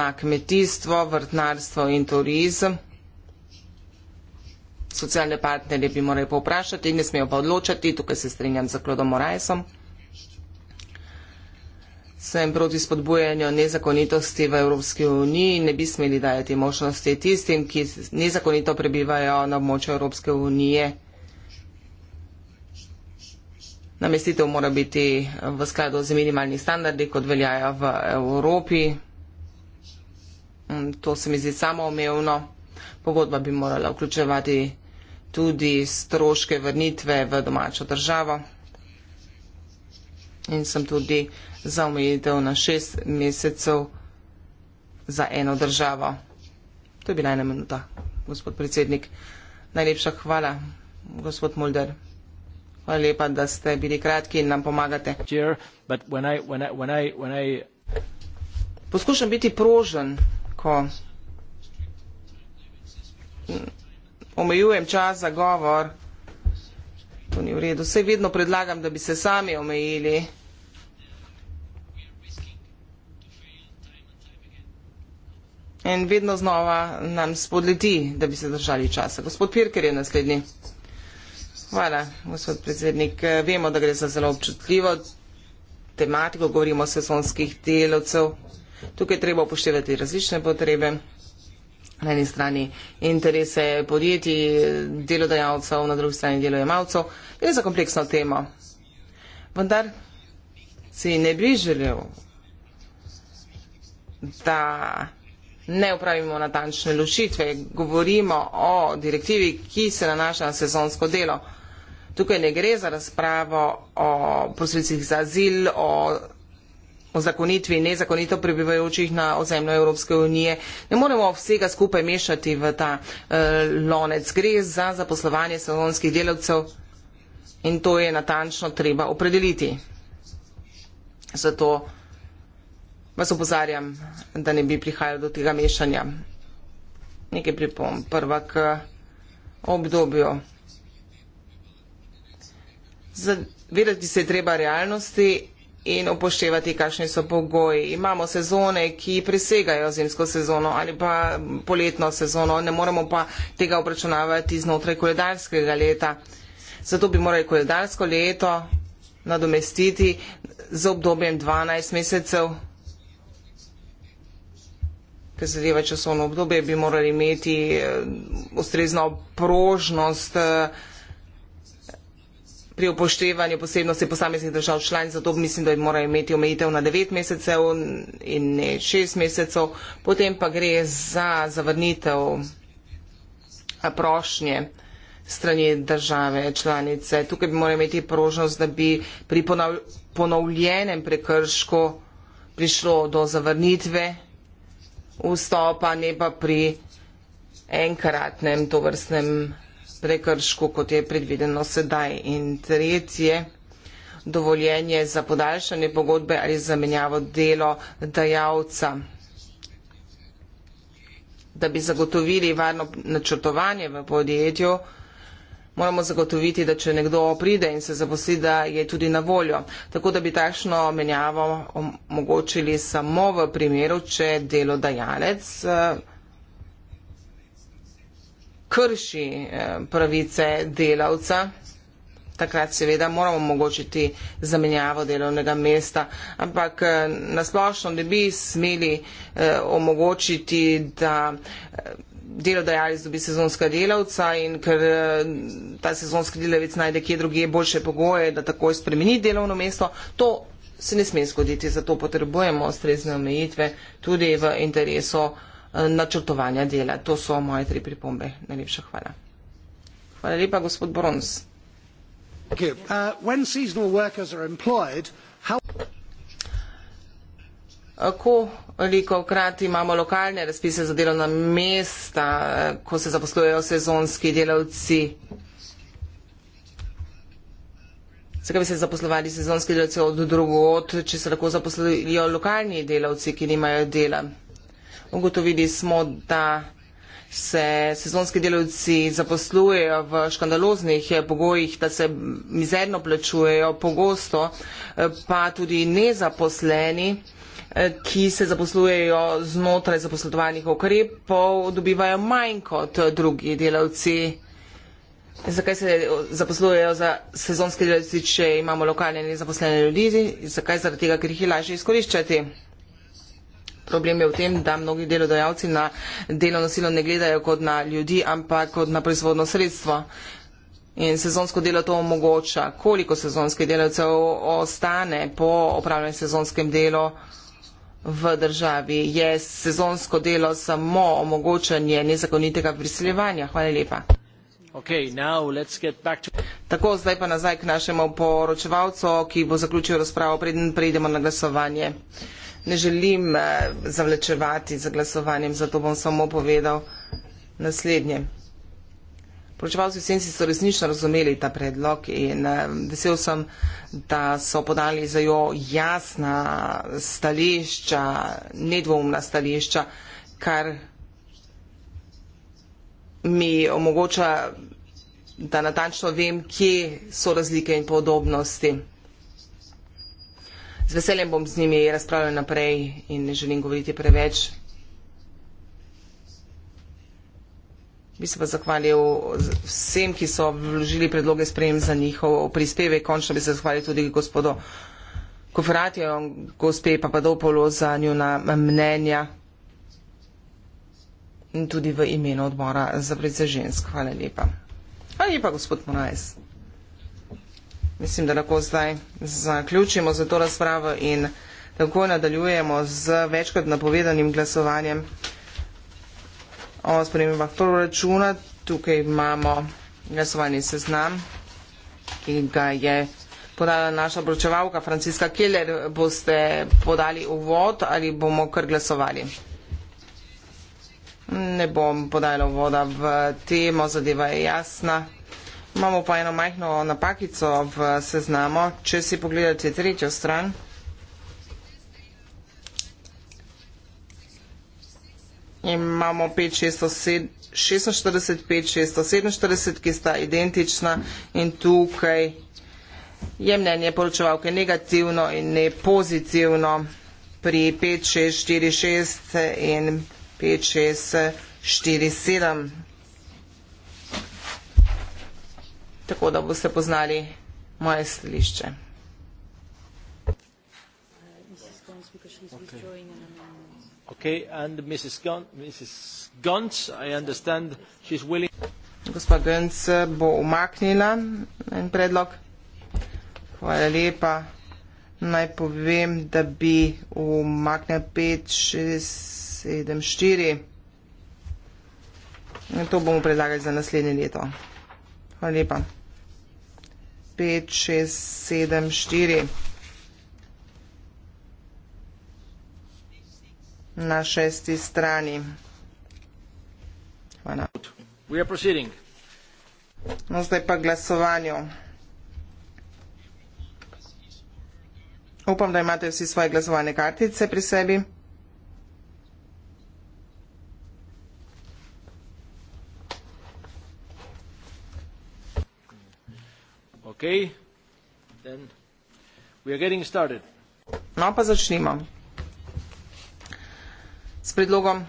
na kmetijstvo, vrtnarstvo in turizem. Socialne partnerje bi morali povprašati, ne smejo pa odločati, tukaj se strinjam z Klodom Morajsom sem proti spodbujanju nezakonitosti v Evropski uniji in ne bi smeli dajati možnosti tistim, ki nezakonito prebivajo na območju Evropske unije. Namestitev mora biti v skladu z minimalnimi standardi, kot veljajo v Evropi. Mm, to se mi zdi samoumevno. Pogodba bi morala vključevati tudi stroške vrnitve v domačo državo in sem tudi za omejitev na šest mesecev za eno državo. To je bila ena minuta, gospod predsednik. Najlepša hvala, gospod Mulder. Hvala lepa, da ste bili kratki in nam pomagate. Poskušam biti prožen, ko omejujem čas za govor. To ni v redu. Vse vedno predlagam, da bi se sami omejili. In vedno znova nam spodleti, da bi se držali časa. Gospod Pirker je naslednji. Hvala, gospod predsednik. Vemo, da gre za zelo občutljivo tematiko, govorimo o sezonskih delovcev. Tukaj treba upoštevati različne potrebe na eni strani interese podjetij, delodajalcev, na drugi strani delojemalcev. Gre za kompleksno temo. Vendar si ne bi želel, da ne upravimo natančne lušitve. Govorimo o direktivi, ki se nanaša na sezonsko delo. Tukaj ne gre za razpravo o poslicih za azil, o o zakonitvi nezakonito prebivajočih na ozemlju Evropske unije. Ne moremo vsega skupaj mešati v ta uh, lonec. Gre za zaposlovanje sezonskih delavcev in to je natančno treba opredeliti. Zato vas opozarjam, da ne bi prihajalo do tega mešanja. Nekaj pripom. Prva k obdobju. Zavedati se je treba realnosti in upoštevati, kakšni so pogoji. Imamo sezone, ki presegajo zimsko sezono ali pa poletno sezono, ne moremo pa tega obračunavati znotraj koledarskega leta. Zato bi morali koledarsko leto nadomestiti z obdobjem 12 mesecev. Kar se zadeva časovno obdobje, bi morali imeti eh, ustrezno prožnost. Uh, pri upoštevanju posebnosti posameznih držav članic, zato mislim, da morajo imeti omejitev na 9 mesecev in ne 6 mesecev, potem pa gre za zavrnitev prošnje strani države članice. Tukaj bi morali imeti prožnost, da bi pri ponovljenem prekršku prišlo do zavrnitve vstopa, ne pa pri enkratnem tovrstnem prekršku prekršku, kot je predvideno sedaj. In tretje, dovoljenje za podaljšanje pogodbe ali zamenjavo delo dajavca. Da bi zagotovili varno načrtovanje v podjetju, moramo zagotoviti, da če nekdo pride in se zaposli, da je tudi na voljo. Tako da bi takšno menjavo omogočili samo v primeru, če delodajalec eh, krši eh, pravice delavca. Takrat seveda moramo omogočiti zamenjavo delovnega mesta, ampak eh, nasplošno ne bi smeli eh, omogočiti, da delodajalec dobi sezonska delavca in ker ta sezonski delavec najde kje druge boljše pogoje, da takoj spremeni delovno mesto, to se ne sme zgoditi. Zato potrebujemo strezne omejitve tudi v interesu. Eh, načrtovanja dela. To so moje tri pripombe. Najlepša hvala. Hvala lepa, gospod Brons. Uh, eh, kolikokrat imamo lokalne razpise za delovna mesta, eh, ko se zaposlujejo sezonski delavci? Zakaj bi se zaposlovali sezonski delavci od drugod, če se lahko zaposlujejo lokalni delavci, ki nimajo dela? Ugotovili smo, da se sezonski delavci zaposlujejo v škandaloznih pogojih, da se mizerno plačujejo pogosto, pa tudi nezaposleni, ki se zaposlujejo znotraj zaposlovanih okrepov, dobivajo manj kot drugi delavci. Zakaj se zaposlujejo za sezonske delavci, če imamo lokalne nezaposlene ljudi? Zakaj? Zaradi tega, ker jih je lažje izkoriščati. Problem je v tem, da mnogi delodajalci na delovno silo ne gledajo kot na ljudi, ampak kot na proizvodno sredstvo. In sezonsko delo to omogoča. Koliko sezonskih delavcev ostane po opravljenem sezonskem delu v državi? Je sezonsko delo samo omogočanje nezakonitega priseljevanja? Hvala lepa. Okay, now let's get back to... Tako, zdaj pa nazaj k našemu poročevalcu, ki bo zaključil razpravo, preden prejdemo na glasovanje. Uh, ne želim eh, zavlečevati za glasovanjem, zato bom samo povedal naslednje. Poročevalci v senci so resnično razumeli ta predlog in eh, vesel sem, da so podali za jo jasna stališča, nedvomna stališča, kar mi omogoča, da natančno vem, kje so razlike in podobnosti z veseljem bom z njimi razpravljal naprej in ne želim govoriti preveč. Bi se pa zahvalil vsem, ki so vložili predloge sprejem za njihov prispevek. Končno bi se zahvalil tudi gospodo Koferatijo, gospe Papadopolo za njuna mnenja in tudi v imenu odbora za predse žensk. Hvala lepa. Hvala lepa, gospod Monajs mislim, da lahko zdaj zaključimo za to razpravo in tako nadaljujemo z večkrat napovedanim glasovanjem o spremembah proračuna. Tukaj imamo glasovanje seznam, ki ga je podala naša obročevalka Franciska Keller. Boste podali uvod ali bomo kar glasovali? Ne bom podajala voda v temo, zadeva je jasna. Imamo pa eno majhno napakico v seznamo. Če si pogledate tretjo stran, imamo 546, 547, ki sta identična in tukaj je mnenje poročevalke negativno in ne pozitivno pri 546 in 5647. tako da boste poznali moje stališče. Gospa Gönc bo umaknila en predlog. Hvala lepa. Naj povem, da bi umaknila 5, 6, 7, 4. In to bomo predlagali za naslednje leto. Hvala lepa. 5, 6, 7, 4. Na šesti strani. Hvala. No, zdaj pa glasovanju. Upam, da imate vsi svoje glasovane kartice pri sebi. Okay. Then we are getting started. No, pa začnimo. S predlogom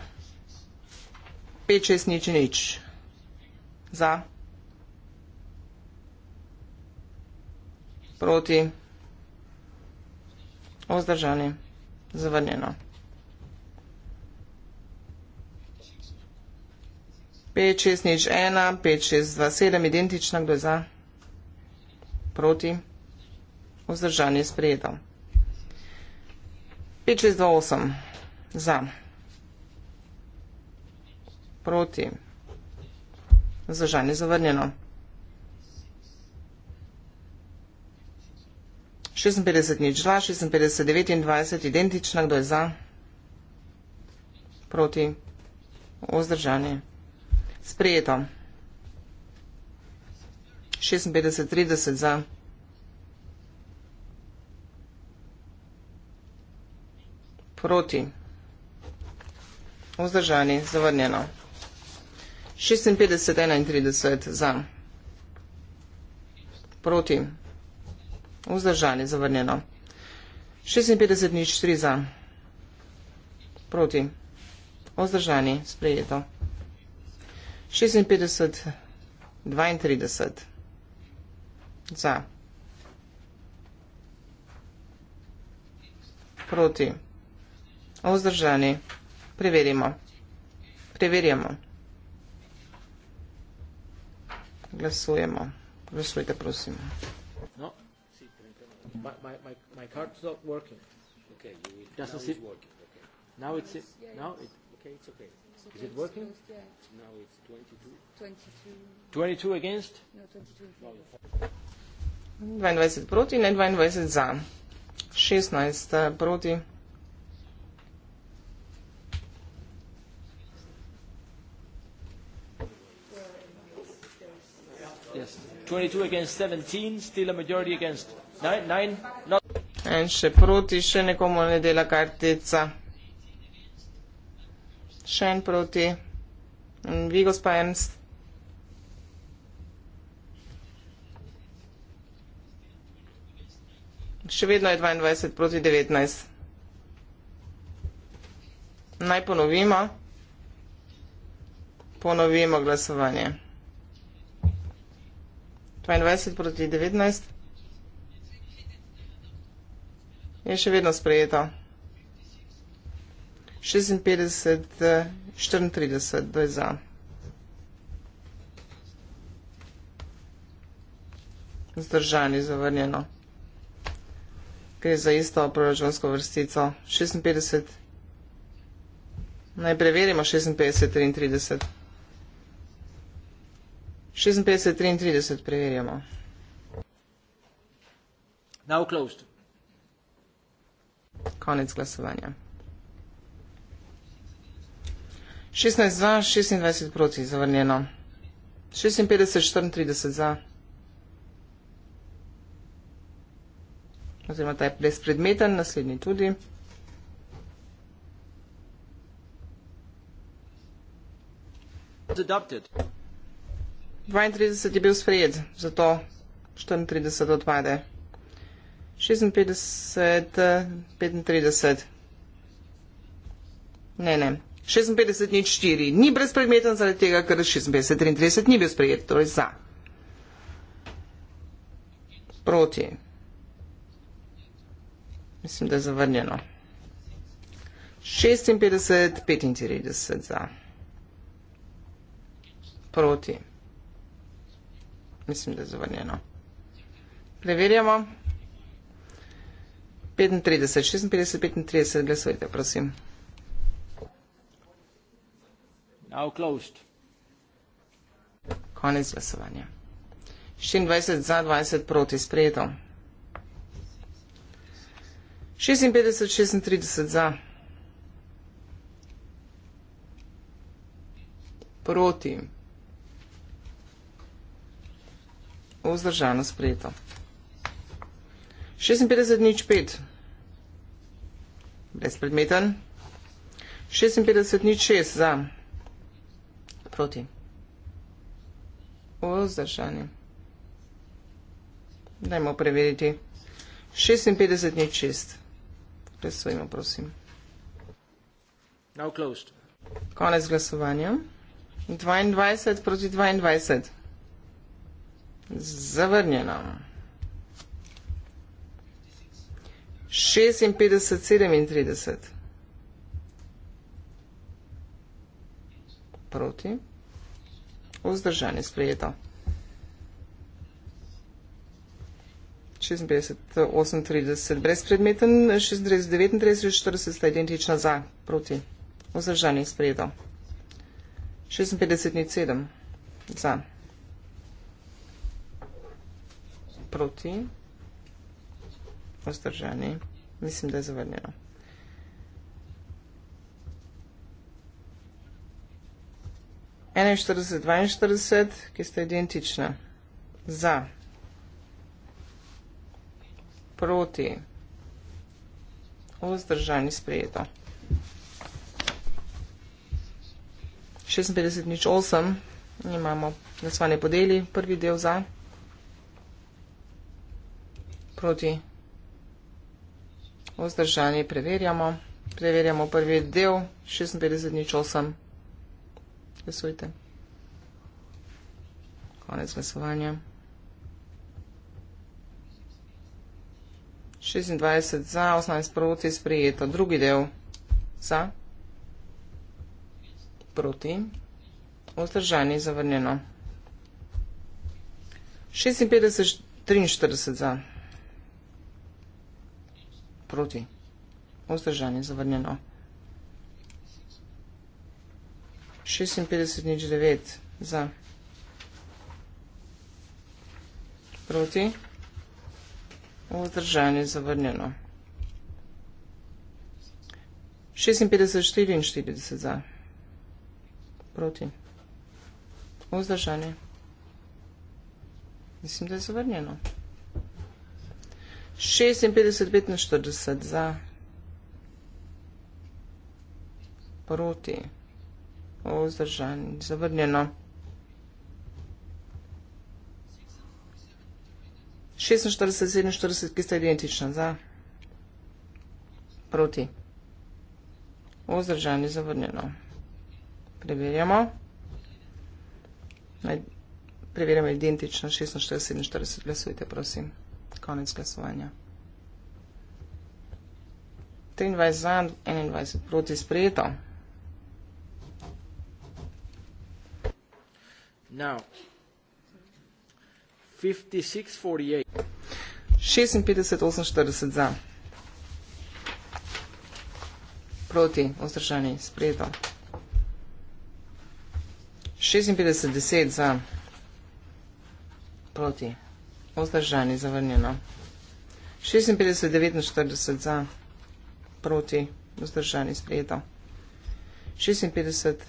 5-6 nič nič. Za. Proti. Ozdržani. Zavrnjeno. 5-6 nič 1, 5-6 2, 7, identično, kdo je za proti, vzdržanje sprejeto. 5, 6, 2, 8, za, proti, vzdržanje zavrnjeno. 56 nič dva, 56, 29, identična, kdo je za, proti, vzdržanje sprejeto. 56-30 za. Proti. Vzdržani. Zavrnjeno. 56-31 za. Proti. Vzdržani. Zavrnjeno. 56-03 za. Proti. Vzdržani. Sprejeto. 56-32 za za, proti, vzdržani, preverimo, preverjamo, glasujemo, glasujte prosim. No. My, my, my, my card stopped working. Okay, you will, now it's working. Okay. Now it's, it, yeah, now it, okay, it's okay. It's okay. Is it it's working? Closed, yeah. Now it's 22. 22. 22 against? No, 22 in favor. No, 22 proti, ne 22 za. 16 eh, proti. En še proti, še nekomu ne dela kartica. Še en proti. In mm, vi, gospa Ernst. še vedno je 22 proti 19. Naj ponovimo. Ponovimo glasovanje. 22 proti 19. Je še vedno sprejeto. 56, 34, to je za. Zdržani, zavrnjeno gre za isto proračunsko vrstico 56. Naj preverimo 56, 33. 56, 33 preverjamo. Now closed. Konec glasovanja. 16 za, 26 proti, zavrnjeno. 56, 34 za. oziroma ta je brezpredmeten, naslednji tudi. Adopted. 32 je bil sprejet, zato 34 odpade. 56, 35. Ne, ne. 56 ni 4. Ni brezpredmeten zaradi tega, ker 56, 33 ni bil sprejet, torej za. Proti. Mislim, da je zavrnjeno. 56, 35 za. Proti. Mislim, da je zavrnjeno. Preverjamo. 35, 56, 35 glasujte, prosim. Now closed. Konec glasovanja. 24 za 20 proti sprejetom. 56, 36 za. Proti. Vzdržano spleto. 56, nič 5. Brezpredmeten. 56, nič 6 za. Proti. Vzdržani. Dajmo preveriti. 56, nič 6. Glasujemo, prosim. Konec glasovanja. 22 proti 22. Zavrnjeno. 56, 37. Proti. Vzdržanje sprejeto. 56, 38, brezpredmeten, 36, 39, 40 sta identična za, proti, vzdržani spredo. 56, 7 za, proti, vzdržani, mislim, da je zavrnjeno. Enajstirideset, dvajsetirideset, ki sta identična za proti, vzdržani sprejeto. 56.08 imamo glasovanje po deli, prvi del za, proti, vzdržani preverjamo, preverjamo prvi del, 56.08, glasujte. Konec glasovanja. 26 za, 18 proti sprejeto. Drugi del za, proti, vzdržani zavrnjeno. 56, 43 za, proti, vzdržani zavrnjeno. 56, nič 9 za, proti, vzdržani zavrnjeno vzdržanje zavrnjeno. 56,44 za. Proti. Vzdržanje. Mislim, da je zavrnjeno. 56,45 za. Proti. Vzdržanje zavrnjeno. 56,45 za. 46, 47, ki sta identična za, proti, ozdržani, zavrnjeno. Preverjamo. Preverjamo identično, 46, 47, glasujte, prosim. Konec glasovanja. 23 za, 21 proti, sprejeto. Now, 56-48 za. Proti, vzdržani, sprejeto. 56-10 za. Proti, vzdržani, zavrnjeno. 56-49 za. Proti, vzdržani, sprejeto. 56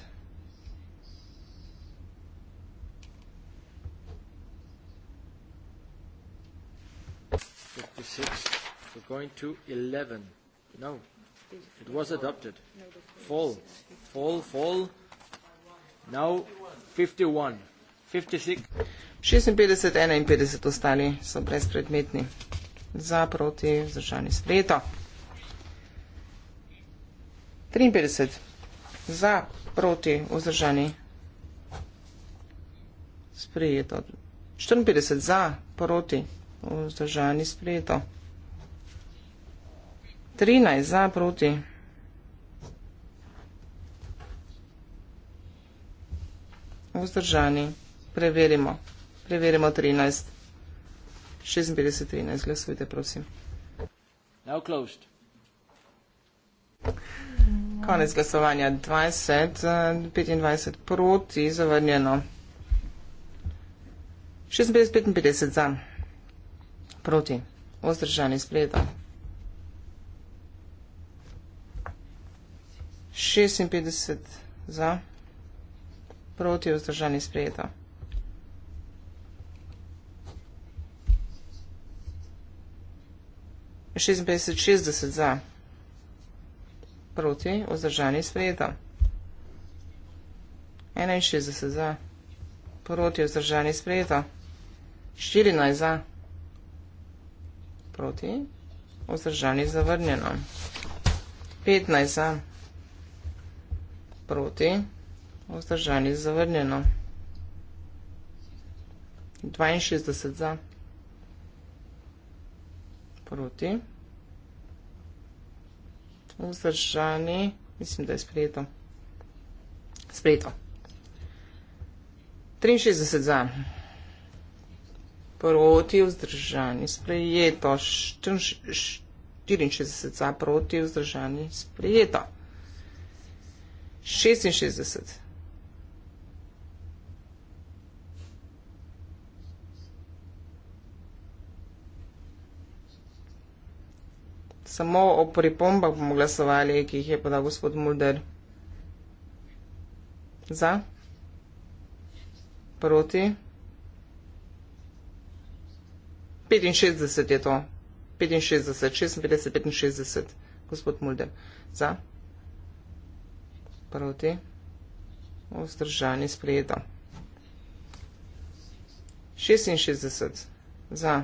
going to 11. No, it was adopted. Full, full, full. Now 51. 56. 56, 51 ostali so brezpredmetni. Za proti vzdržani sprejeto. 53. Za proti vzdržani sprejeto. 54 za, proti, vzdržani sprejeto. 13 za proti. Vzdržani. Preverimo. Preverimo 13. 56, 13. Glasujte, prosim. Now closed. Konec glasovanja 20, 25 proti, zavrnjeno. 56, 55 za. Proti. Vzdržani sprejeto. 56 za, proti vzdržani sprejeto. Je 56, 60 za, proti vzdržani sprejeto. 61 za, proti vzdržani sprejeto. 14 za, proti vzdržani zavrnjeno. 15 za, proti vzdržani sprejeto proti, vzdržani zavrnjeno. 62 za, proti, vzdržani, mislim, da je sprejeto, sprejeto. 63 za, proti, vzdržani, sprejeto, 64 za, proti, vzdržani, sprejeto. 66. Samo o pripombah bomo glasovali, ki jih je podal gospod Mulder. Za? Proti? 65 je to. 65, 56, 65, gospod Mulder. Za? proti vzdržani sprejeto. 66 za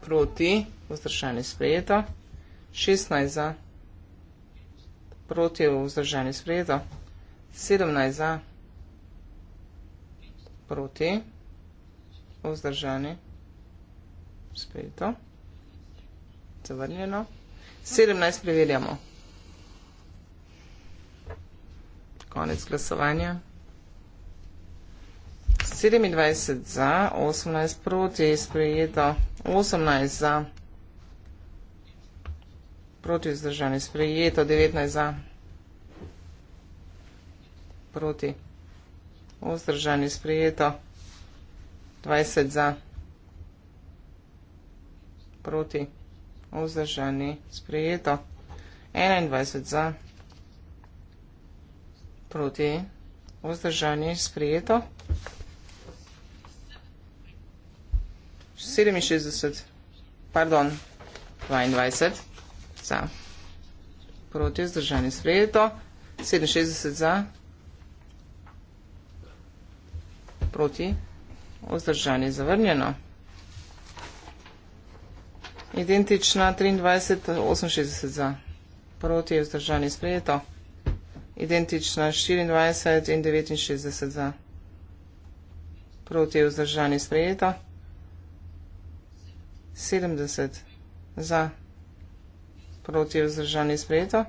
proti vzdržani sprejeto. 16 za proti vzdržani sprejeto. 17 za proti vzdržani sprejeto. Zavrnjeno. 17 preverjamo. konec glasovanja. 27 za, 18 proti je sprejeto, 18 za, proti vzdržanje sprejeto, 19 za, proti vzdržanje sprejeto, 20 za, proti vzdržanje sprejeto, 21 za, proti vzdržanje sprejeto. Proti. Vzdržanje sprejeto. 67. Pardon. 22. Za. Proti. Vzdržanje sprejeto. 67 za. Proti. Vzdržanje zavrnjeno. Identična 23, 68 za. Proti je vzdržanje sprejeto identična 24 in 69 za. Proti je vzdržanje sprejeta. 70 za. Proti je vzdržanje sprejeta.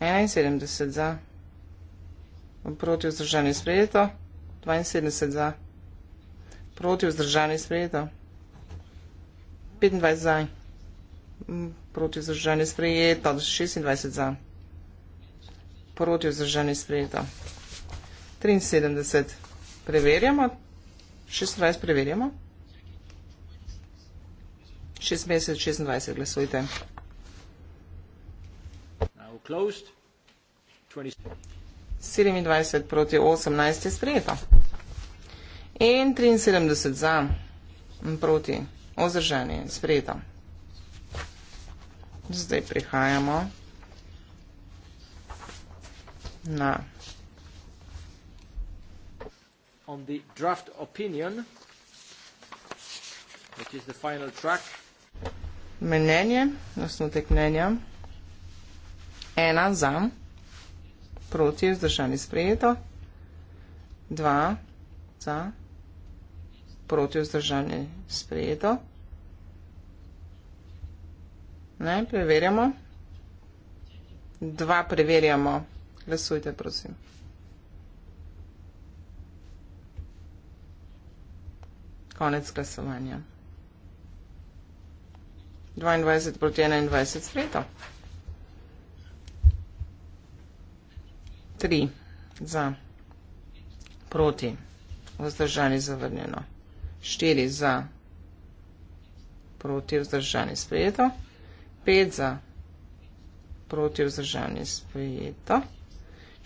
71 za. Proti je vzdržanje sprejeta. 72 za. Proti je vzdržanje sprejeta. 25 za. Proti je vzdržanje sprejeta. 26 za poročje za ženi sprejeto. 73 preverjamo, 26 preverjamo. 6 mesec, 26 glasujte. Now closed. 27 proti 18 je sprejeto. In 73 za in proti. Ozrženi, sprejeto. Zdaj prihajamo na. On the draft opinion, which is the final track. Mnenje, osnutek mnenja. Ena za, proti je zdržani sprejeto. Dva za, proti je zdržani sprejeto. Ne, preverjamo. Dva preverjamo. Glasujte, prosim. Konec glasovanja. 22 proti 21 sprejeto. 3 za, proti, vzdržani zavrnjeno. 4 za, proti, vzdržani sprejeto. 5 za, proti, vzdržani sprejeto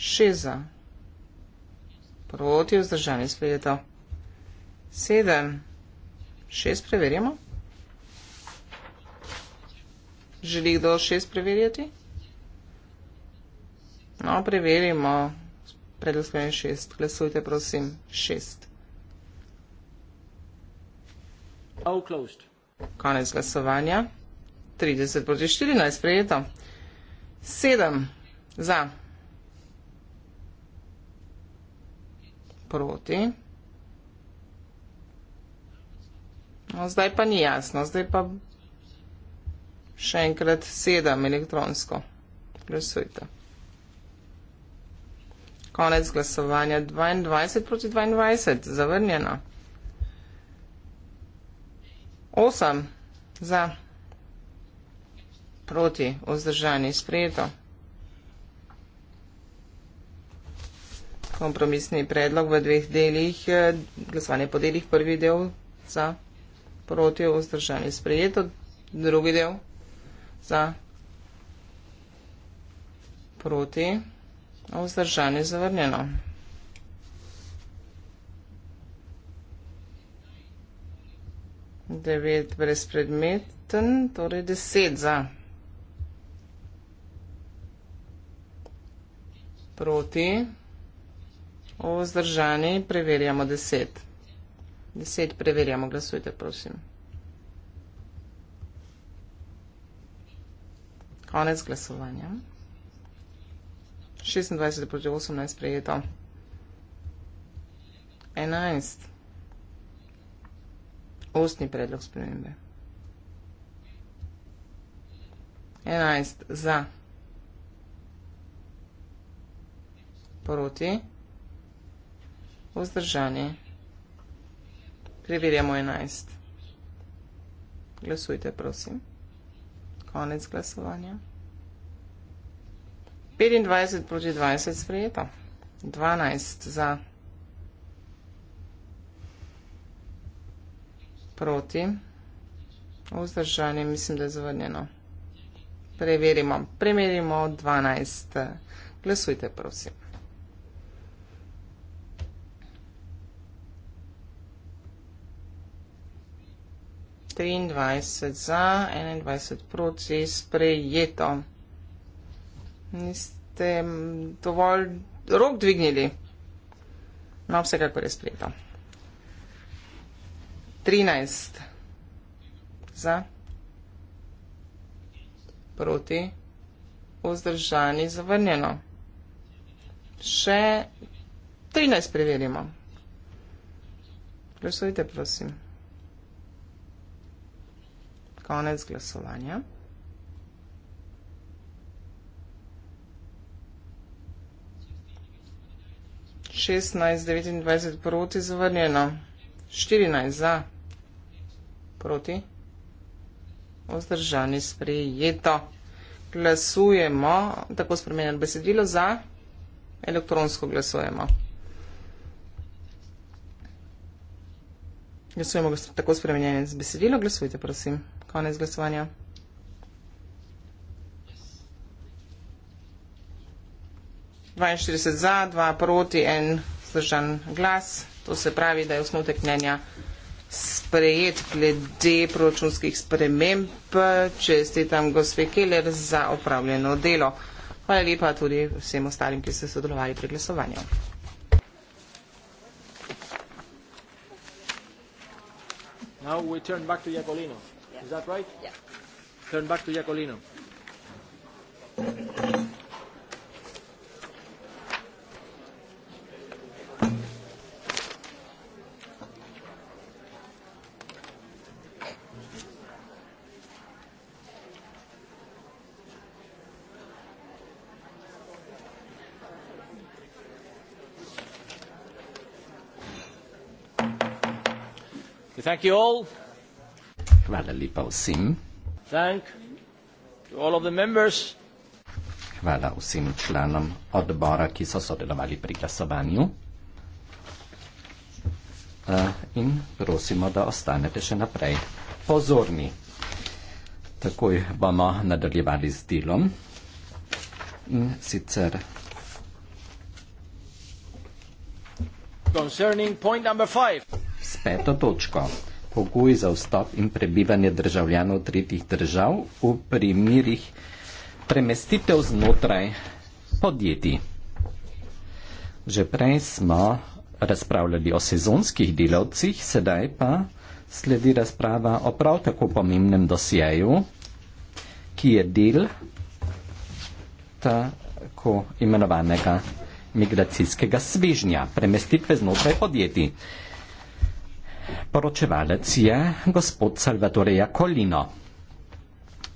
šeza. Proti vzdržani sprejeto. Sedem. Šest preverjamo. Želi kdo šest preverjati? No, preverimo. Predvsem šest. Glasujte, prosim. Šest. Konec glasovanja. 30 proti 14, prejeto. 7 za. proti. No, zdaj pa ni jasno, zdaj pa še enkrat sedem elektronsko. Glasujte. Konec glasovanja 22 proti 22, zavrnjeno. 8 za proti, vzdržani, sprejeto. kompromisni predlog v dveh delih, eh, glasovanje po delih, prvi del za, proti, vzdržanje sprejeto, drugi del za, proti, vzdržanje zavrnjeno. Devet brezpredmeten, torej deset za. Proti vzdržani, preverjamo deset. Deset preverjamo, glasujte, prosim. Konec glasovanja. 26 proti 18 prijeto. 11. Ustni predlog spremembe. 11. Za. Proti vzdržani. Preverjamo 11. Glasujte, prosim. Konec glasovanja. 25 proti 20 sprejeta. 12 za. Proti. Vzdržanje mislim, da je zavrnjeno. Preverimo. Preverimo 12. Glasujte, prosim. 23 za, 21 proti, sprejeto. Niste dovolj rok dvignili. No, vsekakor je sprejeto. 13 za, proti, vzdržani, zavrnjeno. Še 13 preverimo. Glasujte, prosim. Konec glasovanja. Šestnajst, devetindvajset proti zavrnjeno. Štirinajst za. Proti. Vzdržani sprejeto. Glasujemo, tako spremenjeno besedilo, za. Elektronsko glasujemo. Glasujemo tako spremenjeno besedilo, glasujte prosim. Konec glasovanja. za, dva proti, en zdržan glas. To se pravi, da je osnotek mnenja sprejet glede proračunskih sprememb. Čestitam gospe Keller za opravljeno delo. Hvala lepa tudi vsem ostalim, ki ste sodelovali pri glasovanju. Now we turn back to Jacolino. Is that right? Yeah. Turn back to Jacolino. Thank you all. Hvala lepa vsem. Thank to all of the members. Hvala vsem članom odbora, ki so sodelovali pri glasovanju. Uh, in prosimo, da ostanete še naprej pozorni. Takoj bomo nadaljevali z delom. In sicer. Concerning point number five. S peto točko pogoj za vstop in prebivanje državljanov tretjih držav v primerih premestitev znotraj podjetij. Že prej smo razpravljali o sezonskih delavcih, sedaj pa sledi razprava o prav tako pomembnem dosjeju, ki je del tako imenovanega migracijskega svežnja, premestitve znotraj podjetij. Poročevalec je gospod Salvatore Jakolino.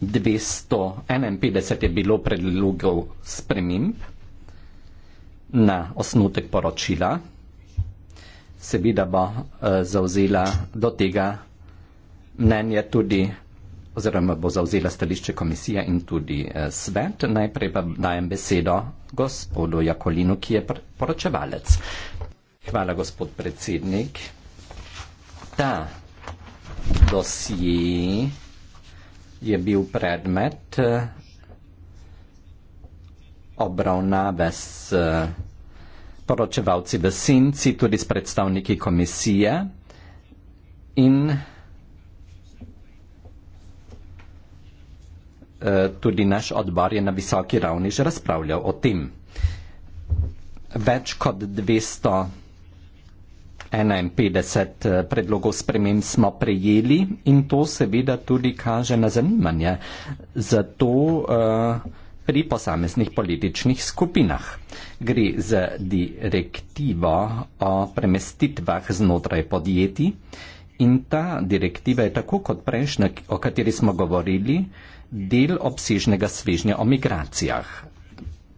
251 je bilo predlogov sprememb na osnutek poročila. Seveda bo uh, eh, zauzela do tega mnenje tudi, oziroma bo zauzela stališče komisije in tudi uh, svet. Najprej pa dajem besedo gospodu Jakolinu, ki je poročevalec. Hvala, gospod predsednik ta dosje je bil predmet eh, obravnave s eh, poročevalci v senci, tudi s predstavniki komisije in eh, tudi naš odbor je na visoki ravni že razpravljal o tem. Več kot 200 51 eh, predlogov sprememb smo prejeli in to seveda tudi kaže na zanimanje za to eh, pri posameznih političnih skupinah. Gre za direktivo o premestitvah znotraj podjetij in ta direktiva je tako kot prejšnja, o kateri smo govorili, del obsežnega svežnja o migracijah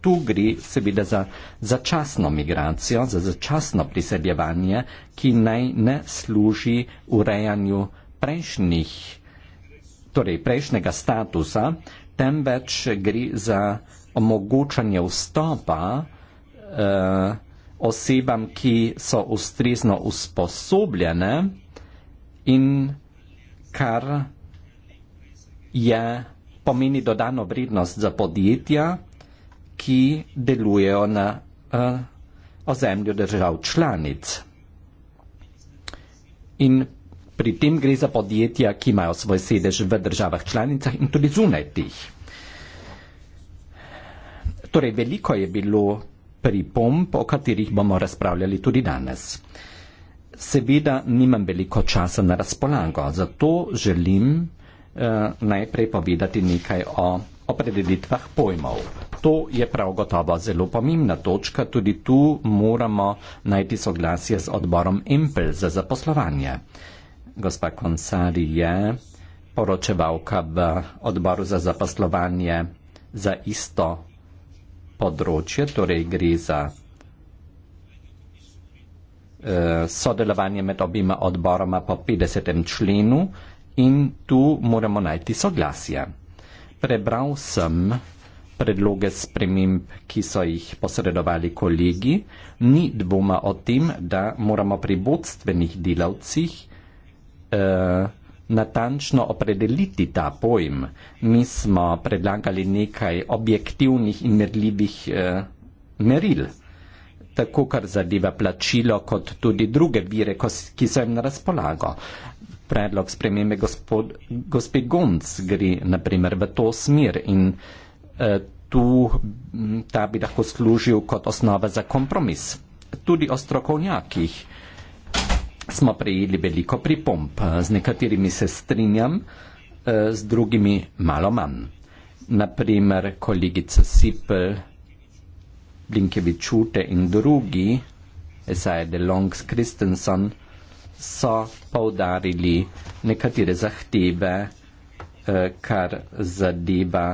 tu gre seveda za začasno migracijo, za začasno priseljevanje, ki naj ne služi urejanju prejšnjih, torej prejšnjega statusa, temveč gre za omogočanje vstopa eh, osebam, ki so ustrezno usposobljene in kar je pomeni dodano vrednost za podjetja, ki delujejo na eh, ozemlju držav članic. In pri tem gre za podjetja, ki imajo svoj sedež v državah članicah in tudi zunaj tih. Torej, veliko je bilo pripomb, o katerih bomo razpravljali tudi danes. Seveda nimam veliko časa na razpolago, zato želim eh, najprej povedati nekaj o opredelitvah pojmov. To je prav gotovo zelo pomembna točka, tudi tu moramo najti soglasje z odborom Impel za zaposlovanje. Gospa Konsari je poročevalka v odboru za zaposlovanje za isto področje, torej gre za uh, sodelovanje med obima odboroma po 50. členu in tu moramo najti soglasje. Prebral sem predloge sprememb, ki so jih posredovali kolegi, ni dvoma o tem, da moramo pri vodstvenih delavcih uh, natančno opredeliti ta pojem. Mi smo predlagali nekaj objektivnih in merljivih uh, meril, tako kar zadeva plačilo, kot tudi druge vire, ki so jim na razpolago. Predlog spremembe gospod, gospe Gonc gre naprimer v to smer in uh, tu, ta bi lahko služil kot osnova za kompromis. Tudi o strokovnjakih smo prejeli veliko pripomp, z nekaterimi se strinjam, e, z drugimi malo manj. Naprimer, kolegica Sipel, Blinkevičute in drugi, Zajde Longs Kristenson, so poudarili nekatere zahteve, e, kar zadeva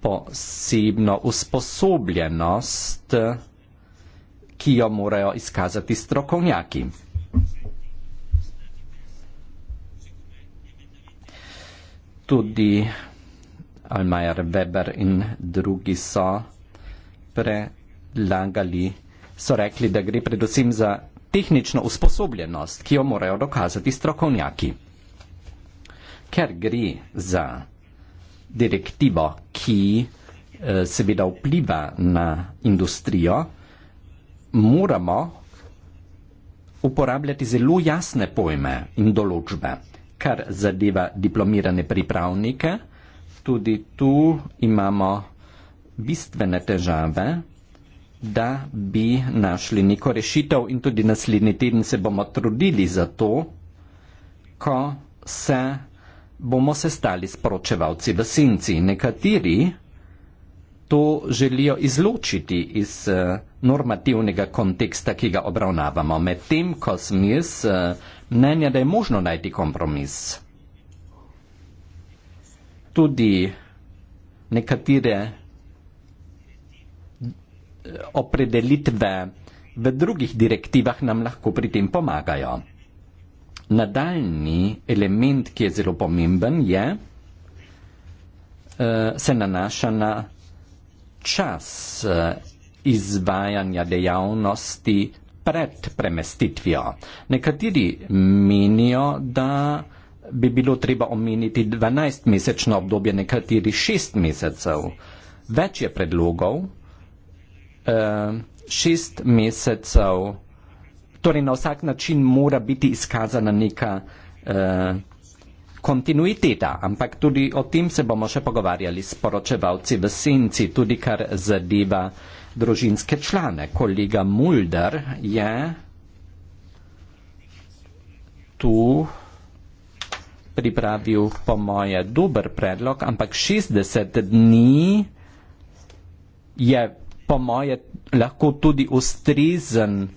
posebno usposobljenost, ki jo morajo izkazati strokovnjaki. Tudi Almajer Weber in drugi so prelagali, so rekli, da gre predvsem za tehnično usposobljenost, ki jo morajo dokazati strokovnjaki. Ker gre za direktivo, ki eh, seveda vpliva na industrijo, moramo uporabljati zelo jasne pojme in določbe, kar zadeva diplomirane pripravnike. Tudi tu imamo bistvene težave, da bi našli neko rešitev in tudi naslednji teden se bomo trudili za to, ko se bomo se stali sporočevalci v senci. Nekateri to želijo izločiti iz eh, normativnega konteksta, ki ga obravnavamo, medtem ko sem jaz eh, mnenja, da je možno najti kompromis. Tudi nekatere eh, opredelitve v drugih direktivah nam lahko pri tem pomagajo nadaljni element, ki je zelo pomemben, je, eh, se nanaša na čas eh, izvajanja dejavnosti pred premestitvijo. Nekateri menijo, da bi bilo treba omeniti 12-mesečno obdobje, nekateri 6 mesecev. Več je predlogov, 6 eh, mesecev torej na vsak način mora biti izkazana neka eh, kontinuiteta, ampak tudi o tem se bomo še pogovarjali s poročevalci v senci, tudi kar zadeva družinske člane. Kolega Mulder je tu pripravil po moje dober predlog, ampak 60 dni je po moje lahko tudi ustrezen eh,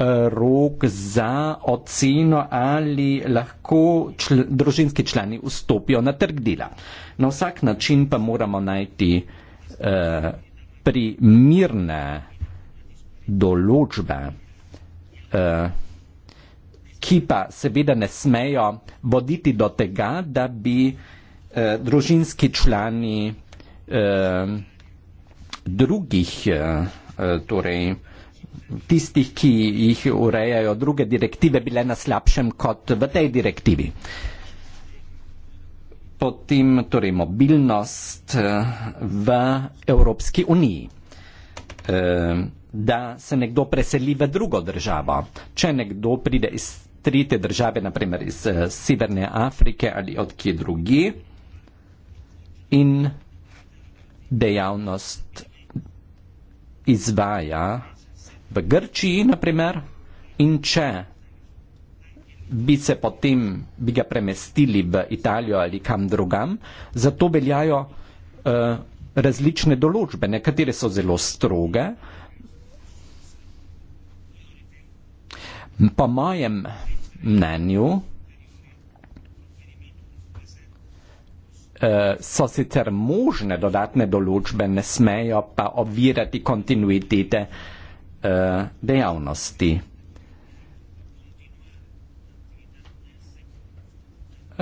rok za oceno, ali lahko čl družinski člani vstopijo na trg dela. Na vsak način pa moramo najti eh, primirne določbe, eh, ki pa seveda ne smejo voditi do tega, da bi eh, družinski člani eh, drugih eh, eh torej, eh, tistih, ki jih urejajo druge direktive, bile na slabšem kot v tej direktivi. Potem torej mobilnost eh, v Evropski uniji. E, da se nekdo preseli v drugo državo. Če nekdo pride iz trite države, naprimer iz uh, Severne Afrike ali od kje drugi in dejavnost izvaja v Grčiji, naprimer, in če bi se potem bi ga premestili v Italijo ali kam drugam, zato veljajo uh, različne določbe, nekatere so zelo stroge. Po mojem mnenju uh, so sicer možne dodatne določbe, ne smejo pa ovirati kontinuitete uh, Eh, dejavnosti.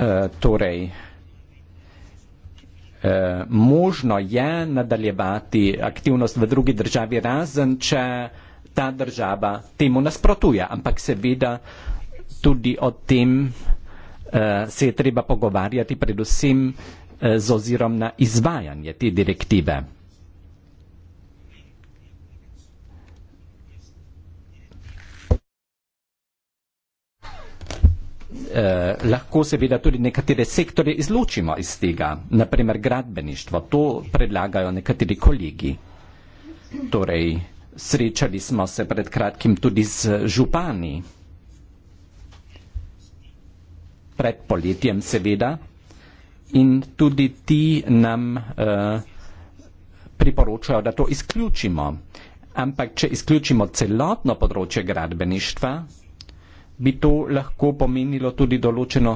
Eh, torej, eh, možno je nadaljevati aktivnost v drugi državi, razen če ta država temu nasprotuje, ampak seveda tudi o tem se je treba pogovarjati predvsem z ozirom na izvajanje te direktive. Eh, lahko seveda tudi nekatere sektore izločimo iz tega, naprimer gradbeništvo, to predlagajo nekateri kolegi. Torej, srečali smo se pred kratkim tudi z župani, pred poletjem seveda, in tudi ti nam uh, priporočajo, da to izključimo. Ampak, če izključimo celotno področje gradbeništva, bi to lahko pomenilo tudi določeno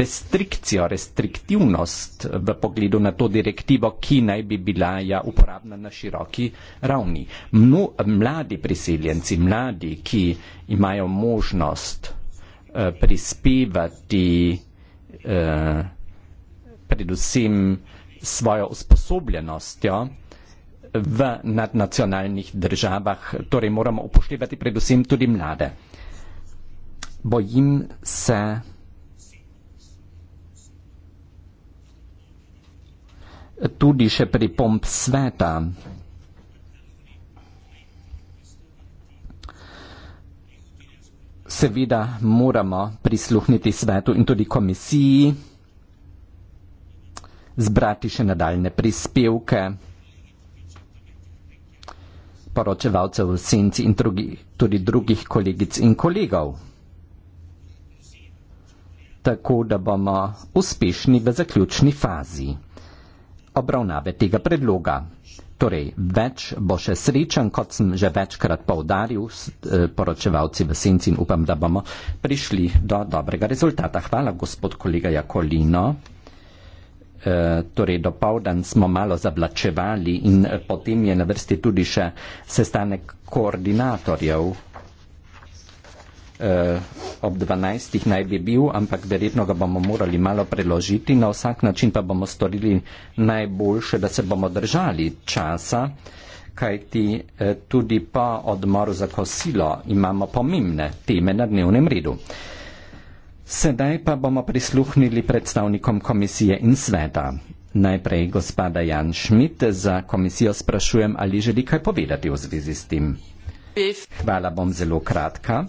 restrikcijo, restriktivnost v pogledu na to direktivo, ki naj bi bila ja uporabna na široki ravni. Mno, mladi priseljenci, mladi, ki imajo možnost eh, prispevati eh, predvsem svojo usposobljenostjo v nadnacionalnih državah, torej moramo upoštevati predvsem tudi mlade bojim se tudi še pri pomp sveta. Seveda moramo prisluhniti svetu in tudi komisiji, zbrati še nadaljne prispevke poročevalcev v senci in drugi, tudi drugih kolegic in kolegov tako da bomo uspešni v zaključni fazi obravnave tega predloga. Torej, več bo še srečen, kot sem že večkrat povdaril, e, poročevalci v senci in upam, da bomo prišli do dobrega rezultata. Hvala, gospod kolega Jakolino. E, torej, do povdan smo malo zablačevali in e, potem je na vrsti tudi še sestanek koordinatorjev Eh, ob 12. naj bi bil, ampak verjetno ga bomo morali malo preložiti. Na vsak način pa bomo storili najboljše, da se bomo držali časa, kajti eh, tudi po odmoru za kosilo imamo pomembne teme na dnevnem redu. Sedaj pa bomo prisluhnili predstavnikom komisije in sveta. Najprej gospoda Jan Schmidt za komisijo sprašujem, ali želi kaj povedati v zvezi s tem. Hvala, bom zelo kratka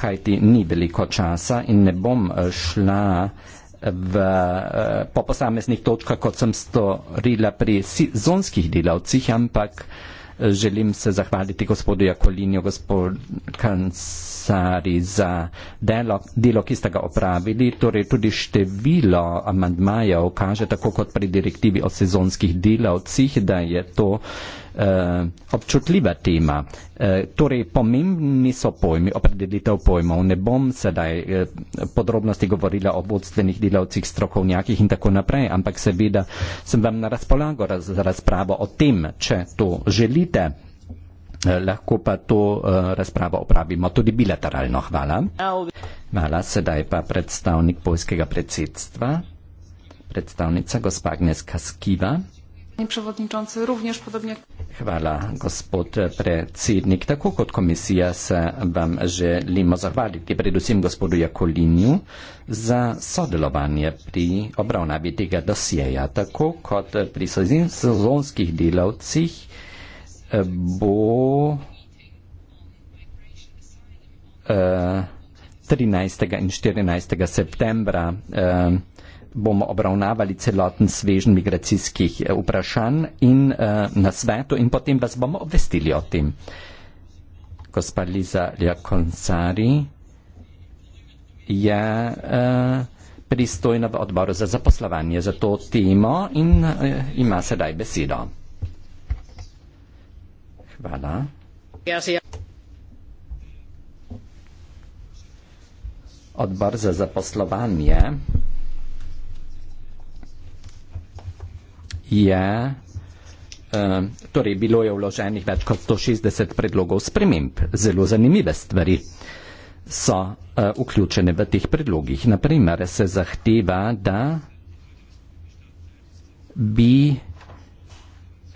kaj ti ni veliko časa in ne bom eh, šla eh, v, eh, po posameznih točkah, kot sem storila pri sezonskih delavcih, ampak želim se zahvaliti gospodu Jakolinju, gospod Kans glasali za delok, delo, ki ste ga opravili. Torej tudi število amandmajev kaže, tako kot pri direktivi o sezonskih delavcih, da je to eh, občutljiva tema. Eh, torej pomembni so pojmi, opredelitev pojmov. Ne bom sedaj eh, podrobnosti govorila o vodstvenih delavcih, strokovnjakih in tako naprej, ampak seveda sem vam na razpolago raz, za razpravo o tem, če to želite. Eh, lahko pa to eh, razpravo opravimo tudi bilateralno. Hvala. Hvala, sedaj pa predstavnik polskega predsedstva, predstavnica gospa Agnes Kaskiva. Hvala, gospod eh, predsednik. Tako kot komisija se vam želimo zahvaliti, predvsem gospodu Jakolinju, za sodelovanje pri obravnavi tega dosjeja. Tako kot pri sezonskih delavcih bo uh, eh, 13. in 14. septembra uh, bomo obravnavali celoten svežen migracijskih eh, vprašanj in uh, na svetu in potem vas bomo obvestili o tem. Gospa Liza Ljakonsari je uh, pristojna v odboru za zaposlovanje za to temo in uh, ima sedaj besedo. Hvala. Odbor za zaposlovanje je, eh, torej bilo je vloženih več kot 160 predlogov sprememb. Zelo zanimive stvari so eh, vključene v teh predlogih. Naprimer se zahteva, da bi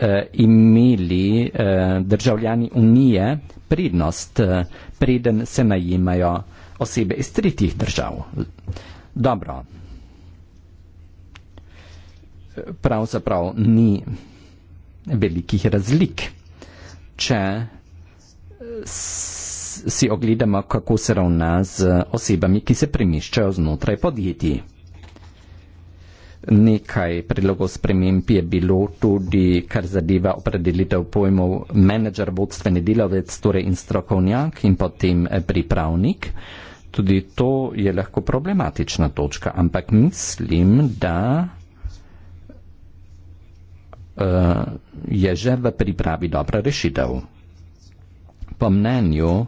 Eh, imeli eh, državljani Unije prednost, eh, preden se najemajo osebe iz tretjih držav. Dobro. Pravzaprav ni velikih razlik, če si ogledamo, kako se ravna z osebami, ki se premiščajo znotraj podjetij. Nekaj predlogov sprememb je bilo tudi, kar zadeva opredelitev pojmov menedžer, vodstveni delavec, torej in strokovnjak in potem eh, pripravnik. Tudi to je lahko problematična točka, ampak mislim, da uh, je že v pripravi dobra rešitev. Po mnenju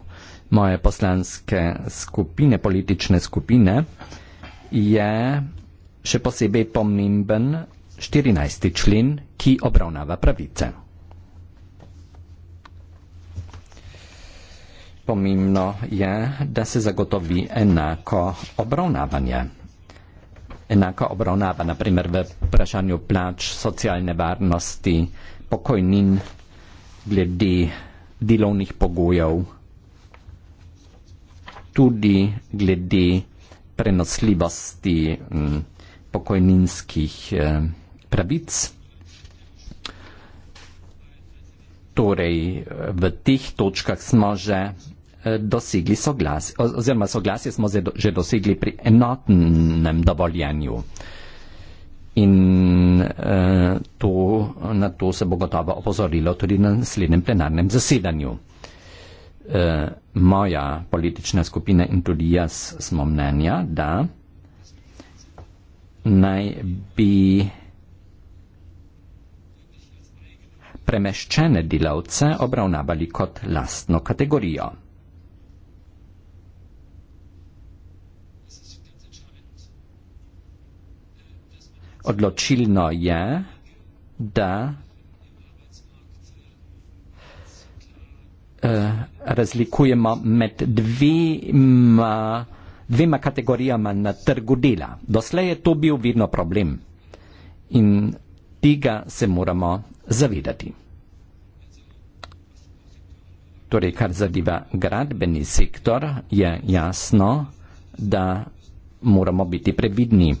moje poslanske skupine, politične skupine, je še posebej pomemben 14. člen, ki obravnava pravice. Pomembno je, da se zagotovi enako obravnavanje. Enako obravnava, naprimer v vprašanju plač, socialne varnosti, pokojnin, glede delovnih pogojev, tudi glede prenosljivosti. Hm, pokojninskih eh, pravic. Torej, v teh točkah smo že eh, dosegli soglasje, oziroma soglasje smo že dosegli pri enotnem dovoljenju. In eh, to, na to se bo gotovo opozorilo tudi na naslednjem plenarnem zasedanju. Eh, moja politična skupina in tudi jaz smo mnenja, da naj bi premeščene delavce obravnavali kot lastno kategorijo. Odločilno je, da eh, razlikujemo med dvema dvema kategorijama na trgu dela. Doslej je to bil vedno problem in tega se moramo zavedati. Torej, kar zadeva gradbeni sektor, je jasno, da moramo biti previdni.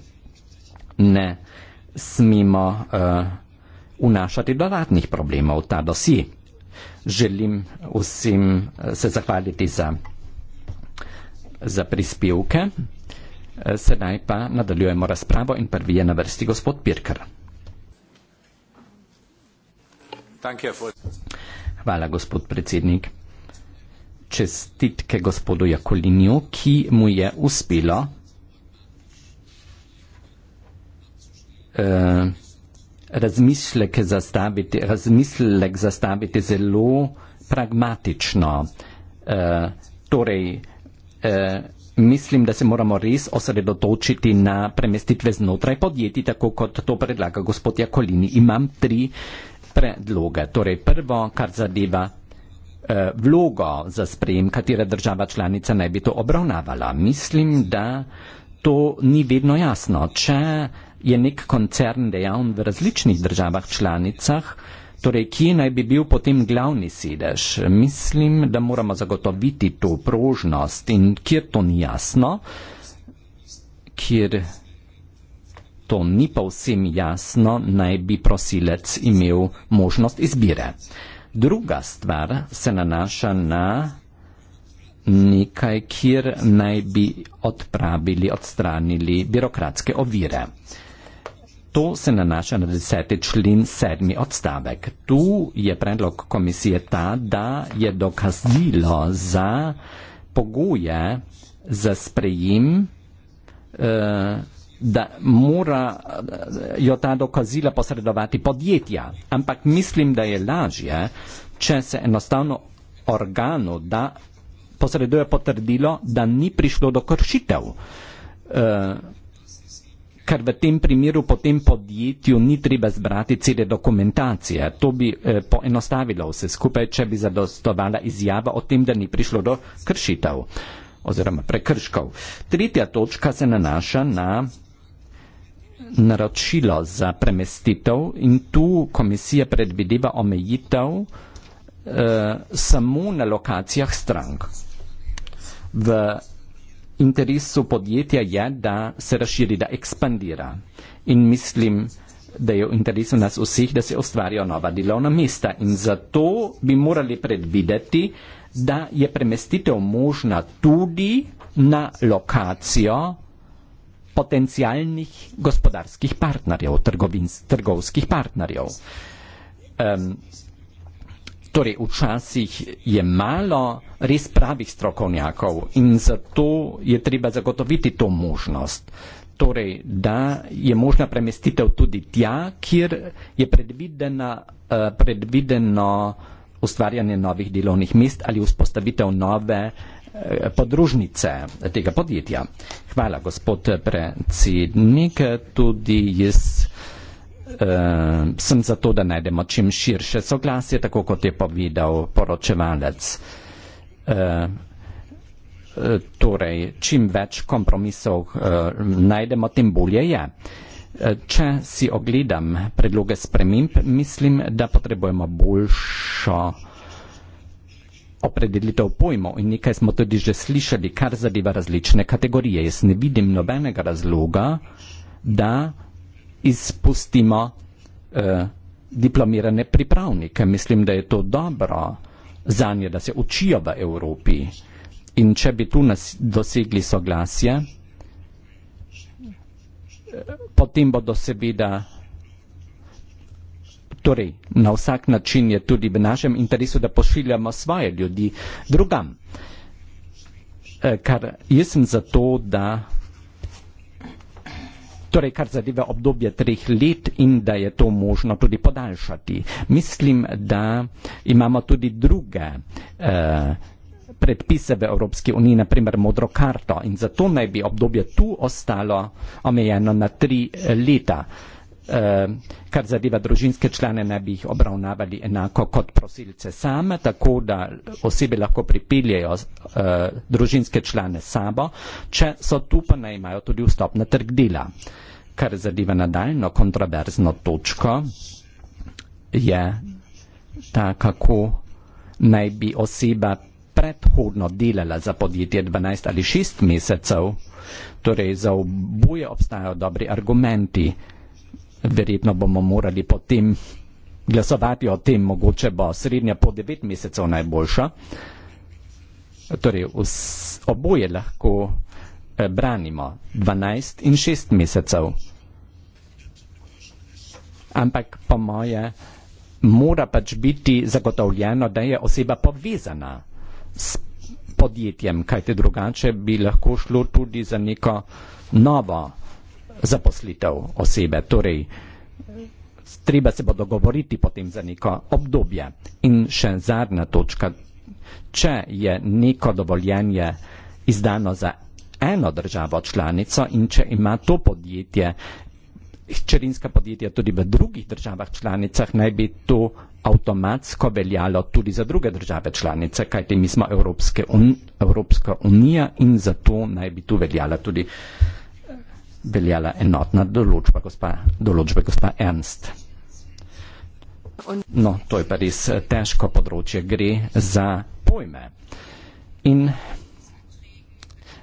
Ne smemo uh, vnašati dodatnih problemov v ta dosi. Želim vsem eh, se zahvaliti za za prispevke. Eh, sedaj pa nadaljujemo razpravo in prvi je na vrsti gospod Pirker. Hvala, gospod predsednik. Čestitke gospodu Jakolinju, ki mu je uspelo eh, zastaviti, razmislek zastaviti zelo pragmatično. Eh, torej, Eh, mislim, da se moramo res osredotočiti na premestitve znotraj podjetij, tako kot to predlaga gospod Jakolini. Imam tri predloge. Torej, prvo, kar zadeva eh, vlogo za sprejem, katera država članica naj bi to obravnavala. Mislim, da to ni vedno jasno. Če je nek koncern dejavn v različnih državah članicah, Torej, kje naj bi bil potem glavni sedež? Mislim, da moramo zagotoviti to prožnost in kjer to ni jasno, kjer to ni povsem jasno, naj bi prosilec imel možnost izbire. Druga stvar se nanaša na nekaj, kjer naj bi odpravili, odstranili birokratske ovire. To se nanaša na deseti člen sedmi odstavek. Tu je predlog komisije ta, da je dokazilo za pogoje za sprejem, eh, da morajo eh, ta dokazila posredovati podjetja. Ampak mislim, da je lažje, če se enostavno organu da posreduje potrdilo, da ni prišlo do kršitev. Eh, ker v tem primeru potem podjetju ni treba zbrati cele dokumentacije. To bi eh, poenostavilo vse skupaj, če bi zadostovala izjava o tem, da ni prišlo do kršitev oziroma prekrškov. Tretja točka se nanaša na naročilo za premestitev in tu komisija predvideva omejitev eh, samo na lokacijah strank. V interesu podjetja je, da se razširi, da ekspandira. In mislim, da je v interesu nas vseh, da se ustvarijo nova delovna mesta. In zato bi morali predvideti, da je premestitev možna tudi na lokacijo potencijalnih gospodarskih partnerjev, trgovskih partnerjev. Um, Torej, včasih je malo res pravih strokovnjakov in zato je treba zagotoviti to možnost. Torej, da je možna premestitev tudi tja, kjer je predvidena, uh, predvideno ustvarjanje novih delovnih mest ali vzpostavitev nove uh, podružnice tega podjetja. Hvala, gospod predsednik. Tudi jaz Ehm, sem za to, da najdemo čim širše soglasje, tako kot je povedal poročevalec. Ehm, e, torej, čim več kompromisov e, najdemo, tem bolje je. E, če si ogledam predloge sprememb, mislim, da potrebujemo boljšo opredelitev pojmov in nekaj smo tudi že slišali, kar zadeva različne kategorije. Jaz ne vidim nobenega razloga, da izpustimo eh, diplomirane pripravnike. Mislim, da je to dobro za nje, da se učijo v Evropi. In če bi tu nas dosegli soglasje, eh, potem bodo seveda. Torej, na vsak način je tudi v našem interesu, da pošiljamo svoje ljudi drugam. Eh, kar jaz sem za to, da torej kar zadeva obdobje treh let in da je to možno tudi podaljšati. Mislim, da imamo tudi druge eh, predpise v Evropski uniji, naprimer modro karto in zato naj bi obdobje tu ostalo omejeno na tri eh, leta. Eh, kar zadeva družinske člane, naj bi jih obravnavali enako kot prosilce same, tako da osebe lahko pripeljejo eh, družinske člane sabo, če so tu pa naj imajo tudi vstop na trg dela. Eh, kar zadeva nadaljno kontroverzno točko, je ta, kako naj bi oseba predhodno delala za podjetje 12 ali 6 mesecev, torej za oboje obstajajo dobri argumenti. Verjetno bomo morali potem glasovati o tem, mogoče bo srednja po 9 mesecev najboljša. Torej, oboje lahko Eh, branimo 12 in 6 mesecev. Ampak po moje mora pač biti zagotovljeno, da je oseba povezana s podjetjem, kajte drugače bi lahko šlo tudi za neko novo zaposlitev osebe. Torej, treba se bo dogovoriti potem za neko obdobje. In še zadnja točka, če je neko dovoljenje izdano za eno državo članico in če ima to podjetje, hčerinska podjetja tudi v drugih državah članicah, naj bi to avtomatsko veljalo tudi za druge države članice, kajti mi smo Evropske un, Evropska unija in zato naj bi tu veljala tudi veljala enotna določba, gospa, določba gospa Ernst. No, to je pa res eh, težko področje, gre za pojme. In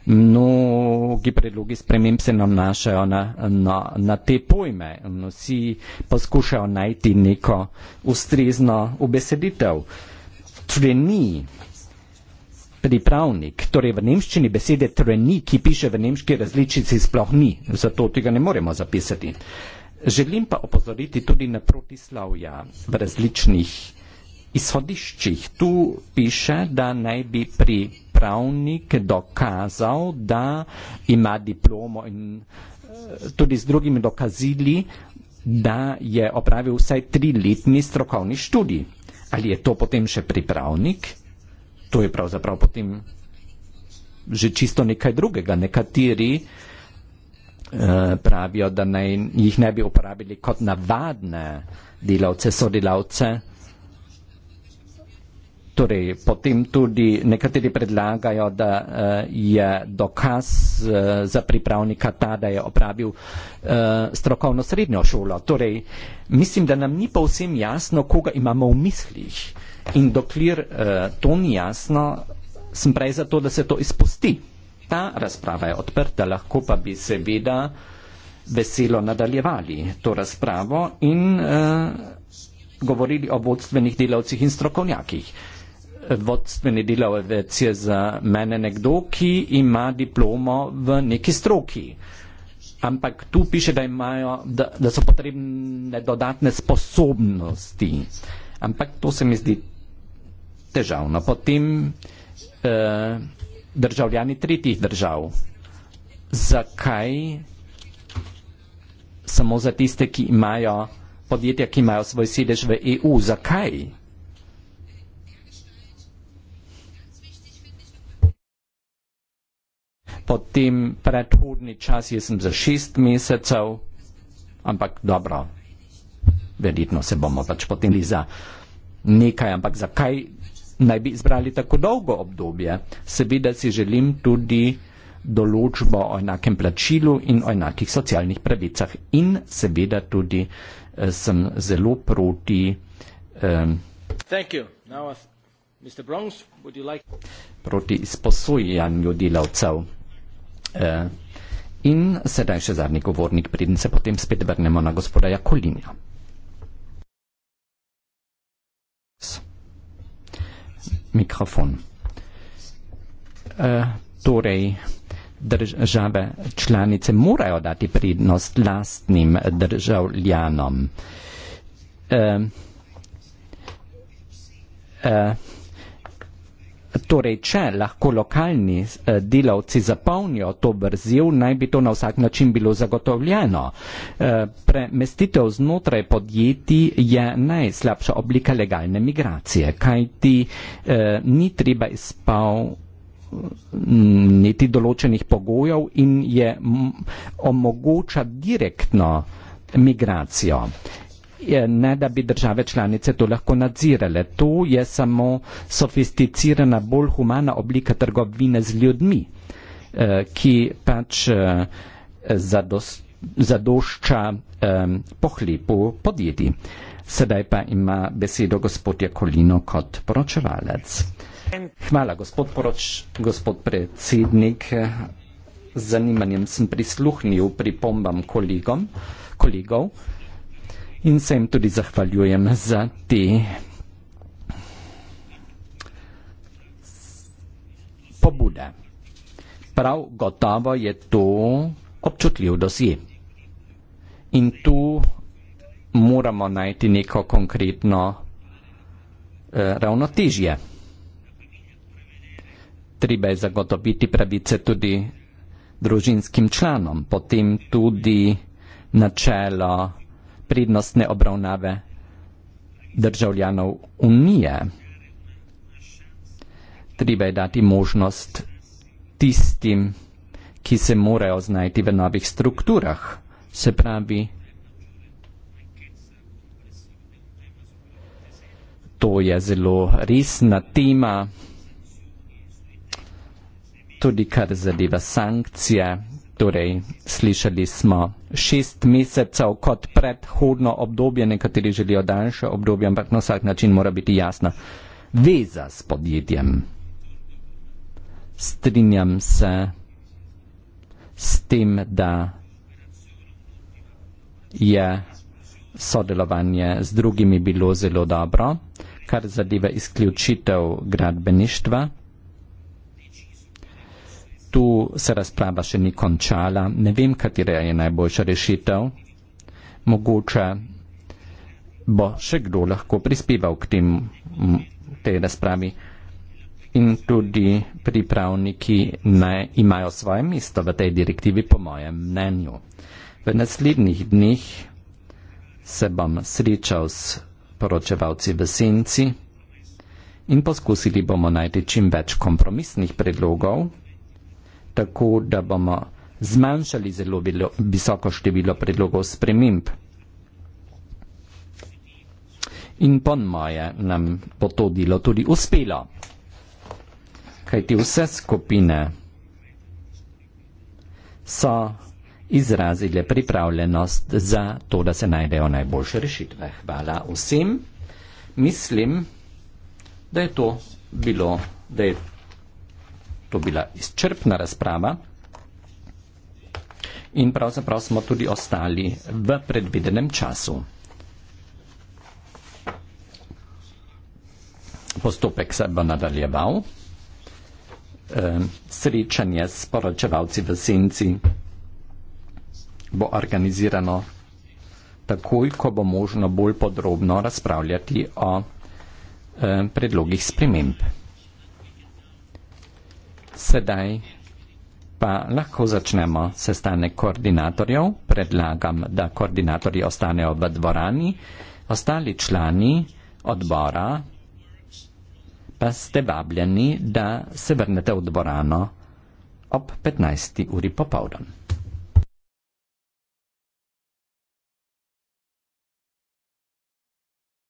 mnogi predlogi sprememb se nanašajo na, na, na te pojme. Vsi poskušajo najti neko ustrezno obeseditev. Treni pripravnik, torej v nemščini besede treni, ki piše v nemški različici, sploh ni, zato tega ne moremo zapisati. Želim pa opozoriti tudi na protislavja v različnih izhodiščih tu piše, da naj bi pri pravnik dokazal, da ima diplomo in eh, tudi z drugimi dokazili, da je opravil vsaj tri letni strokovni študij. Ali je to potem še pripravnik? To je pravzaprav potem že čisto nekaj drugega. Nekateri eh, pravijo, da naj, jih ne bi uporabili kot navadne delavce, sodelavce, Torej, potem tudi nekateri predlagajo, da uh, je dokaz uh, za pripravnika ta, da je opravil uh, strokovno srednjo šolo. Torej, mislim, da nam ni povsem jasno, koga imamo v mislih. In dokler uh, to ni jasno, sem prej za to, da se to izpusti. Ta razprava je odprta, lahko pa bi seveda veselo nadaljevali to razpravo in uh, govorili o vodstvenih delavcih in strokovnjakih vodstveni delavec je za mene nekdo, ki ima diplomo v neki stroki. Ampak tu piše, da, imajo, da, da so potrebne dodatne sposobnosti. Ampak to se mi zdi težavno. Potem eh, državljani tretjih držav. Zakaj samo za tiste, ki imajo podjetja, ki imajo svoj sedež v EU? Zakaj? potem predhodni čas, jaz sem za šest mesecev, ampak dobro, verjetno se bomo pač potem za nekaj, ampak zakaj naj bi izbrali tako dolgo obdobje? Seveda si želim tudi določbo o enakem plačilu in o enakih socialnih pravicah in seveda tudi eh, sem zelo proti. Eh, Now, uh, Mr. Bronx, would you like... Proti izposojanju delavcev. Uh, in sedaj še zadnji govornik, preden se potem spet vrnemo na gospoda Jakolinja. Mikrofon. Uh, torej, države članice morajo dati prednost lastnim državljanom. Uh, uh, Torej, če lahko lokalni eh, delavci zapolnijo to vrzel, naj bi to na vsak način bilo zagotovljeno. Eh, premestitev znotraj podjetij je najslabša oblika legalne migracije, kaj ti eh, ni treba izpav niti določenih pogojev in je omogoča direktno migracijo ne da bi države članice to lahko nadzirale. To je samo sofisticirana, bolj humana oblika trgovine z ljudmi, eh, ki pač eh, zados, zadošča ehm, pohlepu podjetij. Sedaj pa ima besedo gospod Jakolino kot poročevalec. Hvala, gospod, poroč, gospod predsednik. Z zanimanjem sem prisluhnil pripombam kolegom, kolegov in se jim tudi zahvaljujem za te pobude. Prav gotovo je to občutljiv dosje. In tu moramo najti neko konkretno eh, ravnotežje. Treba je zagotoviti pravice tudi družinskim članom, potem tudi načelo prednostne obravnave državljanov Unije. Treba je dati možnost tistim, ki se morajo znajti v novih strukturah, se pravi, to je zelo resna tema, tudi kar zadeva sankcije, Torej, slišali smo šest mesecev kot predhodno obdobje, nekateri želijo daljše obdobje, ampak na vsak način mora biti jasna veza s podjetjem. Strinjam se s tem, da je sodelovanje z drugimi bilo zelo dobro, kar zadeva izključitev gradbeništva tu se razprava še ni končala. Ne vem, katera je najboljša rešitev. Mogoče bo še kdo lahko prispeval k tem, tej razpravi. In tudi pripravniki ne imajo svoje mesto v tej direktivi, po mojem mnenju. V naslednjih dneh se bom srečal s poročevalci v senci in poskusili bomo najti čim več kompromisnih predlogov tako da bomo zmanjšali zelo bilo, visoko število predlogov sprememb. In po moje nam bo to delo tudi uspelo, kajti vse skupine so izrazile pripravljenost za to, da se najdejo najboljše rešitve. Hvala vsem. Mislim, da je to bilo, da je to bila izčrpna razprava in pravzaprav smo tudi ostali v predvidenem času. Postopek se bo nadaljeval. Srečanje s poročevalci v senci bo organizirano takoj, ko bo možno bolj podrobno razpravljati o predlogih sprememb. Sedaj pa lahko začnemo sestanek koordinatorjev. Predlagam, da koordinatorji ostanejo v dvorani. Ostali člani odbora pa ste vabljeni, da se vrnete v dvorano ob 15. uri popovdne.